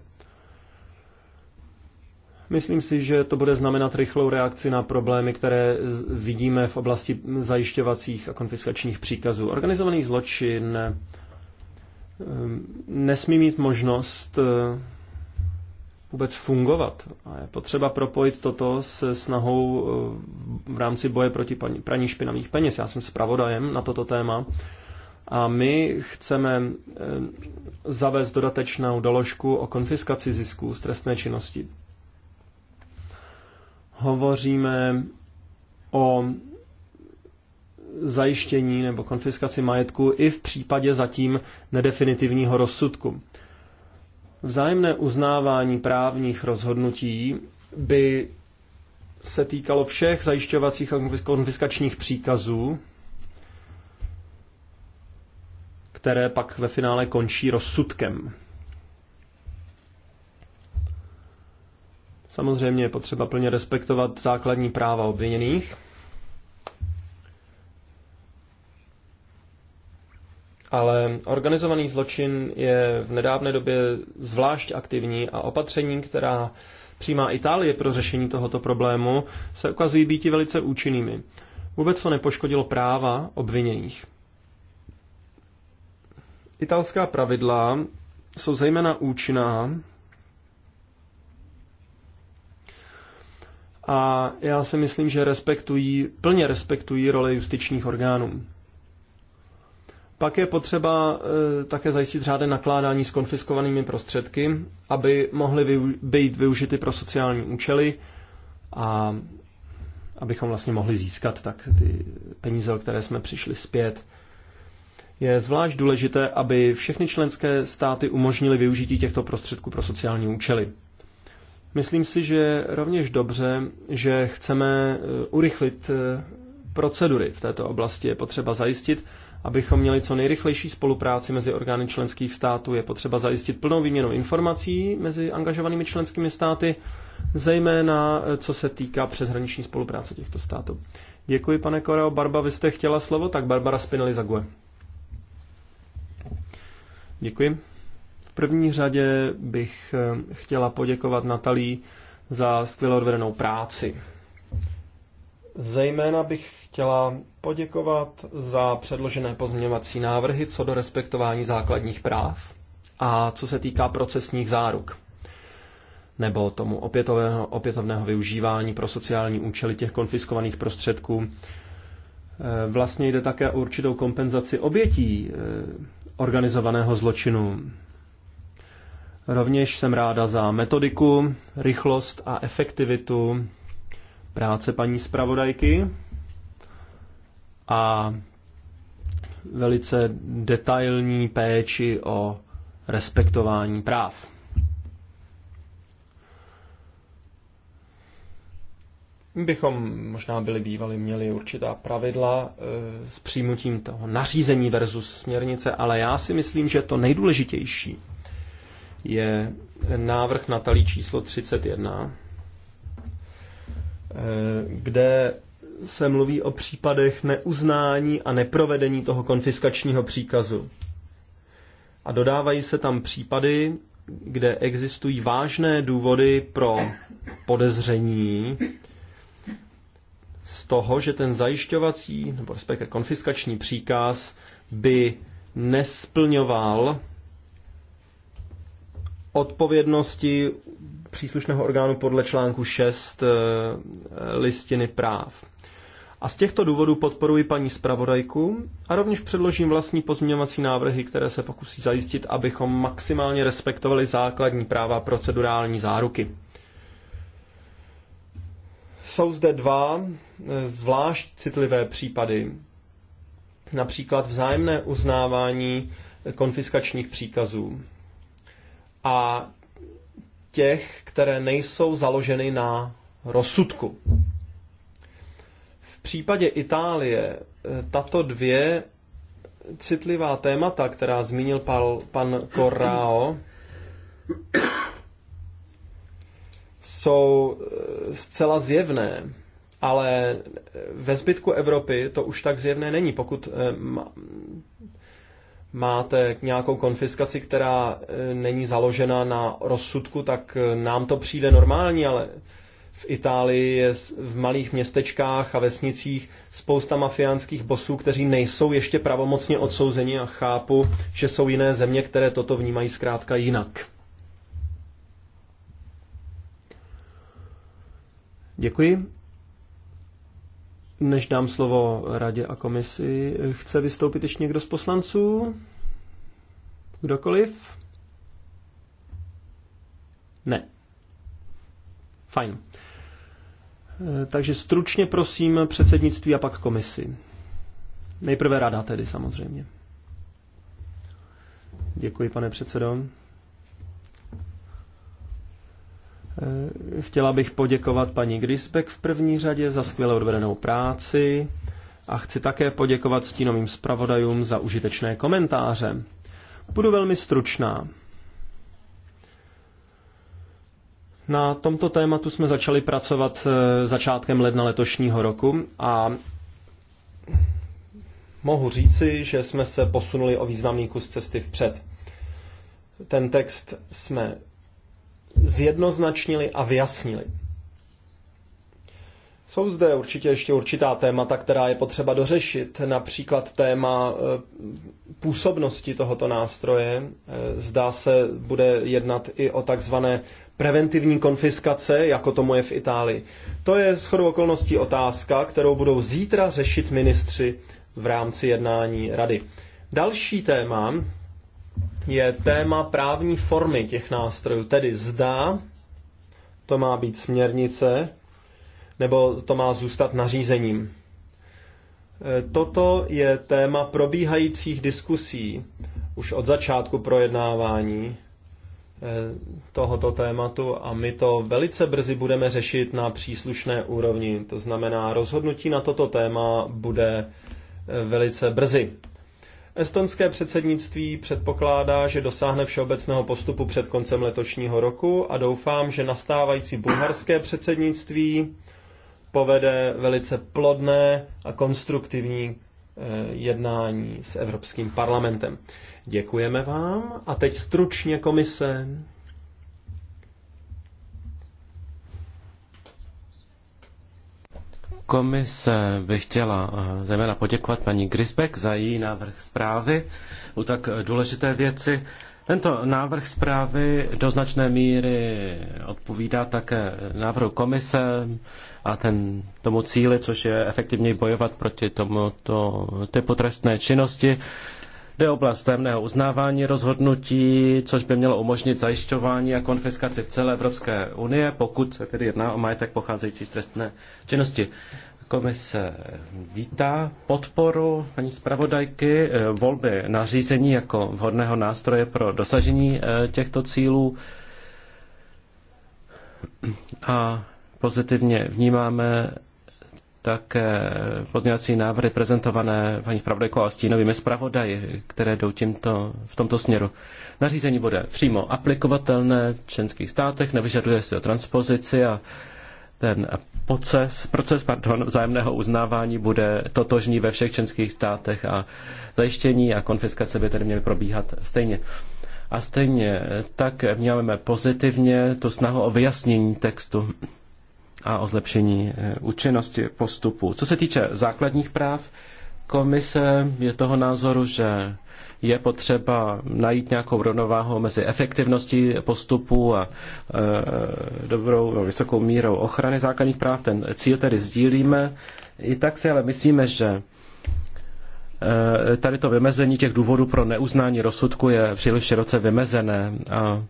Myslím si, že to bude znamenat rychlou reakci na problémy, které vidíme v oblasti zajišťovacích a konfiskačních příkazů. Organizovaný zločin, Ehm, nesmí mít možnost eh, vůbec fungovat. A je potřeba propojit toto se snahou eh, v rámci boje proti praní špinavých peněz. Já jsem zpravodajem na toto téma a my chceme eh, zavést dodatečnou doložku o konfiskaci zisků z trestné činnosti. Hovoříme o zajištění nebo konfiskaci majetku i v případě zatím nedefinitivního rozsudku. Vzájemné uznávání právních rozhodnutí by se týkalo všech zajišťovacích a konfiskačních příkazů, které pak ve finále končí rozsudkem. Samozřejmě je potřeba plně respektovat základní práva obviněných, Ale organizovaný zločin je v nedávné době zvlášť aktivní a opatření, která přijímá Itálie pro řešení tohoto problému, se ukazují býti velice účinnými. Vůbec to nepoškodilo práva obviněných. Italská pravidla jsou zejména účinná a já si myslím, že respektují, plně respektují roli justičních orgánů. Pak je potřeba eh, také zajistit řádné nakládání s konfiskovanými prostředky, aby mohly být využity pro sociální účely a abychom vlastně mohli získat tak ty peníze, o které jsme přišli zpět. Je zvlášť důležité, aby všechny členské státy umožnili využití těchto prostředků pro sociální účely. Myslím si, že je rovněž dobře, že chceme eh, urychlit eh, procedury v této oblasti. Je potřeba zajistit, abychom měli co nejrychlejší spolupráci mezi orgány členských států. Je potřeba zajistit plnou výměnu informací mezi angažovanými členskými státy, zejména eh, co se týká přeshraniční spolupráce těchto států. Děkuji, pane Koreo. Barba, vy jste chtěla slovo, tak Barbara Spinelli Zague. Děkuji. V první řadě bych eh, chtěla poděkovat Natalí za skvěle odvedenou práci. Zejména bych chtěla poděkovat za předložené pozměňovací návrhy co do respektování základních práv a co se týká procesních záruk nebo tomu opětovného, opětovného využívání pro sociální účely těch konfiskovaných prostředků. E, vlastně jde také o určitou kompenzaci obětí e, organizovaného zločinu. Rovněž jsem ráda za metodiku, rychlost a efektivitu práce paní zpravodajky a velice detailní péči o respektování práv. bychom možná byli bývali měli určitá pravidla e, s přijmutím toho nařízení versus směrnice, ale já si myslím, že to nejdůležitější je návrh Natalí číslo 31, Eh, kde se mluví o případech neuznání a neprovedení toho konfiskačního příkazu. A dodávají se tam případy, kde existují vážné důvody pro podezření z toho, že ten zajišťovací nebo respektive konfiskační příkaz by nesplňoval odpovědnosti příslušného orgánu podle článku 6 eh, listiny práv. A z těchto důvodů podporuji paní zpravodajku a rovněž předložím vlastní pozměňovací návrhy, které se pokusí zajistit, abychom maximálně respektovali základní práva a procedurální záruky. Jsou zde dva eh, zvlášť citlivé případy, například vzájemné uznávání konfiskačních příkazů a těch, které nejsou založeny na rozsudku. V případě Itálie eh, tato dvě citlivá témata, která zmínil pan, pan Corrao, jsou eh, zcela zjevné, ale ve zbytku Evropy to už tak zjevné není. Pokud eh, máte nějakou konfiskaci, která e, není založena na rozsudku, tak e, nám to přijde normální, ale v Itálii je v malých městečkách a vesnicích spousta mafiánských bosů, kteří nejsou ještě pravomocně odsouzeni a chápu, že jsou jiné země, které toto vnímají zkrátka jinak. Děkuji. Než dám slovo radě a komisi, chce vystoupit ještě někdo z poslanců? Kdokoliv? Ne. Fajn. Eh, takže stručně prosím předsednictví a pak komisi. Nejprve rada tedy samozřejmě. Děkuji, pane předsedo. Eh, chtěla bych poděkovat paní Grisbeck v první řadě za skvěle odvedenou práci a chci také poděkovat stínovým zpravodajům za užitečné komentáře. Budu velmi stručná. Na tomto tématu jsme začali pracovat eh, začátkem ledna letošního roku a mohu říci, že jsme se posunuli o významný kus cesty vpřed. Ten text jsme zjednoznačnili a vyjasnili. Jsou zde určitě ještě určitá témata, která je potřeba dořešit, například téma e, působnosti tohoto nástroje. E, zdá se, bude jednat i o takzvané preventivní konfiskace, jako tomu je v Itálii. To je shodou okolností otázka, kterou budou zítra řešit ministři v rámci jednání rady. Další téma, je téma právní formy těch nástrojů. Tedy zda to má být směrnice, nebo to má zůstat nařízením. E, toto je téma probíhajících diskusí už od začátku projednávání e, tohoto tématu a my to velice brzy budeme řešit na příslušné úrovni. To znamená, rozhodnutí na toto téma bude e, velice brzy. Estonské předsednictví předpokládá, že dosáhne všeobecného postupu před koncem letošního roku a doufám, že nastávající bulharské předsednictví povede velice plodné a konstruktivní eh, jednání s Evropským parlamentem. Děkujeme vám a teď stručně komise. Komise bych chtěla eh, zejména poděkovat paní Grisbeck za její návrh zprávy u tak důležité věci. Tento návrh zprávy do značné míry odpovídá také návrhu komise a ten, tomu cíli, což je efektivně bojovat proti tomuto typu trestné činnosti. Jde o oblast témného uznávání rozhodnutí, což by mělo umožnit zajišťování a konfiskaci v celé Evropské unie, pokud se tedy jedná o majetek pocházející z trestné činnosti. Komise vítá podporu paní zpravodajky eh, volby nařízení jako vhodného nástroje pro dosažení eh, těchto cílů a pozitivně vnímáme tak pozměňovací návrhy prezentované paní zpravodajkou a stínovými zpravodaji, které jdou tímto, v tomto směru. Nařízení bude přímo aplikovatelné v členských státech, nevyžaduje si o transpozici a ten proces, proces pardon, vzájemného uznávání bude totožný ve všech členských státech a zajištění a konfiskace by tedy měly probíhat stejně. A stejně tak vnímáme pozitivně tu snahu o vyjasnění textu a o zlepšení eh, účinnosti postupu. Co se týče základních práv, komise je toho názoru, že je potřeba najít nějakou rovnováhu mezi efektivností postupu a e, dobrou vysokou mírou ochrany základních práv. Ten cíl tedy sdílíme. I tak si ale myslíme, že e, tady to vymezení těch důvodů pro neuznání rozsudku je příliš široce vymezené a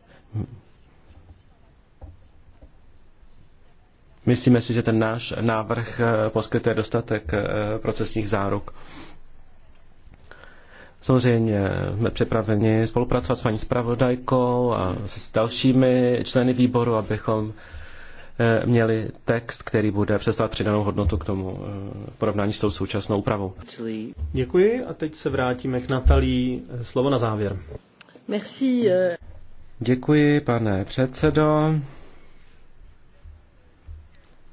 Myslíme si, že ten náš návrh eh, poskytuje dostatek eh, procesních záruk. Samozřejmě jsme připraveni spolupracovat s paní zpravodajkou a s dalšími členy výboru, abychom eh, měli text, který bude představit přidanou hodnotu k tomu porovnání s tou současnou úpravou. Děkuji a teď se vrátíme k Natalí. Slovo na závěr. Merci. Děkuji, pane předsedo.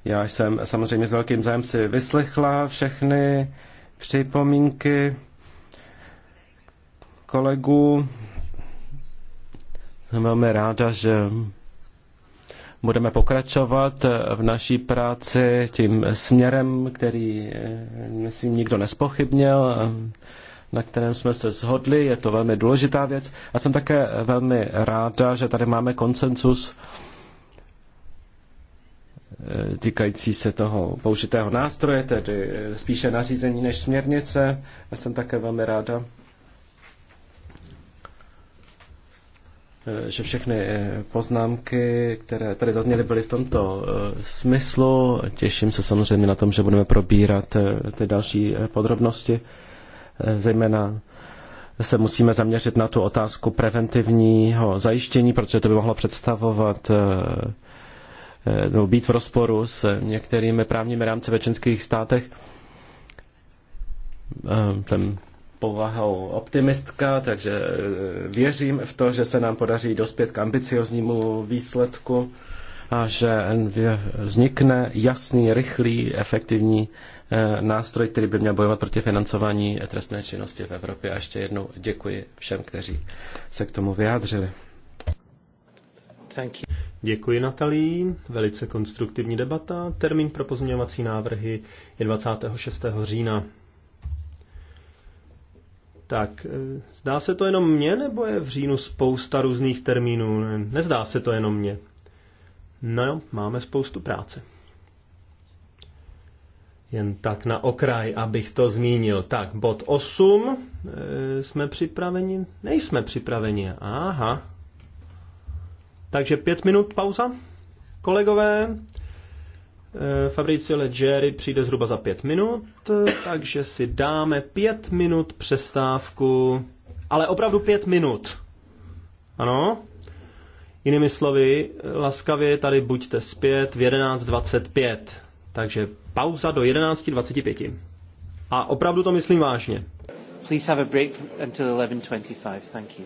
Já jsem samozřejmě s velkým zájem si vyslechla všechny připomínky kolegů. Jsem velmi ráda, že budeme pokračovat v naší práci tím směrem, který, myslím, nikdo nespochybnil, na kterém jsme se shodli. Je to velmi důležitá věc. A jsem také velmi ráda, že tady máme konsensus Eh, týkající se toho použitého nástroje, tedy eh, spíše nařízení než směrnice. Já jsem také velmi ráda, eh, že všechny poznámky, které tady zazněly, byly v tomto smyslu. Těším se samozřejmě na tom, že budeme probírat ty další podrobnosti. Zejména se musíme zaměřit na tu otázku preventivního zajištění, protože to by mohlo představovat Eh, nebo být v rozporu s některými právními rámci ve členských státech. Ten eh, povahou optimistka, takže eh, věřím v to, že se nám podaří dospět k ambicioznímu výsledku a že vznikne jasný, rychlý, efektivní nástroj, který by měl bojovat proti financování trestné činnosti v Evropě. A ještě jednou děkuji všem, kteří se k tomu vyjádřili. Thank you. Děkuji Natalí, velice konstruktivní debata. Termín pro pozměňovací návrhy je 26. října. Tak, e, zdá se to jenom mně, nebo je v říjnu spousta různých termínů? Ne, nezdá se to jenom mně. No jo, máme spoustu práce. Jen tak na okraj, abych to zmínil. Tak, bod 8. E, jsme připraveni? Nejsme připraveni. Aha, takže pět minut pauza, kolegové. Eh, Fabricio Leggeri přijde zhruba za pět minut, eh, takže si dáme pět minut přestávku, ale opravdu pět minut. Ano? Jinými slovy, laskavě tady buďte zpět v 11.25. Takže pauza do 11.25. A opravdu to myslím vážně. Please have a break until 11.25. Thank you.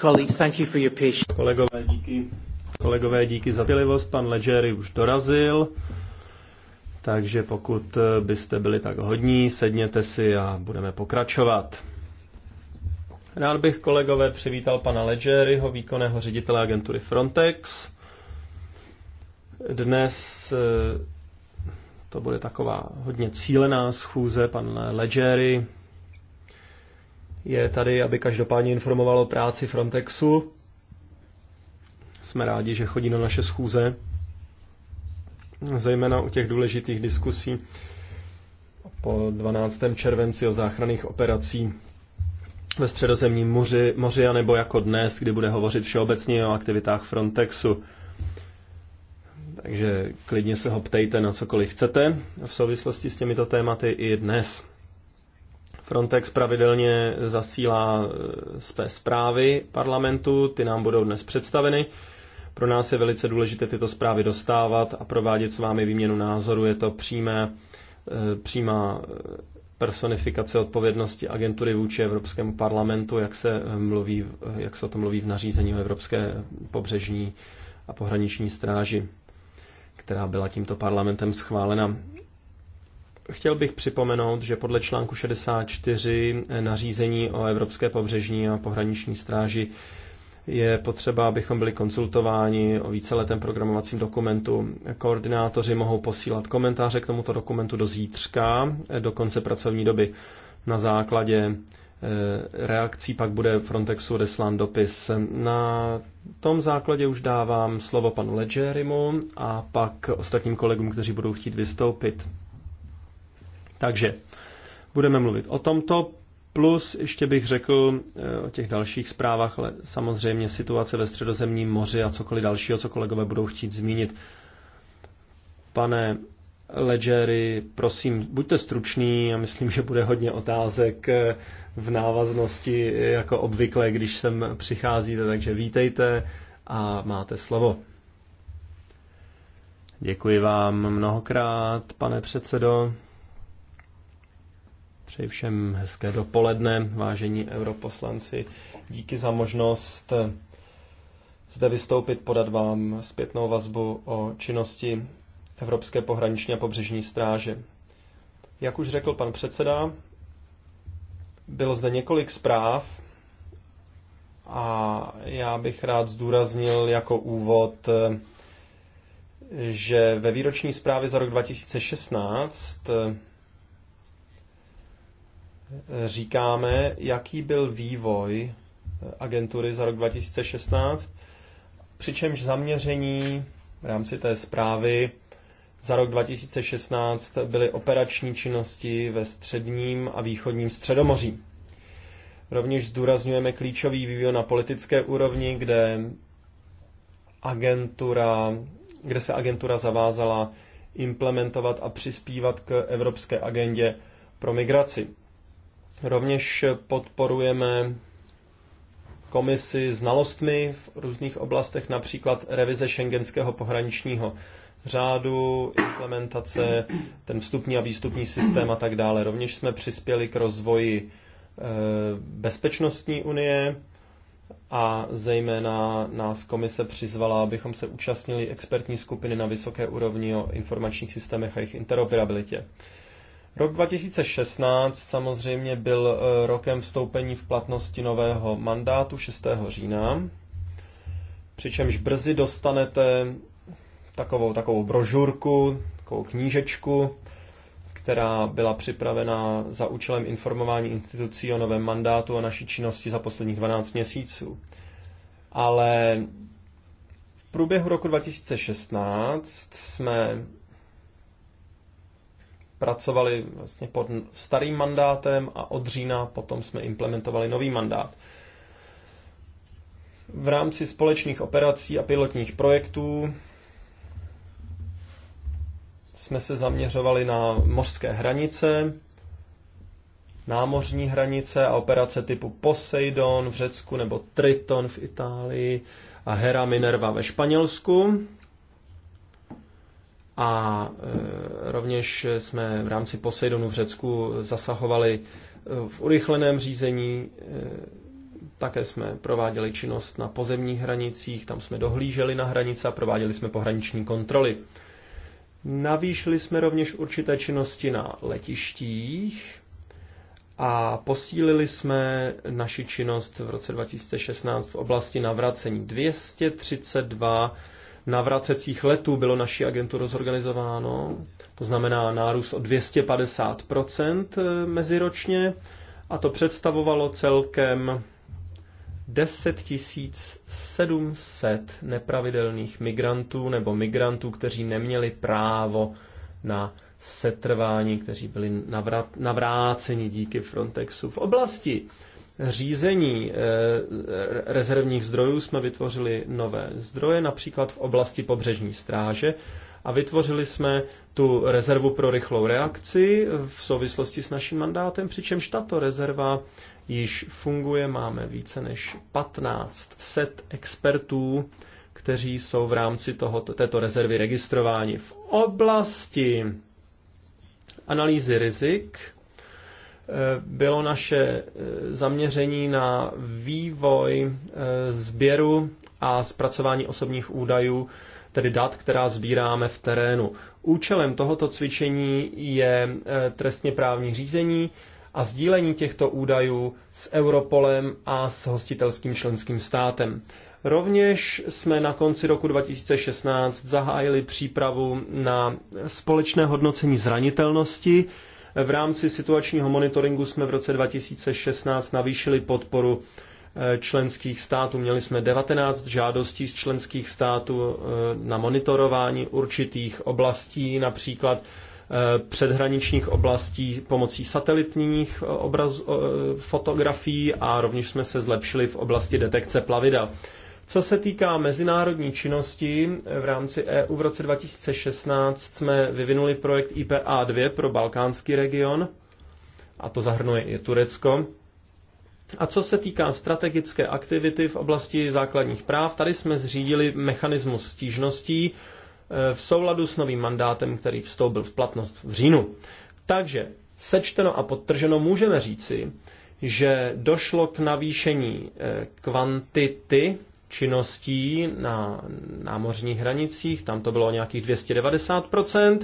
Colleagues, thank you for your patience. Kolegové, díky. Kolegové, díky za trpělivost. Pan Ledgeri už dorazil, takže pokud eh, byste byli tak hodní, sedněte si a budeme pokračovat. Rád bych kolegové přivítal pana Ledgeryho, výkonného ředitele agentury Frontex. Dnes eh, to bude taková hodně cílená schůze. Pan Ledgery je tady, aby každopádně informoval o práci Frontexu. Jsme rádi, že chodí na naše schůze, zejména u těch důležitých diskusí po 12. červenci o záchranných operací ve středozemním moři, moři a nebo jako dnes, kdy bude hovořit všeobecně o aktivitách Frontexu. Takže klidně se ho ptejte na cokoliv chcete v souvislosti s těmito tématy i dnes. Frontex pravidelně zasílá eh, své zprávy parlamentu, ty nám budou dnes představeny. Pro nás je velice důležité tyto zprávy dostávat a provádět s vámi výměnu názoru. Je to přímé, eh, přímá eh, personifikace odpovědnosti agentury vůči Evropskému parlamentu, jak se, mluví, jak se o tom mluví v nařízení Evropské pobřežní a pohraniční stráži, která byla tímto parlamentem schválena Chtěl bych připomenout, že podle článku 64 eh, nařízení o Evropské pobřežní a pohraniční stráži je potřeba, abychom byli konsultováni o víceletém programovacím dokumentu. Koordinátoři mohou posílat komentáře k tomuto dokumentu do zítřka, eh, do konce pracovní doby. Na základě eh, reakcí pak bude Frontexu odeslán dopis. Na tom základě už dávám slovo panu Ledgerimu a pak ostatním kolegům, kteří budou chtít vystoupit. Takže budeme mluvit o tomto, plus ještě bych řekl eh, o těch dalších zprávách, ale samozřejmě situace ve středozemním moři a cokoliv dalšího, co kolegové budou chtít zmínit. Pane Ledgery, prosím, buďte stručný, já myslím, že bude hodně otázek eh, v návaznosti, eh, jako obvykle, když sem přicházíte, takže vítejte a máte slovo. Děkuji vám mnohokrát, pane předsedo. Přeji všem hezké dopoledne, vážení europoslanci. Díky za možnost eh, zde vystoupit, podat vám zpětnou vazbu o činnosti Evropské pohraniční a pobřežní stráže. Jak už řekl pan předseda, bylo zde několik zpráv a já bych rád zdůraznil jako úvod eh, že ve výroční zprávě za rok 2016 eh, říkáme, jaký byl vývoj agentury za rok 2016, přičemž zaměření v rámci té zprávy za rok 2016 byly operační činnosti ve středním a východním středomoří. Rovněž zdůrazňujeme klíčový vývoj na politické úrovni, kde, agentura, kde se agentura zavázala implementovat a přispívat k evropské agendě pro migraci. Rovněž podporujeme komisi znalostmi v různých oblastech, například revize šengenského pohraničního řádu, implementace, ten vstupní a výstupní systém a tak dále. Rovněž jsme přispěli k rozvoji eh, bezpečnostní unie a zejména nás komise přizvala, abychom se účastnili expertní skupiny na vysoké úrovni o informačních systémech a jejich interoperabilitě. Rok 2016 samozřejmě byl eh, rokem vstoupení v platnosti nového mandátu 6. října, přičemž brzy dostanete takovou, takovou brožurku, takovou knížečku, která byla připravena za účelem informování institucí o novém mandátu a naší činnosti za posledních 12 měsíců. Ale v průběhu roku 2016 jsme pracovali vlastně pod starým mandátem a od října potom jsme implementovali nový mandát. V rámci společných operací a pilotních projektů jsme se zaměřovali na mořské hranice, námořní hranice a operace typu Poseidon v Řecku nebo Triton v Itálii a Hera Minerva ve Španělsku. A e, rovněž jsme v rámci Poseidonu v Řecku zasahovali e, v urychleném řízení, e, také jsme prováděli činnost na pozemních hranicích, tam jsme dohlíželi na hranice a prováděli jsme pohraniční kontroly. Navýšili jsme rovněž určité činnosti na letištích a posílili jsme naši činnost v roce 2016 v oblasti navracení 232 navracecích letů bylo naší agentu rozorganizováno. To znamená nárůst o 250 eh, meziročně a to představovalo celkem 10 700 nepravidelných migrantů nebo migrantů, kteří neměli právo na setrvání, kteří byli navrat, navráceni díky Frontexu. V oblasti řízení eh, rezervních zdrojů jsme vytvořili nové zdroje, například v oblasti pobřežní stráže a vytvořili jsme tu rezervu pro rychlou reakci v souvislosti s naším mandátem, přičemž tato rezerva již funguje, máme více než 15 set expertů, kteří jsou v rámci tohoto, této rezervy registrováni. V oblasti analýzy rizik bylo naše eh, zaměření na vývoj eh, sběru a zpracování osobních údajů, tedy dat, která sbíráme v terénu. Účelem tohoto cvičení je eh, trestně právní řízení a sdílení těchto údajů s Europolem a s hostitelským členským státem. Rovněž jsme na konci roku 2016 zahájili přípravu na společné hodnocení zranitelnosti, v rámci situačního monitoringu jsme v roce 2016 navýšili podporu eh, členských států. Měli jsme 19 žádostí z členských států eh, na monitorování určitých oblastí, například eh, předhraničních oblastí pomocí satelitních obraz, fotografií a rovněž jsme se zlepšili v oblasti detekce plavidel. Co se týká mezinárodní činnosti v rámci EU, v roce 2016 jsme vyvinuli projekt IPA2 pro balkánský region, a to zahrnuje i Turecko. A co se týká strategické aktivity v oblasti základních práv, tady jsme zřídili mechanismus stížností e, v souladu s novým mandátem, který vstoupil v platnost v říjnu. Takže sečteno a podtrženo můžeme říci, že došlo k navýšení e, kvantity činností na námořních hranicích, tam to bylo o nějakých 290%.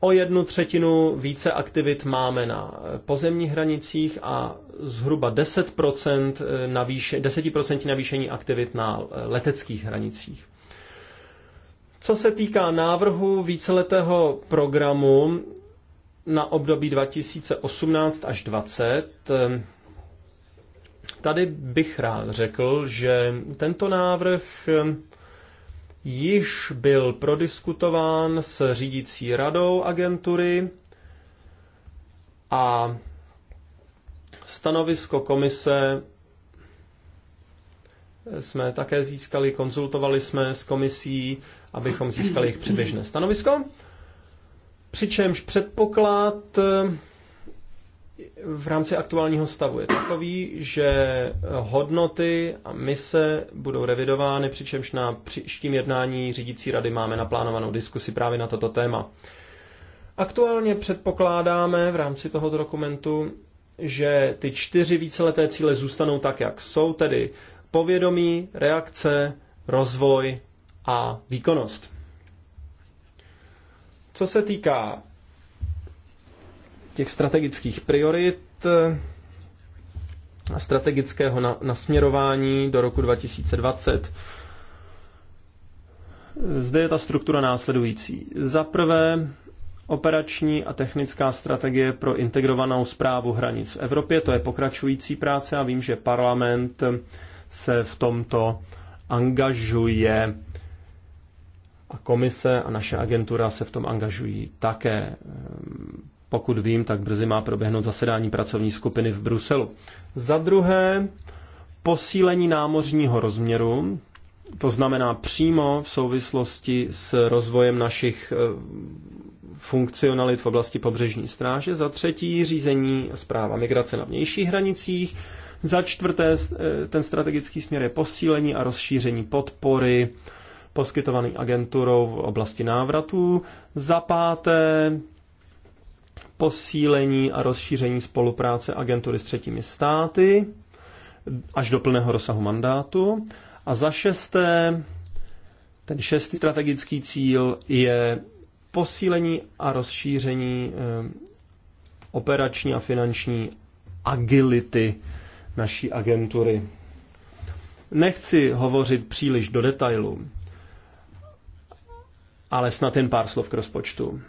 O jednu třetinu více aktivit máme na pozemních hranicích a zhruba 10% navýše, 10% navýšení aktivit na leteckých hranicích. Co se týká návrhu víceletého programu na období 2018 až 2020, Tady bych rád řekl, že tento návrh eh, již byl prodiskutován s řídící radou agentury a stanovisko komise jsme také získali, konzultovali jsme s komisí, abychom získali jejich předběžné stanovisko. Přičemž předpoklad eh, v rámci aktuálního stavu je takový, že hodnoty a mise budou revidovány, přičemž na příštím jednání řídící rady máme naplánovanou diskusi právě na toto téma. Aktuálně předpokládáme v rámci tohoto dokumentu, že ty čtyři víceleté cíle zůstanou tak, jak jsou, tedy povědomí, reakce, rozvoj a výkonnost. Co se týká těch strategických priorit, a eh, strategického nasměrování do roku 2020. Zde je ta struktura následující. Za prvé operační a technická strategie pro integrovanou zprávu hranic v Evropě, to je pokračující práce a vím, že parlament se v tomto angažuje a komise a naše agentura se v tom angažují také. Pokud vím, tak brzy má proběhnout zasedání pracovní skupiny v Bruselu. Za druhé, posílení námořního rozměru, to znamená přímo v souvislosti s rozvojem našich eh, funkcionalit v oblasti pobřežní stráže, za třetí řízení zpráva migrace na vnějších hranicích, za čtvrté eh, ten strategický směr je posílení a rozšíření podpory poskytovaný agenturou v oblasti návratů, za páté posílení a rozšíření spolupráce agentury s třetími státy až do plného rozsahu mandátu. A za šesté, ten šestý strategický cíl je posílení a rozšíření eh, operační a finanční agility naší agentury. Nechci hovořit příliš do detailu, ale snad jen pár slov k rozpočtu.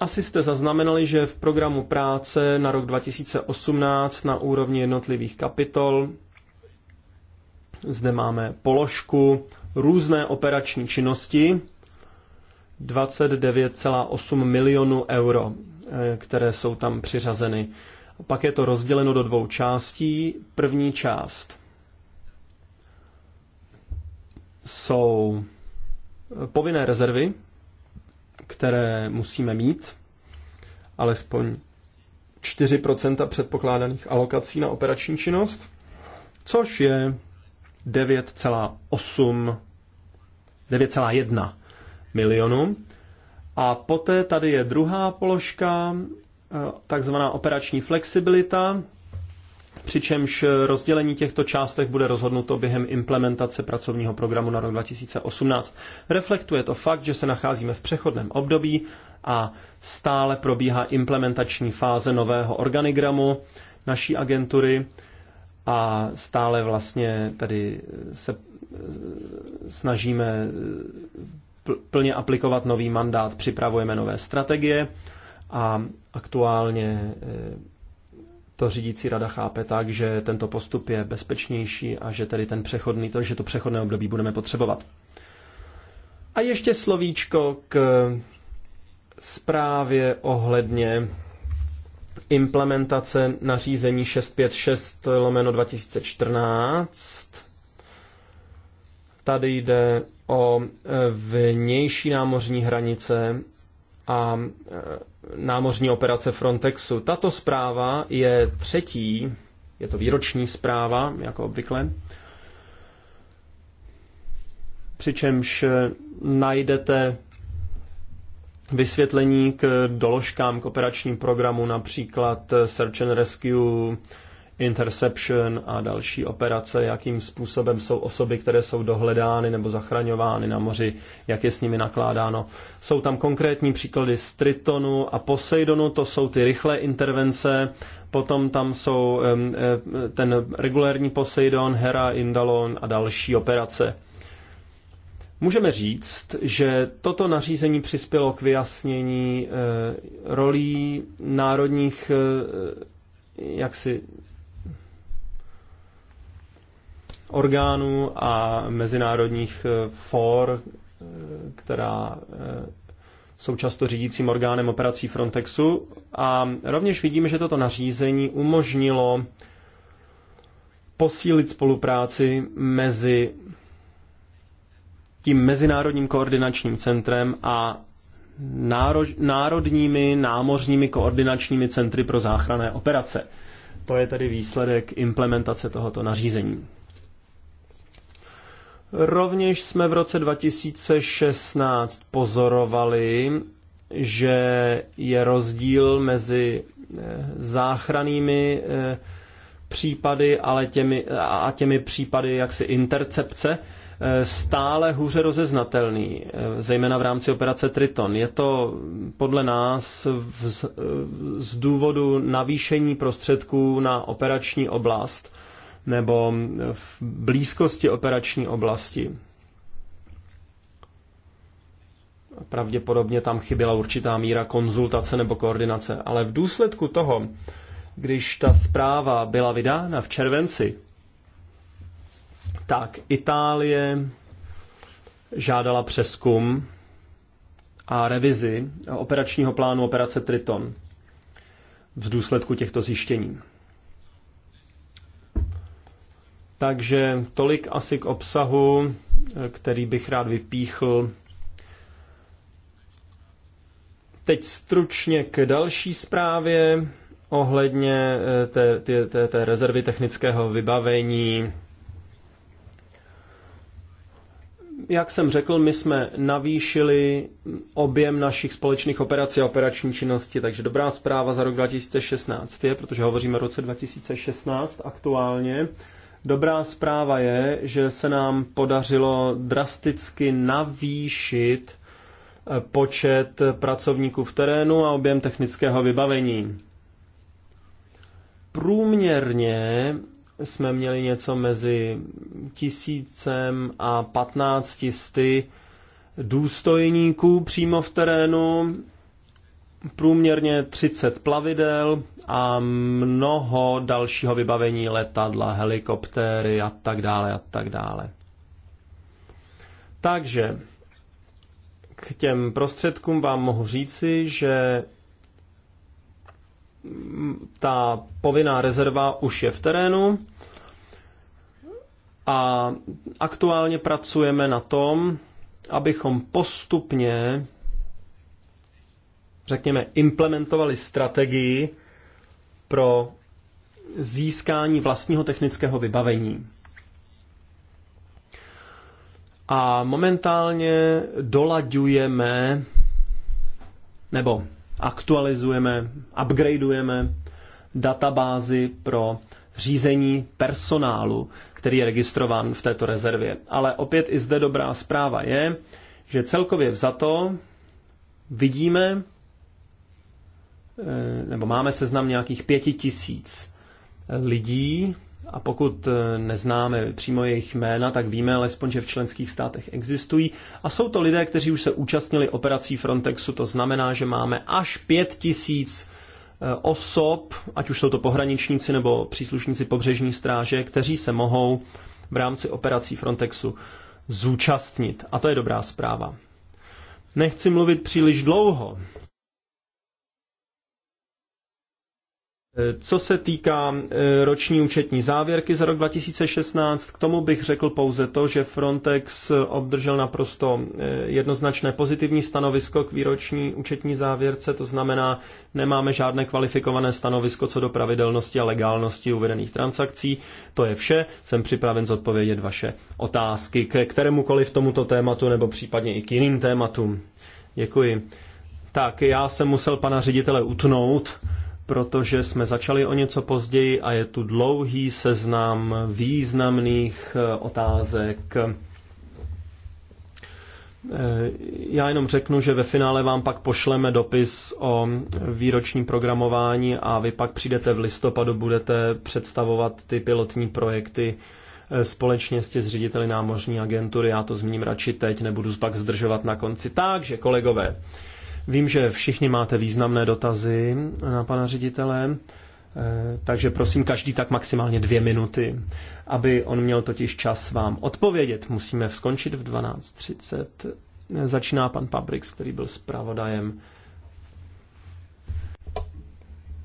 Asi jste zaznamenali, že v programu práce na rok 2018 na úrovni jednotlivých kapitol zde máme položku různé operační činnosti 29,8 milionů euro, eh, které jsou tam přiřazeny. Pak je to rozděleno do dvou částí. První část jsou povinné rezervy, které musíme mít, alespoň 4 předpokládaných alokací na operační činnost, což je 9,8 9,1 milionů. A poté tady je druhá položka, eh, takzvaná operační flexibilita, přičemž rozdělení těchto částech bude rozhodnuto během implementace pracovního programu na rok 2018. Reflektuje to fakt, že se nacházíme v přechodném období a stále probíhá implementační fáze nového organigramu naší agentury a stále vlastně tady se eh, snažíme eh, plně aplikovat nový mandát, připravujeme nové strategie a aktuálně eh, to řídící rada chápe tak, že tento postup je bezpečnější a že tedy ten přechodný, to, že to přechodné období budeme potřebovat. A ještě slovíčko k zprávě ohledně implementace nařízení 656 lomeno 2014. Tady jde o vnější námořní hranice a námořní operace Frontexu. Tato zpráva je třetí, je to výroční zpráva, jako obvykle, přičemž najdete vysvětlení k doložkám k operačním programu, například Search and Rescue, interception a další operace, jakým způsobem jsou osoby, které jsou dohledány nebo zachraňovány na moři, jak je s nimi nakládáno. Jsou tam konkrétní příklady z Tritonu a Poseidonu, to jsou ty rychlé intervence, potom tam jsou e, ten regulérní Poseidon, Hera, Indalon a další operace. Můžeme říct, že toto nařízení přispělo k vyjasnění e, rolí národních e, jaksi orgánů a mezinárodních eh, for, eh, která eh, jsou často řídícím orgánem operací Frontexu. A rovněž vidíme, že toto nařízení umožnilo posílit spolupráci mezi tím mezinárodním koordinačním centrem a národními námořními koordinačními centry pro záchranné operace. To je tedy výsledek implementace tohoto nařízení. Rovněž jsme v roce 2016 pozorovali, že je rozdíl mezi eh, záchranými eh, případy ale těmi, a těmi případy jaksi intercepce eh, stále hůře rozeznatelný, zejména v rámci operace Triton. Je to podle nás z, z důvodu navýšení prostředků na operační oblast nebo v blízkosti operační oblasti. Pravděpodobně tam chyběla určitá míra konzultace nebo koordinace, ale v důsledku toho, když ta zpráva byla vydána v červenci, tak Itálie žádala přeskum a revizi operačního plánu operace Triton v důsledku těchto zjištění. Takže tolik asi k obsahu, který bych rád vypíchl. Teď stručně k další zprávě ohledně eh, té, té, té, té rezervy technického vybavení. Jak jsem řekl, my jsme navýšili objem našich společných operací a operační činnosti, takže dobrá zpráva za rok 2016 je, protože hovoříme o roce 2016 aktuálně, Dobrá zpráva je, že se nám podařilo drasticky navýšit eh, počet pracovníků v terénu a objem technického vybavení. Průměrně jsme měli něco mezi tisícem a patnáctisty důstojníků přímo v terénu průměrně 30 plavidel a mnoho dalšího vybavení letadla, helikoptéry a tak dále a tak dále. Takže k těm prostředkům vám mohu říci, že ta povinná rezerva už je v terénu a aktuálně pracujeme na tom, abychom postupně řekněme, implementovali strategii pro získání vlastního technického vybavení. A momentálně dolaďujeme nebo aktualizujeme, upgradeujeme databázi pro řízení personálu, který je registrován v této rezervě. Ale opět i zde dobrá zpráva je, že celkově vzato vidíme, Eh, nebo máme seznam nějakých pěti tisíc eh, lidí a pokud eh, neznáme přímo jejich jména, tak víme alespoň, že v členských státech existují. A jsou to lidé, kteří už se účastnili operací Frontexu, to znamená, že máme až pět tisíc osob, ať už jsou to pohraničníci nebo příslušníci pobřežní stráže, kteří se mohou v rámci operací Frontexu zúčastnit. A to je dobrá zpráva. Nechci mluvit příliš dlouho, Co se týká eh, roční účetní závěrky za rok 2016, k tomu bych řekl pouze to, že Frontex eh, obdržel naprosto eh, jednoznačné pozitivní stanovisko k výroční účetní závěrce, to znamená, nemáme žádné kvalifikované stanovisko co do pravidelnosti a legálnosti uvedených transakcí. To je vše, jsem připraven zodpovědět vaše otázky ke kterémukoliv tomuto tématu nebo případně i k jiným tématům. Děkuji. Tak, já jsem musel pana ředitele utnout, protože jsme začali o něco později a je tu dlouhý seznam významných eh, otázek. Eh, já jenom řeknu, že ve finále vám pak pošleme dopis o výročním programování a vy pak přijdete v listopadu, budete představovat ty pilotní projekty eh, společně s tě řediteli námořní agentury. Já to zmíním radši teď, nebudu pak zdržovat na konci. Takže, kolegové, Vím, že všichni máte významné dotazy na pana ředitele, eh, takže prosím každý tak maximálně dvě minuty, aby on měl totiž čas vám odpovědět. Musíme skončit v 12.30. Začíná pan Pabrix, který byl zpravodajem.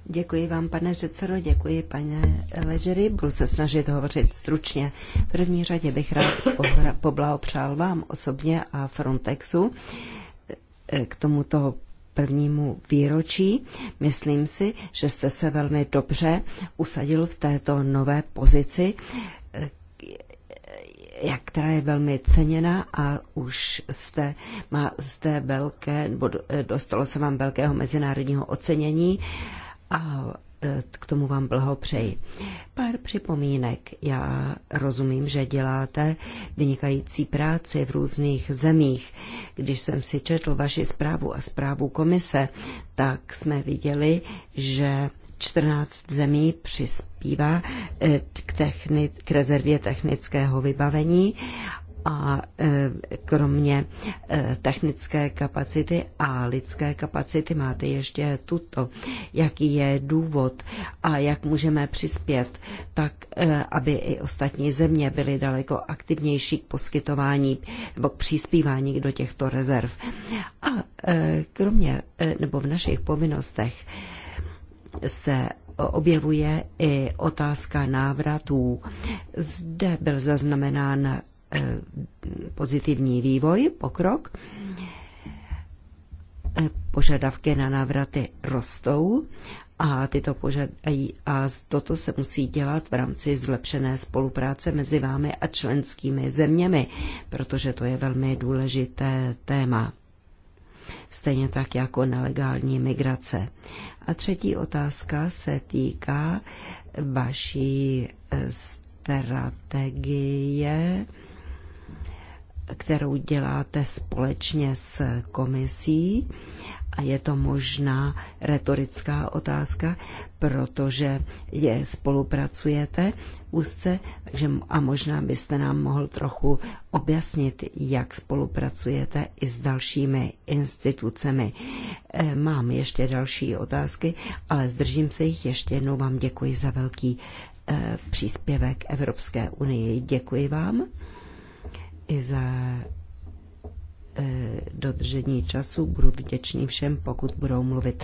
Děkuji vám, pane předsedo, děkuji, pane Ležery. Budu se snažit hovořit stručně. V první řadě bych rád poblahopřál vám osobně a Frontexu k tomuto prvnímu výročí. Myslím si, že jste se velmi dobře usadil v této nové pozici, eh, jak, která je velmi ceněna a už jste, má, jste velké, nebo eh, dostalo se vám velkého mezinárodního ocenění a Eh, k tomu vám blahopřeji. Pár připomínek. Já rozumím, že děláte vynikající práci v různých zemích. Když jsem si četl vaši zprávu a zprávu komise, tak jsme viděli, že 14 zemí přispívá eh, k, technic- k rezervě technického vybavení a e, kromě e, technické kapacity a lidské kapacity máte ještě tuto. Jaký je důvod a jak můžeme přispět tak, e, aby i ostatní země byly daleko aktivnější k poskytování nebo k přispívání do těchto rezerv. A kromě nebo v našich povinnostech se objevuje i otázka návratů. Zde byl zaznamenán Eh, pozitivní vývoj, pokrok. Eh, požadavky na návraty rostou a, tyto požadají, a toto se musí dělat v rámci zlepšené spolupráce mezi vámi a členskými zeměmi, protože to je velmi důležité téma. Stejně tak jako nelegální migrace. A třetí otázka se týká vaší eh, strategie kterou děláte společně s komisí. A je to možná retorická otázka, protože je spolupracujete úzce, takže a možná byste nám mohl trochu objasnit, jak spolupracujete i s dalšími institucemi. E, mám ještě další otázky, ale zdržím se jich. Ještě jednou vám děkuji za velký e, příspěvek Evropské unii. Děkuji vám i za e, dodržení času. Budu vděčný všem, pokud budou mluvit.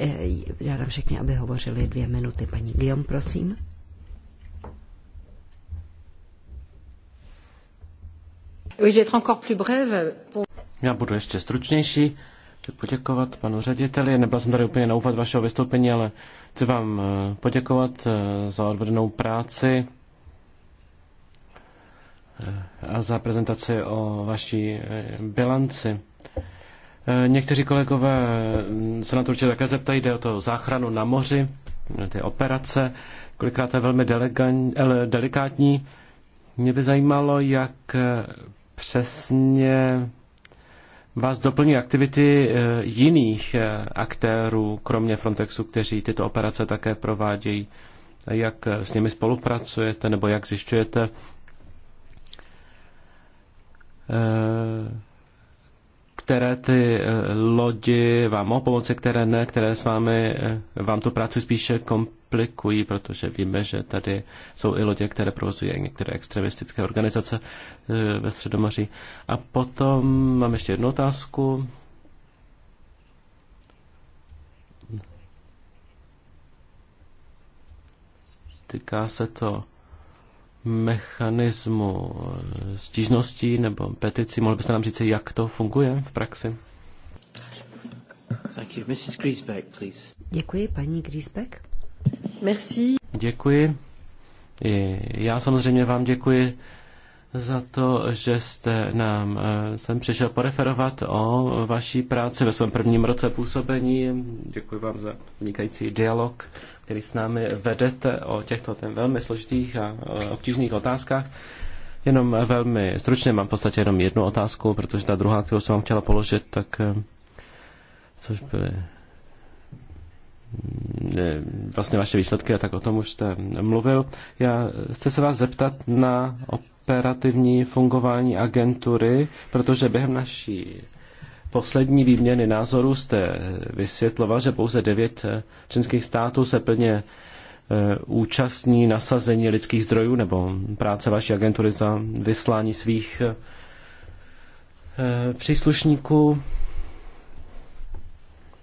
E, žádám všechny, aby hovořili dvě minuty. Paní Guillaume, prosím. Já budu ještě stručnější. Chci poděkovat panu řediteli. Nebyla jsem tady úplně na úvod vašeho vystoupení, ale chci vám e, poděkovat za odvedenou práci a za prezentaci o vaší eh, bilanci. Eh, někteří kolegové mm, se na to určitě také zeptají, jde o to záchranu na moři, eh, ty operace, kolikrát je velmi delegan, delikátní. Mě by zajímalo, jak přesně vás doplní aktivity jiných aktérů, kromě Frontexu, kteří tyto operace také provádějí. Jak s nimi spolupracujete nebo jak zjišťujete, Eh, které ty eh, lodi vám mohou pomoci, které ne, které s vámi eh, vám tu práci spíše komplikují, protože víme, že tady jsou i lodě, které provozují některé extremistické organizace ve Středomoří. A potom mám ještě jednu otázku. Týká se to mechanismu stížností nebo petici. Mohl byste nám říct, jak to funguje v praxi? Thank you. Mrs. Griesbeck, please. Děkuji, paní Griesbeck. Merci. Děkuji. I já samozřejmě vám děkuji za to, že jste nám eh, sem přišel poreferovat o vaší práci ve svém prvním roce působení. Děkuji vám za vynikající dialog který s námi vedete o těchto ten velmi složitých a e, obtížných otázkách. Jenom velmi stručně, mám v podstatě jenom jednu otázku, protože ta druhá, kterou jsem vám chtěla položit, tak e, což byly e, vlastně vaše výsledky a tak o tom už jste mluvil. Já chci se vás zeptat na operativní fungování agentury, protože během naší poslední výměny názorů jste vysvětloval, že pouze devět eh, členských států se plně eh, účastní nasazení lidských zdrojů nebo práce vaší agentury za vyslání svých eh, příslušníků.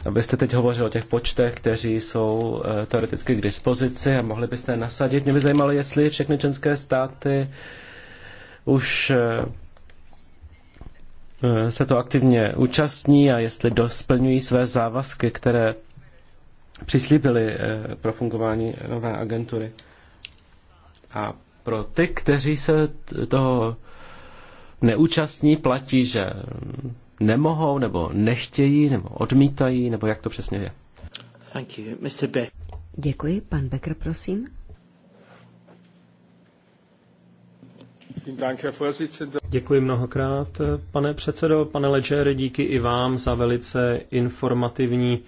Abyste teď hovořil o těch počtech, kteří jsou teoreticky k dispozici a mohli byste je nasadit. Mě by zajímalo, jestli všechny členské státy už Eh, se to aktivně účastní a jestli dosplňují své závazky, které přislíbili eh, pro fungování nové agentury. A pro ty, kteří se toho neúčastní, platí, že nemohou, nebo nechtějí, nebo odmítají, nebo jak to přesně je. Thank you. Mr. Děkuji. Pan Becker, prosím. Děkuji mnohokrát, pane předsedo, pane Ledgere, díky i vám za velice informativní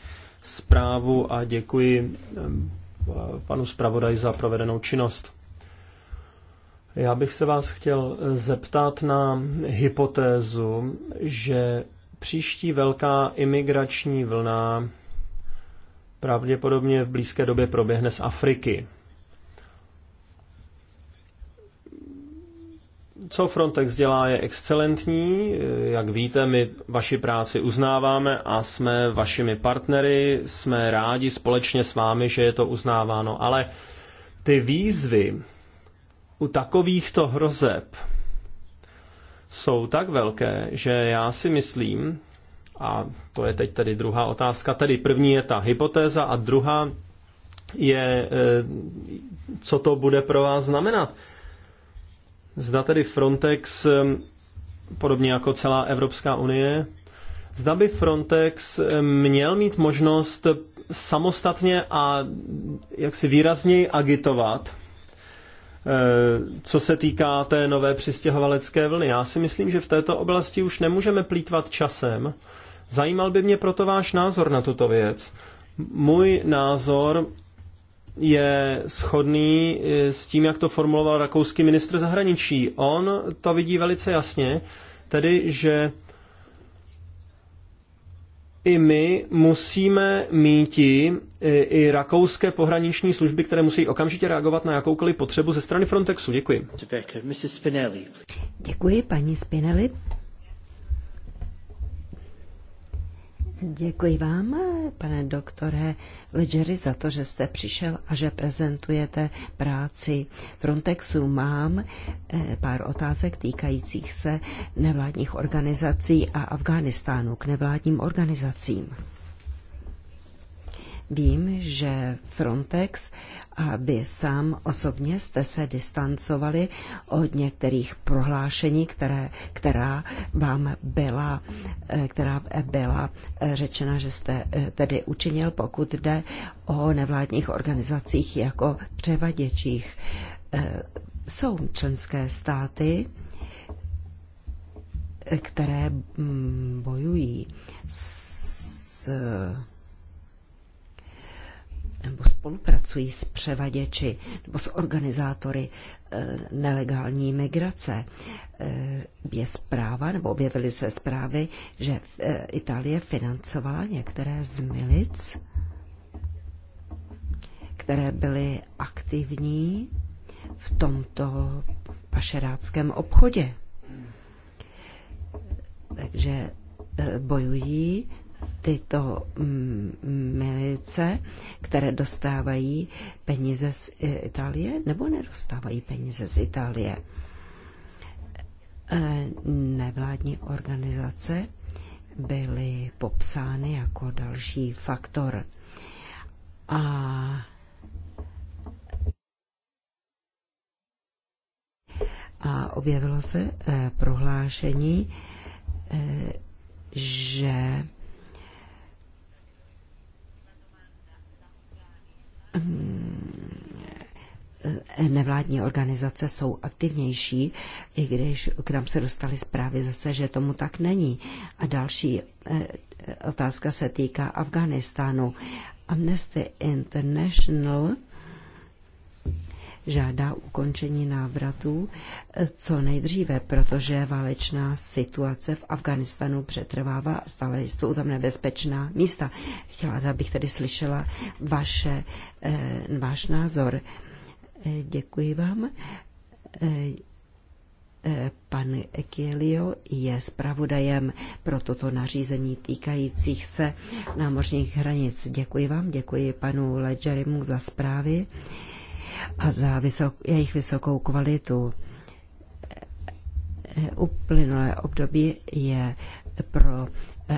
zprávu a děkuji eh, panu zpravodaj za provedenou činnost. Já bych se vás chtěl zeptat na hypotézu, že příští velká imigrační vlna pravděpodobně v blízké době proběhne z Afriky. co Frontex dělá, je excelentní. Jak víte, my vaši práci uznáváme a jsme vašimi partnery. Jsme rádi společně s vámi, že je to uznáváno. Ale ty výzvy u takovýchto hrozeb jsou tak velké, že já si myslím, a to je teď tedy druhá otázka, tedy první je ta hypotéza a druhá je, eh, co to bude pro vás znamenat. Zda tedy Frontex, podobně jako celá Evropská unie, zda by Frontex měl mít možnost samostatně a jaksi výrazněji agitovat, eh, co se týká té nové přistěhovalecké vlny. Já si myslím, že v této oblasti už nemůžeme plítvat časem. Zajímal by mě proto váš názor na tuto věc. Můj názor je schodný eh, s tím, jak to formuloval rakouský ministr zahraničí. On to vidí velice jasně, tedy, že i my musíme i, eh, i rakouské pohraniční služby, které musí okamžitě reagovat na jakoukoliv potřebu ze strany Frontexu. Děkuji. Děkuji, paní Spinelli. Děkuji vám, pane doktore Ledgeri, za to, že jste přišel a že prezentujete práci Frontexu. Mám eh, pár otázek týkajících se nevládních organizací a Afghánistánu k nevládním organizacím. Vím, že Frontex a vy sám osobně jste se distancovali od některých prohlášení, které, která vám byla, eh, která byla eh, řečena, že jste eh, tedy učinil, pokud jde o nevládních organizacích jako převaděčích. Jsou členské státy, které mm, bojují s nebo spolupracují s převaděči nebo s organizátory e, nelegální migrace. E, je zpráva, nebo objevily se zprávy, že e, Itálie financovala některé z milic, které byly aktivní v tomto pašeráckém obchodě. Takže e, bojují tyto mm, milice, které dostávají peníze z Itálie nebo nedostávají peníze z Itálie. E, nevládní organizace byly popsány jako další faktor. A a objevilo se e, prohlášení, e, že Ehm, nevládní organizace jsou aktivnější, i když k nám se dostaly zprávy zase, že tomu tak není. A další eh, otázka se týká Afganistánu. Amnesty International žádá ukončení návratu eh, co nejdříve, protože válečná situace v Afganistanu přetrvává a stále jsou tam nebezpečná místa. Chtěla bych tedy slyšela vaše, eh, váš názor. Eh, děkuji vám. Pan Ekielio je zpravodajem pro toto nařízení týkajících se námořních hranic. Děkuji vám, děkuji panu Ledgerimu za zprávy a za vysok, jejich vysokou kvalitu. Uplynulé období je pro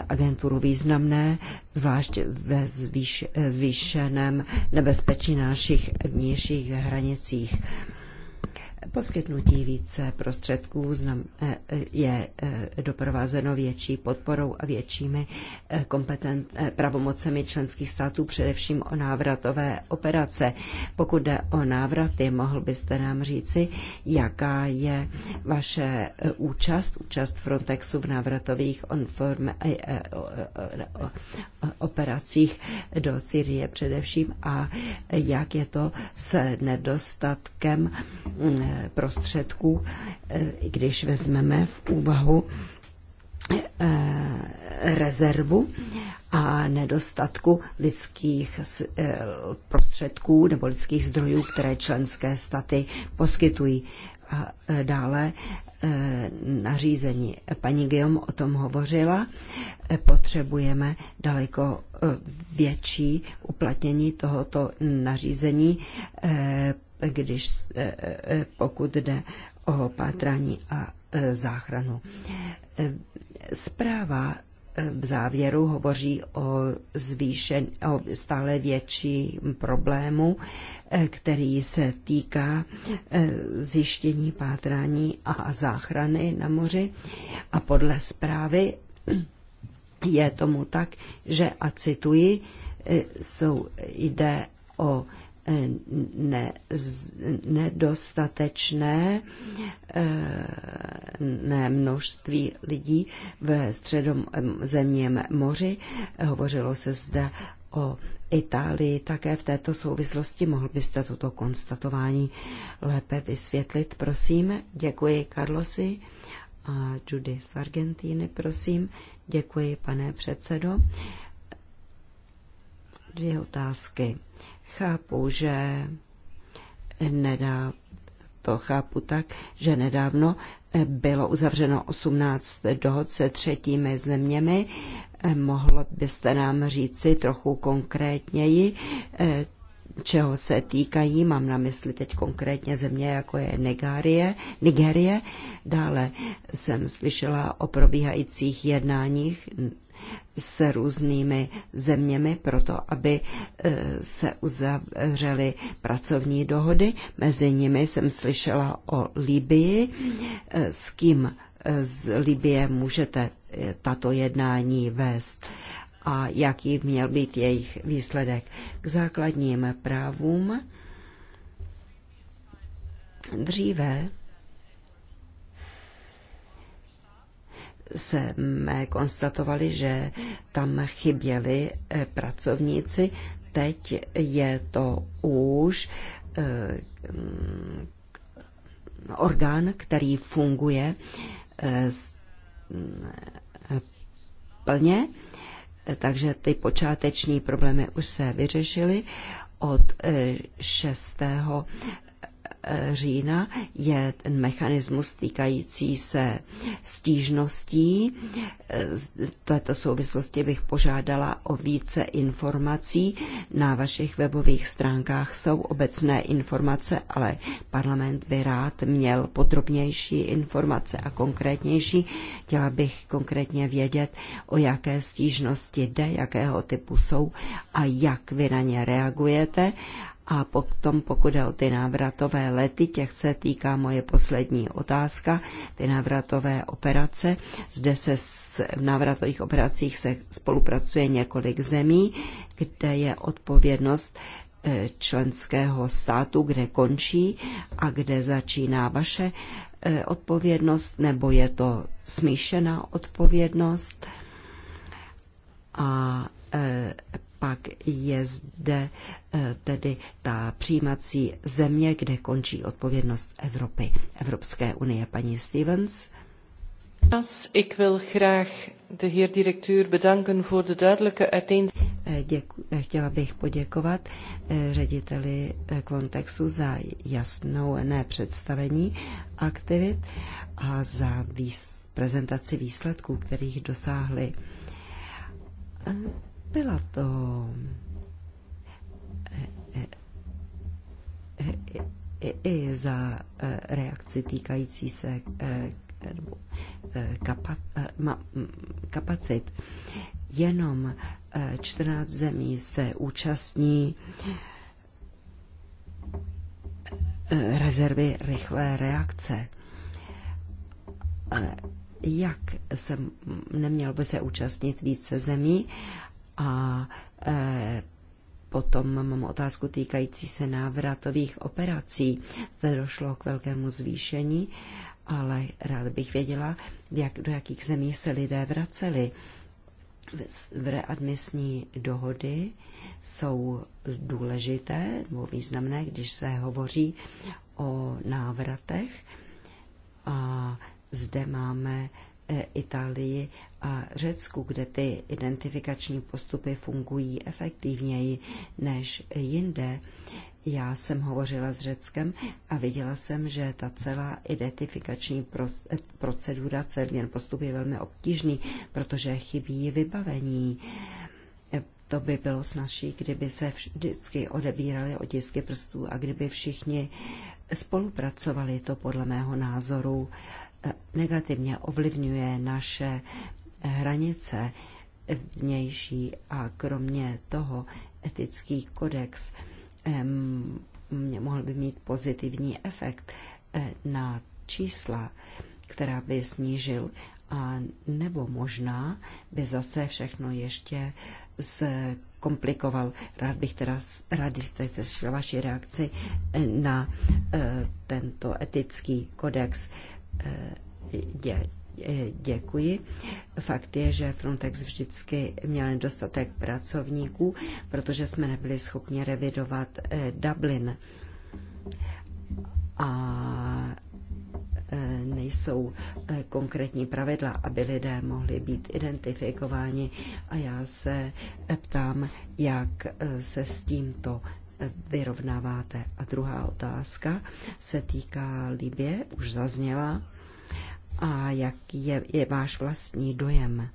agenturu významné, zvlášť ve zvýš, zvýšeném nebezpečí na našich vnějších hranicích. Poskytnutí více prostředků eh, eh, je eh, doprovázeno větší podporou a většími kompetent, pravomocemi členských států, především o návratové operace. Pokud jde o návraty, mohl byste nám říci, jaká je vaše účast, účast Frontexu v návratových onform, operacích do Syrie především a jak je to s nedostatkem mm, prostředků, eh, když vezmeme v úvahu eh, rezervu a nedostatku lidských eh, prostředků nebo lidských zdrojů, které členské staty poskytují. A dále nařízení. Paní Guillaume o tom hovořila. Potřebujeme daleko větší uplatnění tohoto nařízení když, e, e, e, pokud jde o pátrání a záchranu. Zpráva v závěru hovoří o, zvýšen, o stále větším problému, který se týká zjištění pátrání a záchrany na moři. A podle zprávy je tomu tak, že, a cituji, jsou, jde o ne, nedostatečné eh, ne množství lidí ve středom zeměm moři. Hovořilo se zde o Itálii také v této souvislosti. Mohl byste toto konstatování lépe vysvětlit, prosím? Děkuji Carlosi a Judy z Argentíny, prosím. Děkuji, pane předsedo. Dvě otázky. Chápu, že nedá, to chápu tak, že nedávno bylo uzavřeno 18 dohod se třetími zeměmi. Mohl byste nám říci trochu konkrétněji, čeho se týkají, mám na mysli teď konkrétně země, jako je Nigérie. Nigérie. Dále jsem slyšela o probíhajících jednáních s různými zeměmi proto, aby e, se uzavřely pracovní dohody. Mezi nimi jsem slyšela o Libii, e, s kým e, z Libie můžete tato jednání vést a jaký měl být jejich výsledek k základním právům. Dříve jsme konstatovali, že tam chyběli eh, pracovníci. Teď je to už eh, mm, orgán, který funguje eh, mm, plně, takže ty počáteční problémy už se vyřešily od 6 října je ten mechanismus týkající se stížností. Z této souvislosti bych požádala o více informací. Na vašich webových stránkách jsou obecné informace, ale parlament by rád měl podrobnější informace a konkrétnější. Chtěla bych konkrétně vědět, o jaké stížnosti jde, jakého typu jsou a jak vy na ně reagujete a potom, pokud je o ty návratové lety, těch se týká moje poslední otázka, ty návratové operace. Zde se s, v návratových operacích se spolupracuje několik zemí, kde je odpovědnost e, členského státu, kde končí a kde začíná vaše e, odpovědnost, nebo je to smíšená odpovědnost. A e, pak je zde eh, tedy ta přijímací země, kde končí odpovědnost Evropy, Evropské unie. Paní Stevens. Ik wil graag de heer directeur bedanken voor de duidelijke uiteenzetting. Eh, eh, chtěla bych poděkovat řediteli kontextu za jasnou představení aktivit a za výs- prezentaci výsledků, kterých dosáhli byla to eh, eh, eh, i za reakci týkající se kapacit. Jenom 14 zemí se účastní rezervy rychlé reakce. Jak se neměl by se účastnit více zemí a e, Potom mám otázku týkající se návratových operací. Zde došlo k velkému zvýšení, ale rád bych věděla, jak, do jakých zemí se lidé vraceli. V readmisní dohody jsou důležité nebo významné, když se hovoří o návratech. A zde máme E, Itálii a Řecku, kde ty identifikační postupy fungují efektivněji než jinde. Já jsem hovořila s Řeckem a viděla jsem, že ta celá identifikační e, procedura, celý ten postup je velmi obtížný, protože chybí vybavení. E, to by bylo snažší, kdyby se vždycky odebíraly otisky prstů a kdyby všichni spolupracovali. To podle mého názoru negativně ovlivňuje naše hranice vnější a kromě toho etický kodex mohl by mít pozitivní efekt eh, na čísla, která by snížil a nebo možná by zase všechno ještě zkomplikoval. Rád bych teda rád slyšel vaši reakci eh, na eh, tento etický kodex dě, děkuji. Fakt je, že Frontex vždycky měl nedostatek pracovníků, protože jsme nebyli schopni revidovat eh, Dublin. A eh, nejsou eh, konkrétní pravidla, aby lidé mohli být identifikováni. A já se ptám, jak se s tímto vyrovnáváte? A druhá otázka se týká Libě, už zazněla. A jak je, je váš vlastní dojem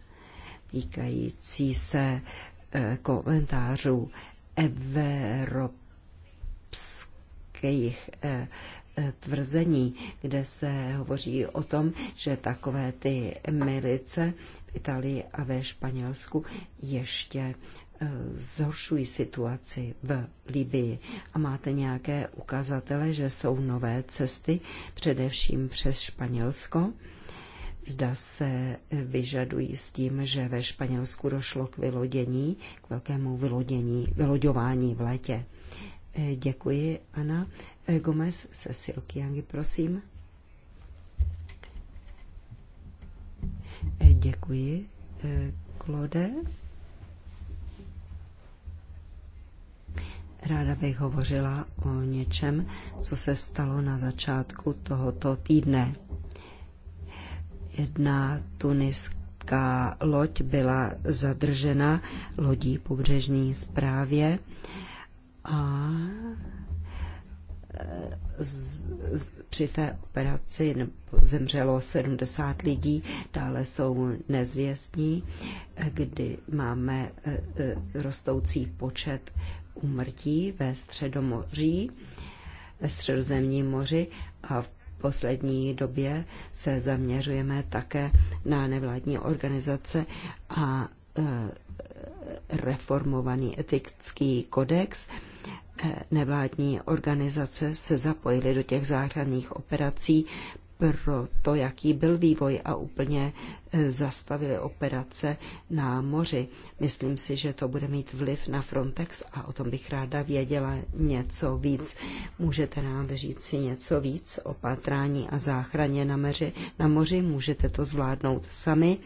týkající se e, komentářů evropských e, e, tvrzení, kde se hovoří o tom, že takové ty milice v Itálii a ve Španělsku ještě Eh, zhoršují situaci v Libii a máte nějaké ukazatele, že jsou nové cesty, především přes Španělsko. Zda se eh, vyžadují s tím, že ve Španělsku došlo k vylodění, k velkému vylodění, vyloďování v létě. Eh, děkuji, Ana. Gomez se Silkiangi, prosím. Děkuji, Klode. Ráda bych hovořila o něčem, co se stalo na začátku tohoto týdne. Jedna tuniská loď byla zadržena lodí pobřežní zprávě a e, z, z, při té operaci zemřelo 70 lidí, dále jsou nezvěstní, kdy máme e, e, rostoucí počet úmrtí ve Středomoří, ve Středozemním moři a v poslední době se zaměřujeme také na nevládní organizace a e, reformovaný etický kodex. E, nevládní organizace se zapojily do těch záchranných operací pro to, jaký byl vývoj a úplně eh, zastavili operace na moři. Myslím si, že to bude mít vliv na Frontex a o tom bych ráda věděla něco víc. Můžete nám říct si něco víc o pátrání a záchraně na, meři, na moři? Můžete to zvládnout sami,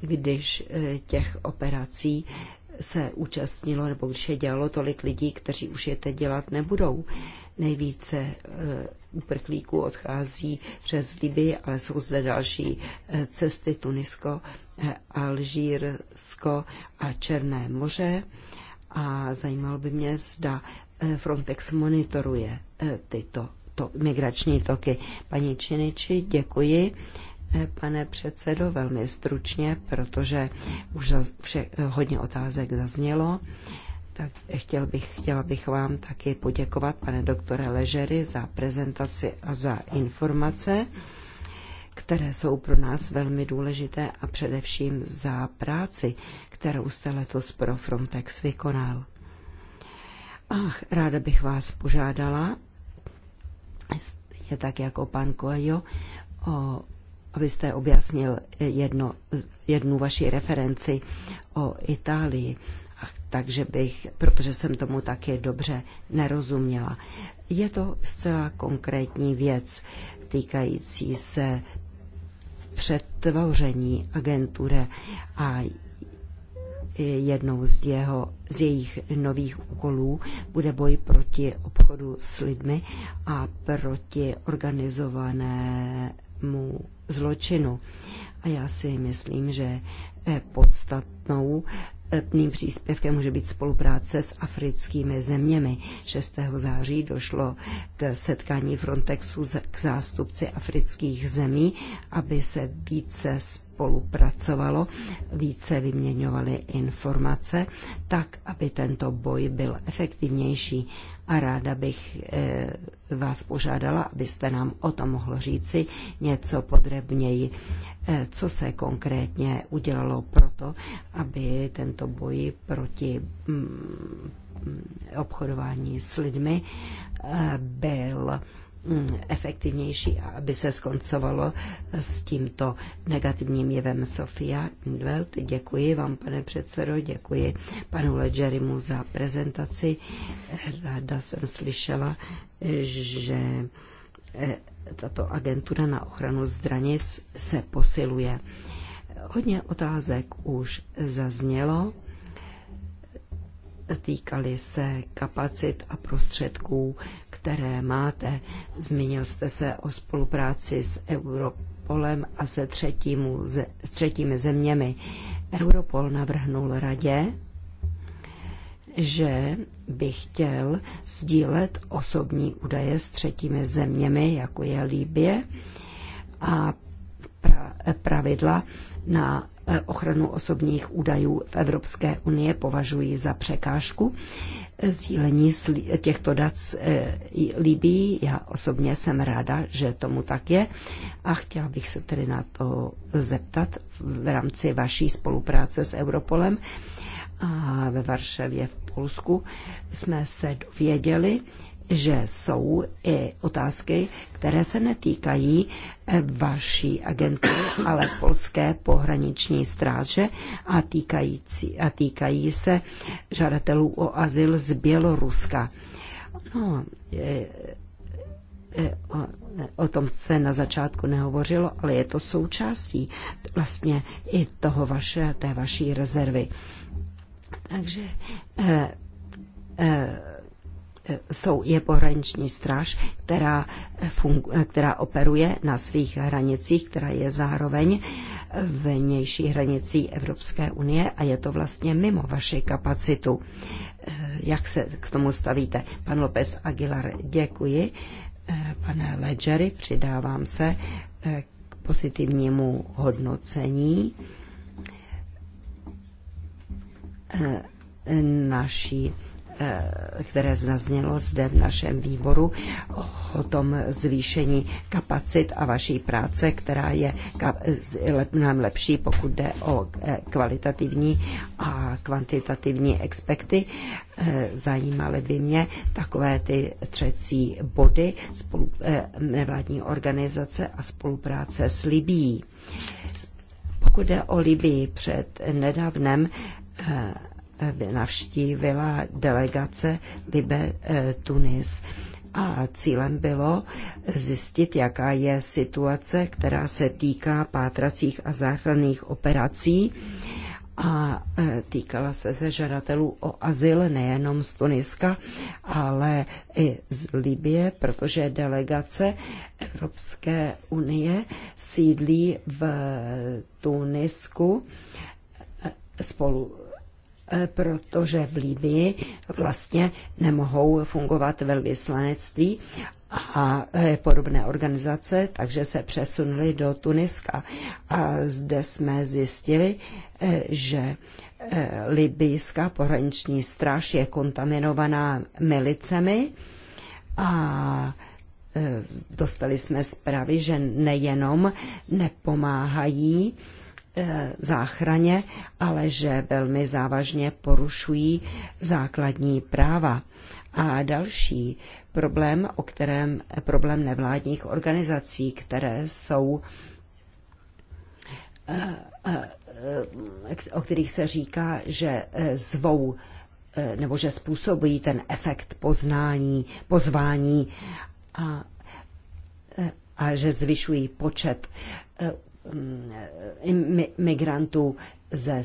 když eh, těch operací eh, se účastnilo nebo když je dělalo tolik lidí, kteří už je teď dělat nebudou. Nejvíce uprchlíků odchází přes Libii, ale jsou zde další eh, cesty Tunisko, eh, Alžírsko a Černé moře. A zajímalo by mě, zda eh, Frontex monitoruje tyto to, migrační toky. Paní Činiči, děkuji. Pane předsedo, velmi stručně, protože už vše, hodně otázek zaznělo. Tak chtěl bych, chtěla bych vám taky poděkovat, pane doktore Ležery, za prezentaci a za informace, které jsou pro nás velmi důležité a především za práci, kterou jste letos pro Frontex vykonal. Ach, ráda bych vás požádala, je tak jako pan Coelho, o, abyste objasnil jedno, jednu vaši referenci o Itálii takže bych, protože jsem tomu taky dobře nerozuměla. Je to zcela konkrétní věc týkající se přetvoření agentury a jednou z, jeho, z jejich nových úkolů bude boj proti obchodu s lidmi a proti organizovanému zločinu. A já si myslím, že podstatnou Mým příspěvkem může být spolupráce s africkými zeměmi. 6. září došlo k setkání Frontexu k zástupci afrických zemí, aby se více spolupracovalo, více vyměňovaly informace, tak, aby tento boj byl efektivnější. A ráda bych eh, vás požádala, abyste nám o tom mohl říci něco podrobněji, eh, co se konkrétně udělalo proto, aby tento boj proti mm, mm, obchodování s lidmi eh, byl Mm, efektivnější a aby se skoncovalo s tímto negativním jevem. Sofia Indveld, děkuji vám, pane předsedo, děkuji panu Ledgerimu za prezentaci. Ráda jsem slyšela, že eh, tato agentura na ochranu zdranic se posiluje. Hodně otázek už zaznělo týkaly se kapacit a prostředků, které máte. Zmínil jste se o spolupráci s Europolem a se třetímu, s třetími zeměmi. Europol navrhnul radě, že by chtěl sdílet osobní údaje s třetími zeměmi, jako je Líbě, a pravidla na ochranu osobních údajů v Evropské unii považují za překážku. Sdílení těchto dat e, líbí. Já osobně jsem ráda, že tomu tak je a chtěla bych se tedy na to zeptat v rámci vaší spolupráce s Europolem a ve Varšavě v Polsku jsme se dověděli, že jsou i otázky, které se netýkají eh, vaší agentury, ale polské pohraniční stráže a, týkající, a týkají se žadatelů o azyl z Běloruska. No, eh, eh, o, o tom se na začátku nehovořilo, ale je to součástí vlastně i toho vaše, té vaší rezervy. Takže eh, eh, jsou, je pohraniční stráž, která, eh, fungu, eh, která operuje na svých hranicích, která je zároveň eh, vnější hranicí Evropské unie a je to vlastně mimo vaši kapacitu. Jak se k tomu stavíte? Pan López Aguilar, děkuji. Pane Ledgery, přidávám se k pozitivnímu hodnocení naší Eh, které zaznělo zde v našem výboru o tom zvýšení kapacit a vaší práce, která je nám lepší, pokud jde o eh, kvalitativní a kvantitativní expekty eh, Zajímaly by mě takové ty třecí body spolu, nevládní organizace a spolupráce s Libií, Pokud jde o Libii, před nedávnem Eh, navštívila delegace Libe eh, Tunis a cílem bylo zjistit, jaká je situace, která se týká pátracích a záchranných operací a eh, týkala se se žadatelů o azyl nejenom z Tuniska, ale i z Libie, protože delegace Evropské unie sídlí v Tunisku spolu Eh, protože v Líbii vlastně nemohou fungovat velvyslanectví a eh, podobné organizace, takže se přesunuli do Tuniska. A zde jsme zjistili, eh, že libijská pohraniční stráž je kontaminovaná milicemi a dostali jsme zprávy, že nejenom nepomáhají Eh, záchraně, ale že velmi závažně porušují základní práva. A další problém, o kterém problém nevládních organizací, které jsou eh, eh, o kterých se říká, že zvou nebo že způsobují ten efekt poznání, pozvání a, a že zvyšují počet Mm, eh, migrantů ze,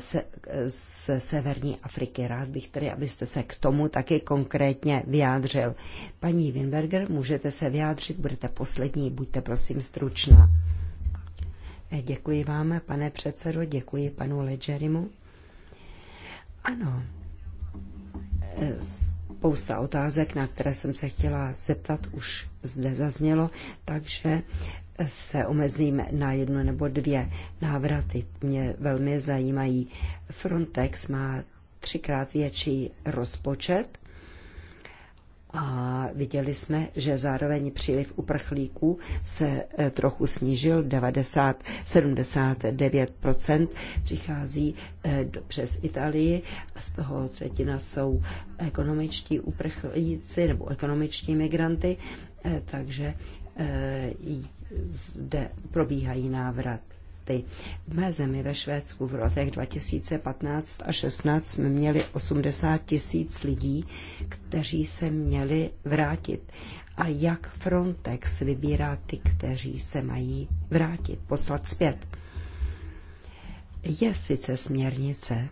ze severní Afriky. Rád bych tedy, abyste se k tomu taky konkrétně vyjádřil. Paní Winberger, můžete se vyjádřit, budete poslední, buďte prosím stručná. Eh, děkuji vám, pane předsedo, děkuji panu Ledgerimu. Ano, eh, spousta otázek, na které jsem se chtěla zeptat, už zde zaznělo, takže se omezím na jedno nebo dvě návraty. Mě velmi zajímají. Frontex má třikrát větší rozpočet a viděli jsme, že zároveň příliv uprchlíků se eh, trochu snížil, 90, 79% přichází eh, přes Itálii a z toho třetina jsou ekonomičtí uprchlíci nebo ekonomičtí migranty, eh, takže zde probíhají návrat V mé zemi ve Švédsku v letech 2015 a 16 jsme měli 80 tisíc lidí, kteří se měli vrátit. A jak Frontex vybírá ty, kteří se mají vrátit, poslat zpět? Je sice směrnice,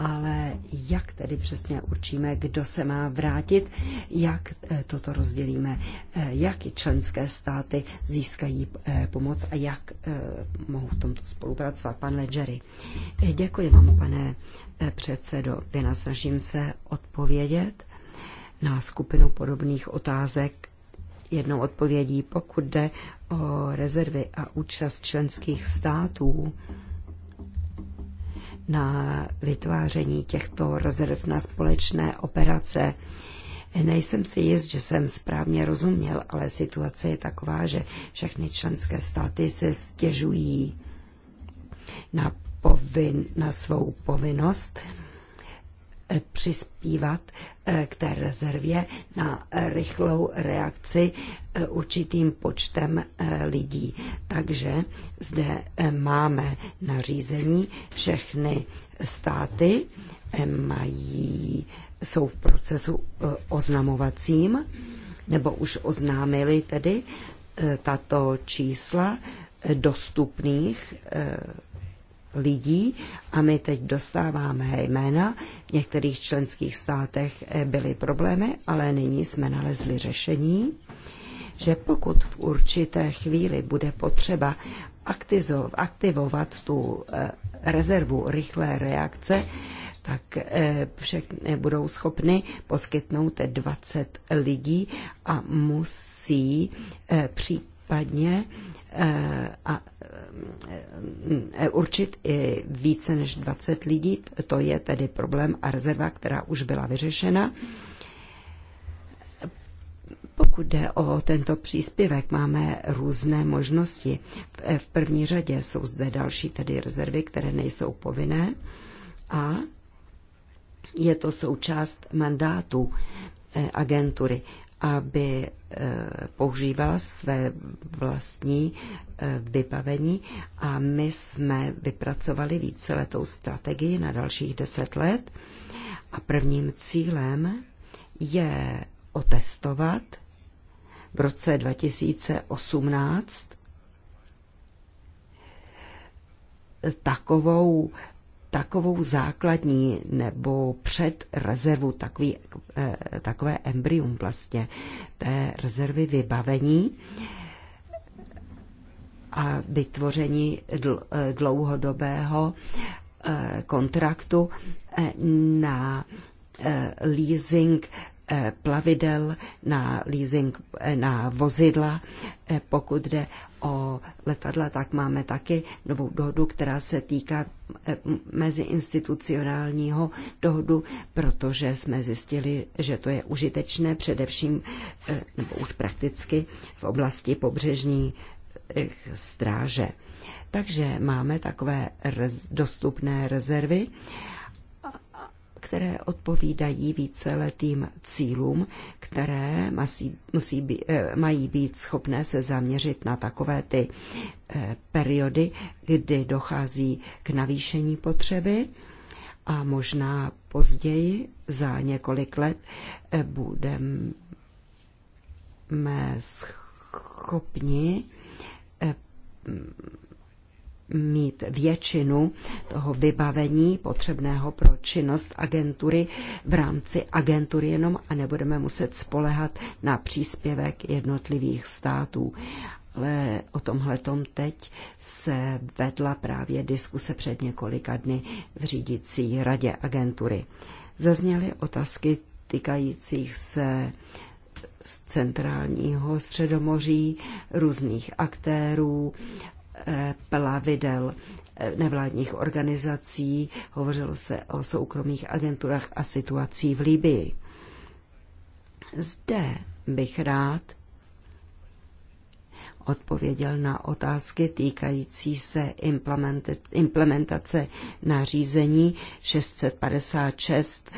ale jak tedy přesně určíme, kdo se má vrátit, jak eh, toto rozdělíme, eh, jak i členské státy získají eh, pomoc a jak mohou v tomto spolupracovat. Pan Ledgery. Děkuji vám, pane předsedo. snažím se odpovědět na skupinu podobných otázek jednou odpovědí, pokud jde o rezervy a účast členských států na vytváření těchto rezerv na společné operace. Nejsem si jist, že jsem správně rozuměl, ale situace je taková, že všechny členské státy se stěžují na, povin, na svou povinnost Eh, přispívat eh, k té rezervě na rychlou reakci eh, určitým počtem lidí. Takže zde máme nařízení, všechny státy mají, jsou v procesu oznamovacím, nebo už oznámili tedy tato čísla dostupných lidí a my teď dostáváme jména. V některých členských státech eh, byly problémy, ale nyní jsme nalezli řešení, že pokud v určité chvíli bude potřeba aktivovat tu eh, rezervu rychlé reakce, tak eh, všechny budou schopny poskytnout 20 lidí a musí případně a Eh, eh, určit i více než 20 lidí. To je tedy problém a rezerva, která už byla vyřešena. Pokud jde o tento příspěvek, máme různé možnosti. V eh, první řadě jsou zde další tedy rezervy, které nejsou povinné a je to součást mandátu agentury, aby používala své vlastní vybavení a my jsme vypracovali víceletou strategii na dalších deset let a prvním cílem je otestovat v roce 2018 takovou, takovou základní nebo před rezervu takový, eh, takové embryum vlastně té rezervy vybavení, a vytvoření eh, dlouhodobého eh, kontraktu eh, na leasing plavidel, na leasing na vozidla. Pokud jde o letadla, tak máme taky novou dohodu, která se týká meziinstitucionálního dohodu, protože jsme zjistili, že to je užitečné především, nebo už prakticky, v oblasti pobřežní stráže. Takže máme takové rez, dostupné rezervy, které odpovídají víceletým cílům, které masí, musí být, eh, mají být schopné se zaměřit na takové ty eh, periody, kdy dochází k navýšení potřeby a možná později, za několik let, eh, budeme schopni mít většinu toho vybavení potřebného pro činnost agentury v rámci agentury jenom a nebudeme muset spolehat na příspěvek jednotlivých států. Ale o tom teď se vedla právě diskuse před několika dny v řídící radě agentury. Zazněly otázky týkajících se z centrálního středomoří, různých aktérů, eh, plavidel eh, nevládních organizací, hovořilo se o soukromých agenturách a situací v Libii. Zde bych rád odpověděl na otázky týkající se implementace nařízení 656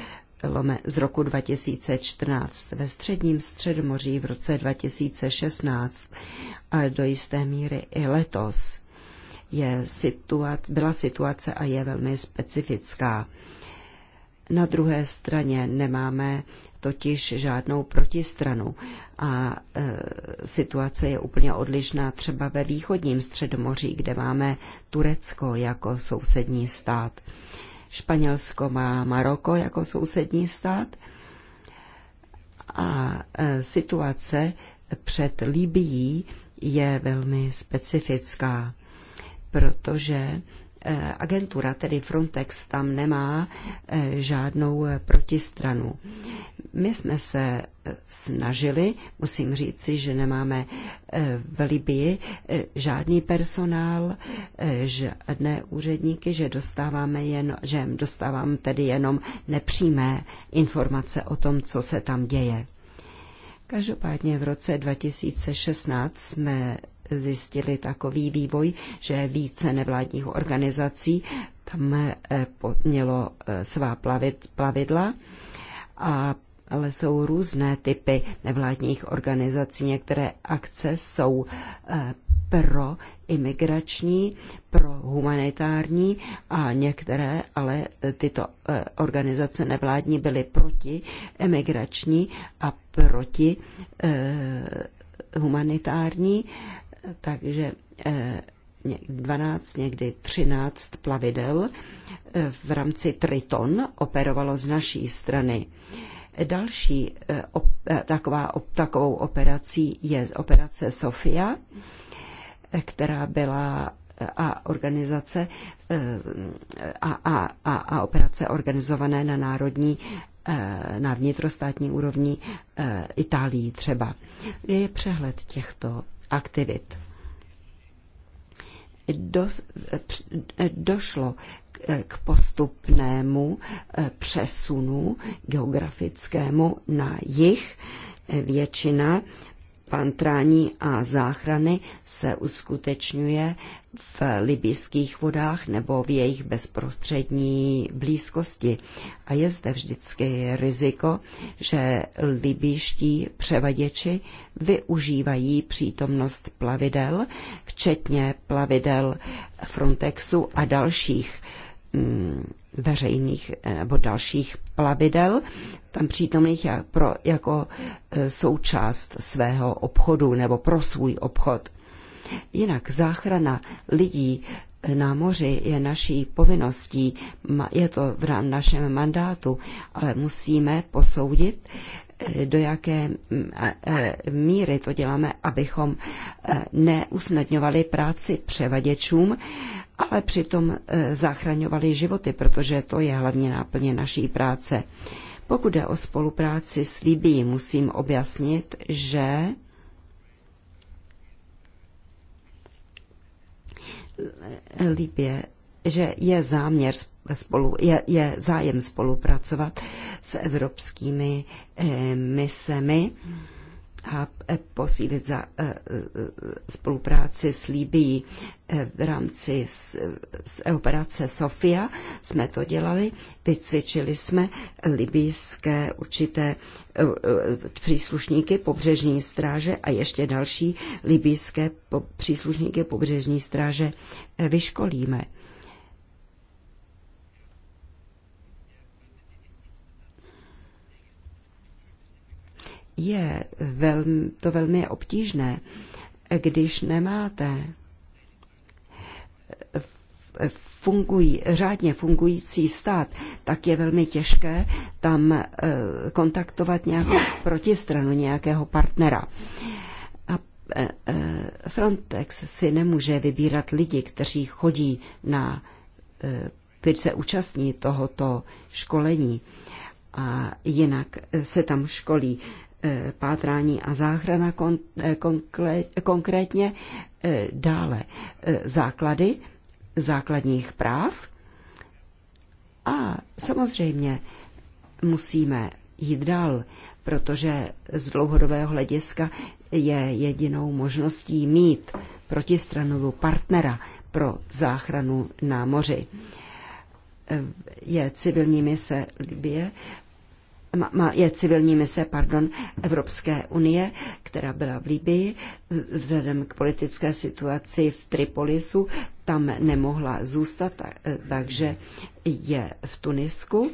lome z roku 2014 ve středním středomoří v roce 2016 a do jisté míry i letos je situac, byla situace a je velmi specifická. Na druhé straně nemáme totiž žádnou protistranu a e, situace je úplně odlišná třeba ve východním středomoří, kde máme Turecko jako sousední stát. E, Španělsko má Maroko jako sousední stát a e, situace před Libií je velmi specifická, protože Eh, agentura, tedy Frontex, tam nemá eh, žádnou eh, protistranu. My jsme se snažili, musím říci, že nemáme v Libii žádný personál, žádné úředníky, že dostáváme jen, že dostávám tedy jenom nepřímé informace o tom, co se tam děje. Každopádně v roce 2016 jsme zjistili takový vývoj, že více nevládních organizací tam eh, mělo eh, svá plavidla a ale jsou různé typy nevládních organizací. Některé akce jsou eh, pro imigrační, pro humanitární a některé, ale tyto organizace nevládní byly proti emigrační a proti humanitární takže 12, eh, někdy 13 plavidel eh, v rámci Triton operovalo z naší strany. Další eh, op, taková, op, takovou operací je operace Sofia, která byla a organizace a, a, a, a operace organizované na národní na vnitrostátní úrovni Itálii třeba. Je přehled těchto aktivit. Dos, došlo k postupnému eh, přesunu geografickému na jih. Většina pantrání a záchrany se uskutečňuje v libijských vodách nebo v jejich bezprostřední blízkosti. A je zde vždycky riziko, že libíští převaděči využívají přítomnost plavidel, včetně plavidel Frontexu a dalších mm, veřejných eh, nebo dalších plavidel, tam přítomných pro, jako eh, součást svého obchodu nebo pro svůj obchod. Jinak záchrana lidí na moři je naší povinností, je to v našem mandátu, ale musíme posoudit, eh, do jaké mm, e, míry to děláme, abychom eh, neusnadňovali práci převaděčům, ale přitom eh, zachraňovali životy, protože to je hlavně náplně naší práce. Pokud jde o spolupráci s Libí, musím objasnit, že Libie, že je záměr spolu, je, je zájem spolupracovat s evropskými eh, misemi. Hmm a e, posílit za e, e, spolupráci s Líbí v rámci operace Sofia. Jsme to dělali, vycvičili jsme libijské určité příslušníky pobřežní stráže a ještě další libijské příslušníky pobřežní stráže vyškolíme. je velmi, to velmi obtížné, když nemáte eh, fungují, řádně fungující stát, tak je velmi těžké tam eh, kontaktovat nějakou protistranu, nějakého partnera. A eh, Frontex si nemůže vybírat lidi, kteří chodí na, teď se účastní tohoto školení a jinak se tam školí Eh, pátrání a záchrana kon, eh, konkle, konkrétně, eh, dále základy základních práv a samozřejmě musíme jít dál, protože z dlouhodobého hlediska je jedinou možností mít protistranovou partnera pro záchranu na moři. Je civilní mise Libie je civilní mise pardon, Evropské unie, která byla v Libii vzhledem k politické situaci v Tripolisu, tam nemohla zůstat, eh, takže je v Tunisku.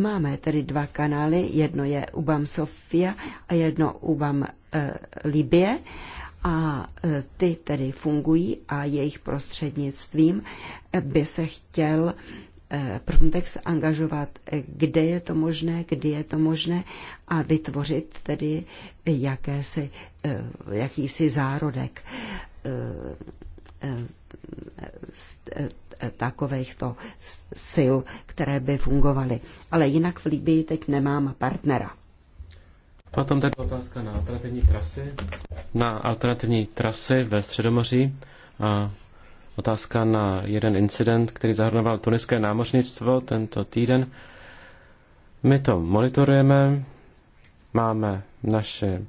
Máme tedy dva kanály, jedno je UBAM Sofia a jedno UBAM eh, Libie a eh, ty tedy fungují a jejich prostřednictvím by se chtěl Eh, Frontex angažovat, eh, kde je to možné, kdy je to možné a vytvořit tedy jakési, eh, jakýsi zárodek takovýchto sil, které by fungovaly. Ale jinak v Libii teď nemám partnera. Potom tady otázka na alternativní trasy. Na alternativní trasy ve Středomoří a otázka na jeden incident, který zahrnoval tuniské námořnictvo tento týden. My to monitorujeme, máme naše eh,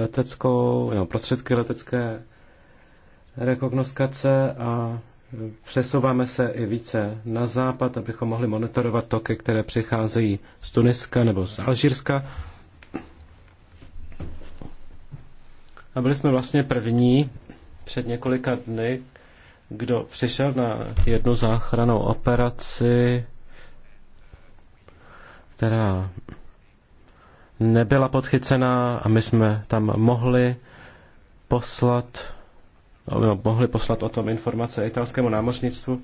leteckou, nebo prostředky letecké rekognoskace a eh, přesouváme se i více na západ, abychom mohli monitorovat toky, které přicházejí z Tuniska nebo z Alžírska. A byli jsme vlastně první před několika dny, kdo přišel na jednu záchranou operaci, která nebyla podchycená a my jsme tam mohli poslat no, mohli poslat o tom informace italskému námořnictvu.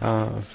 A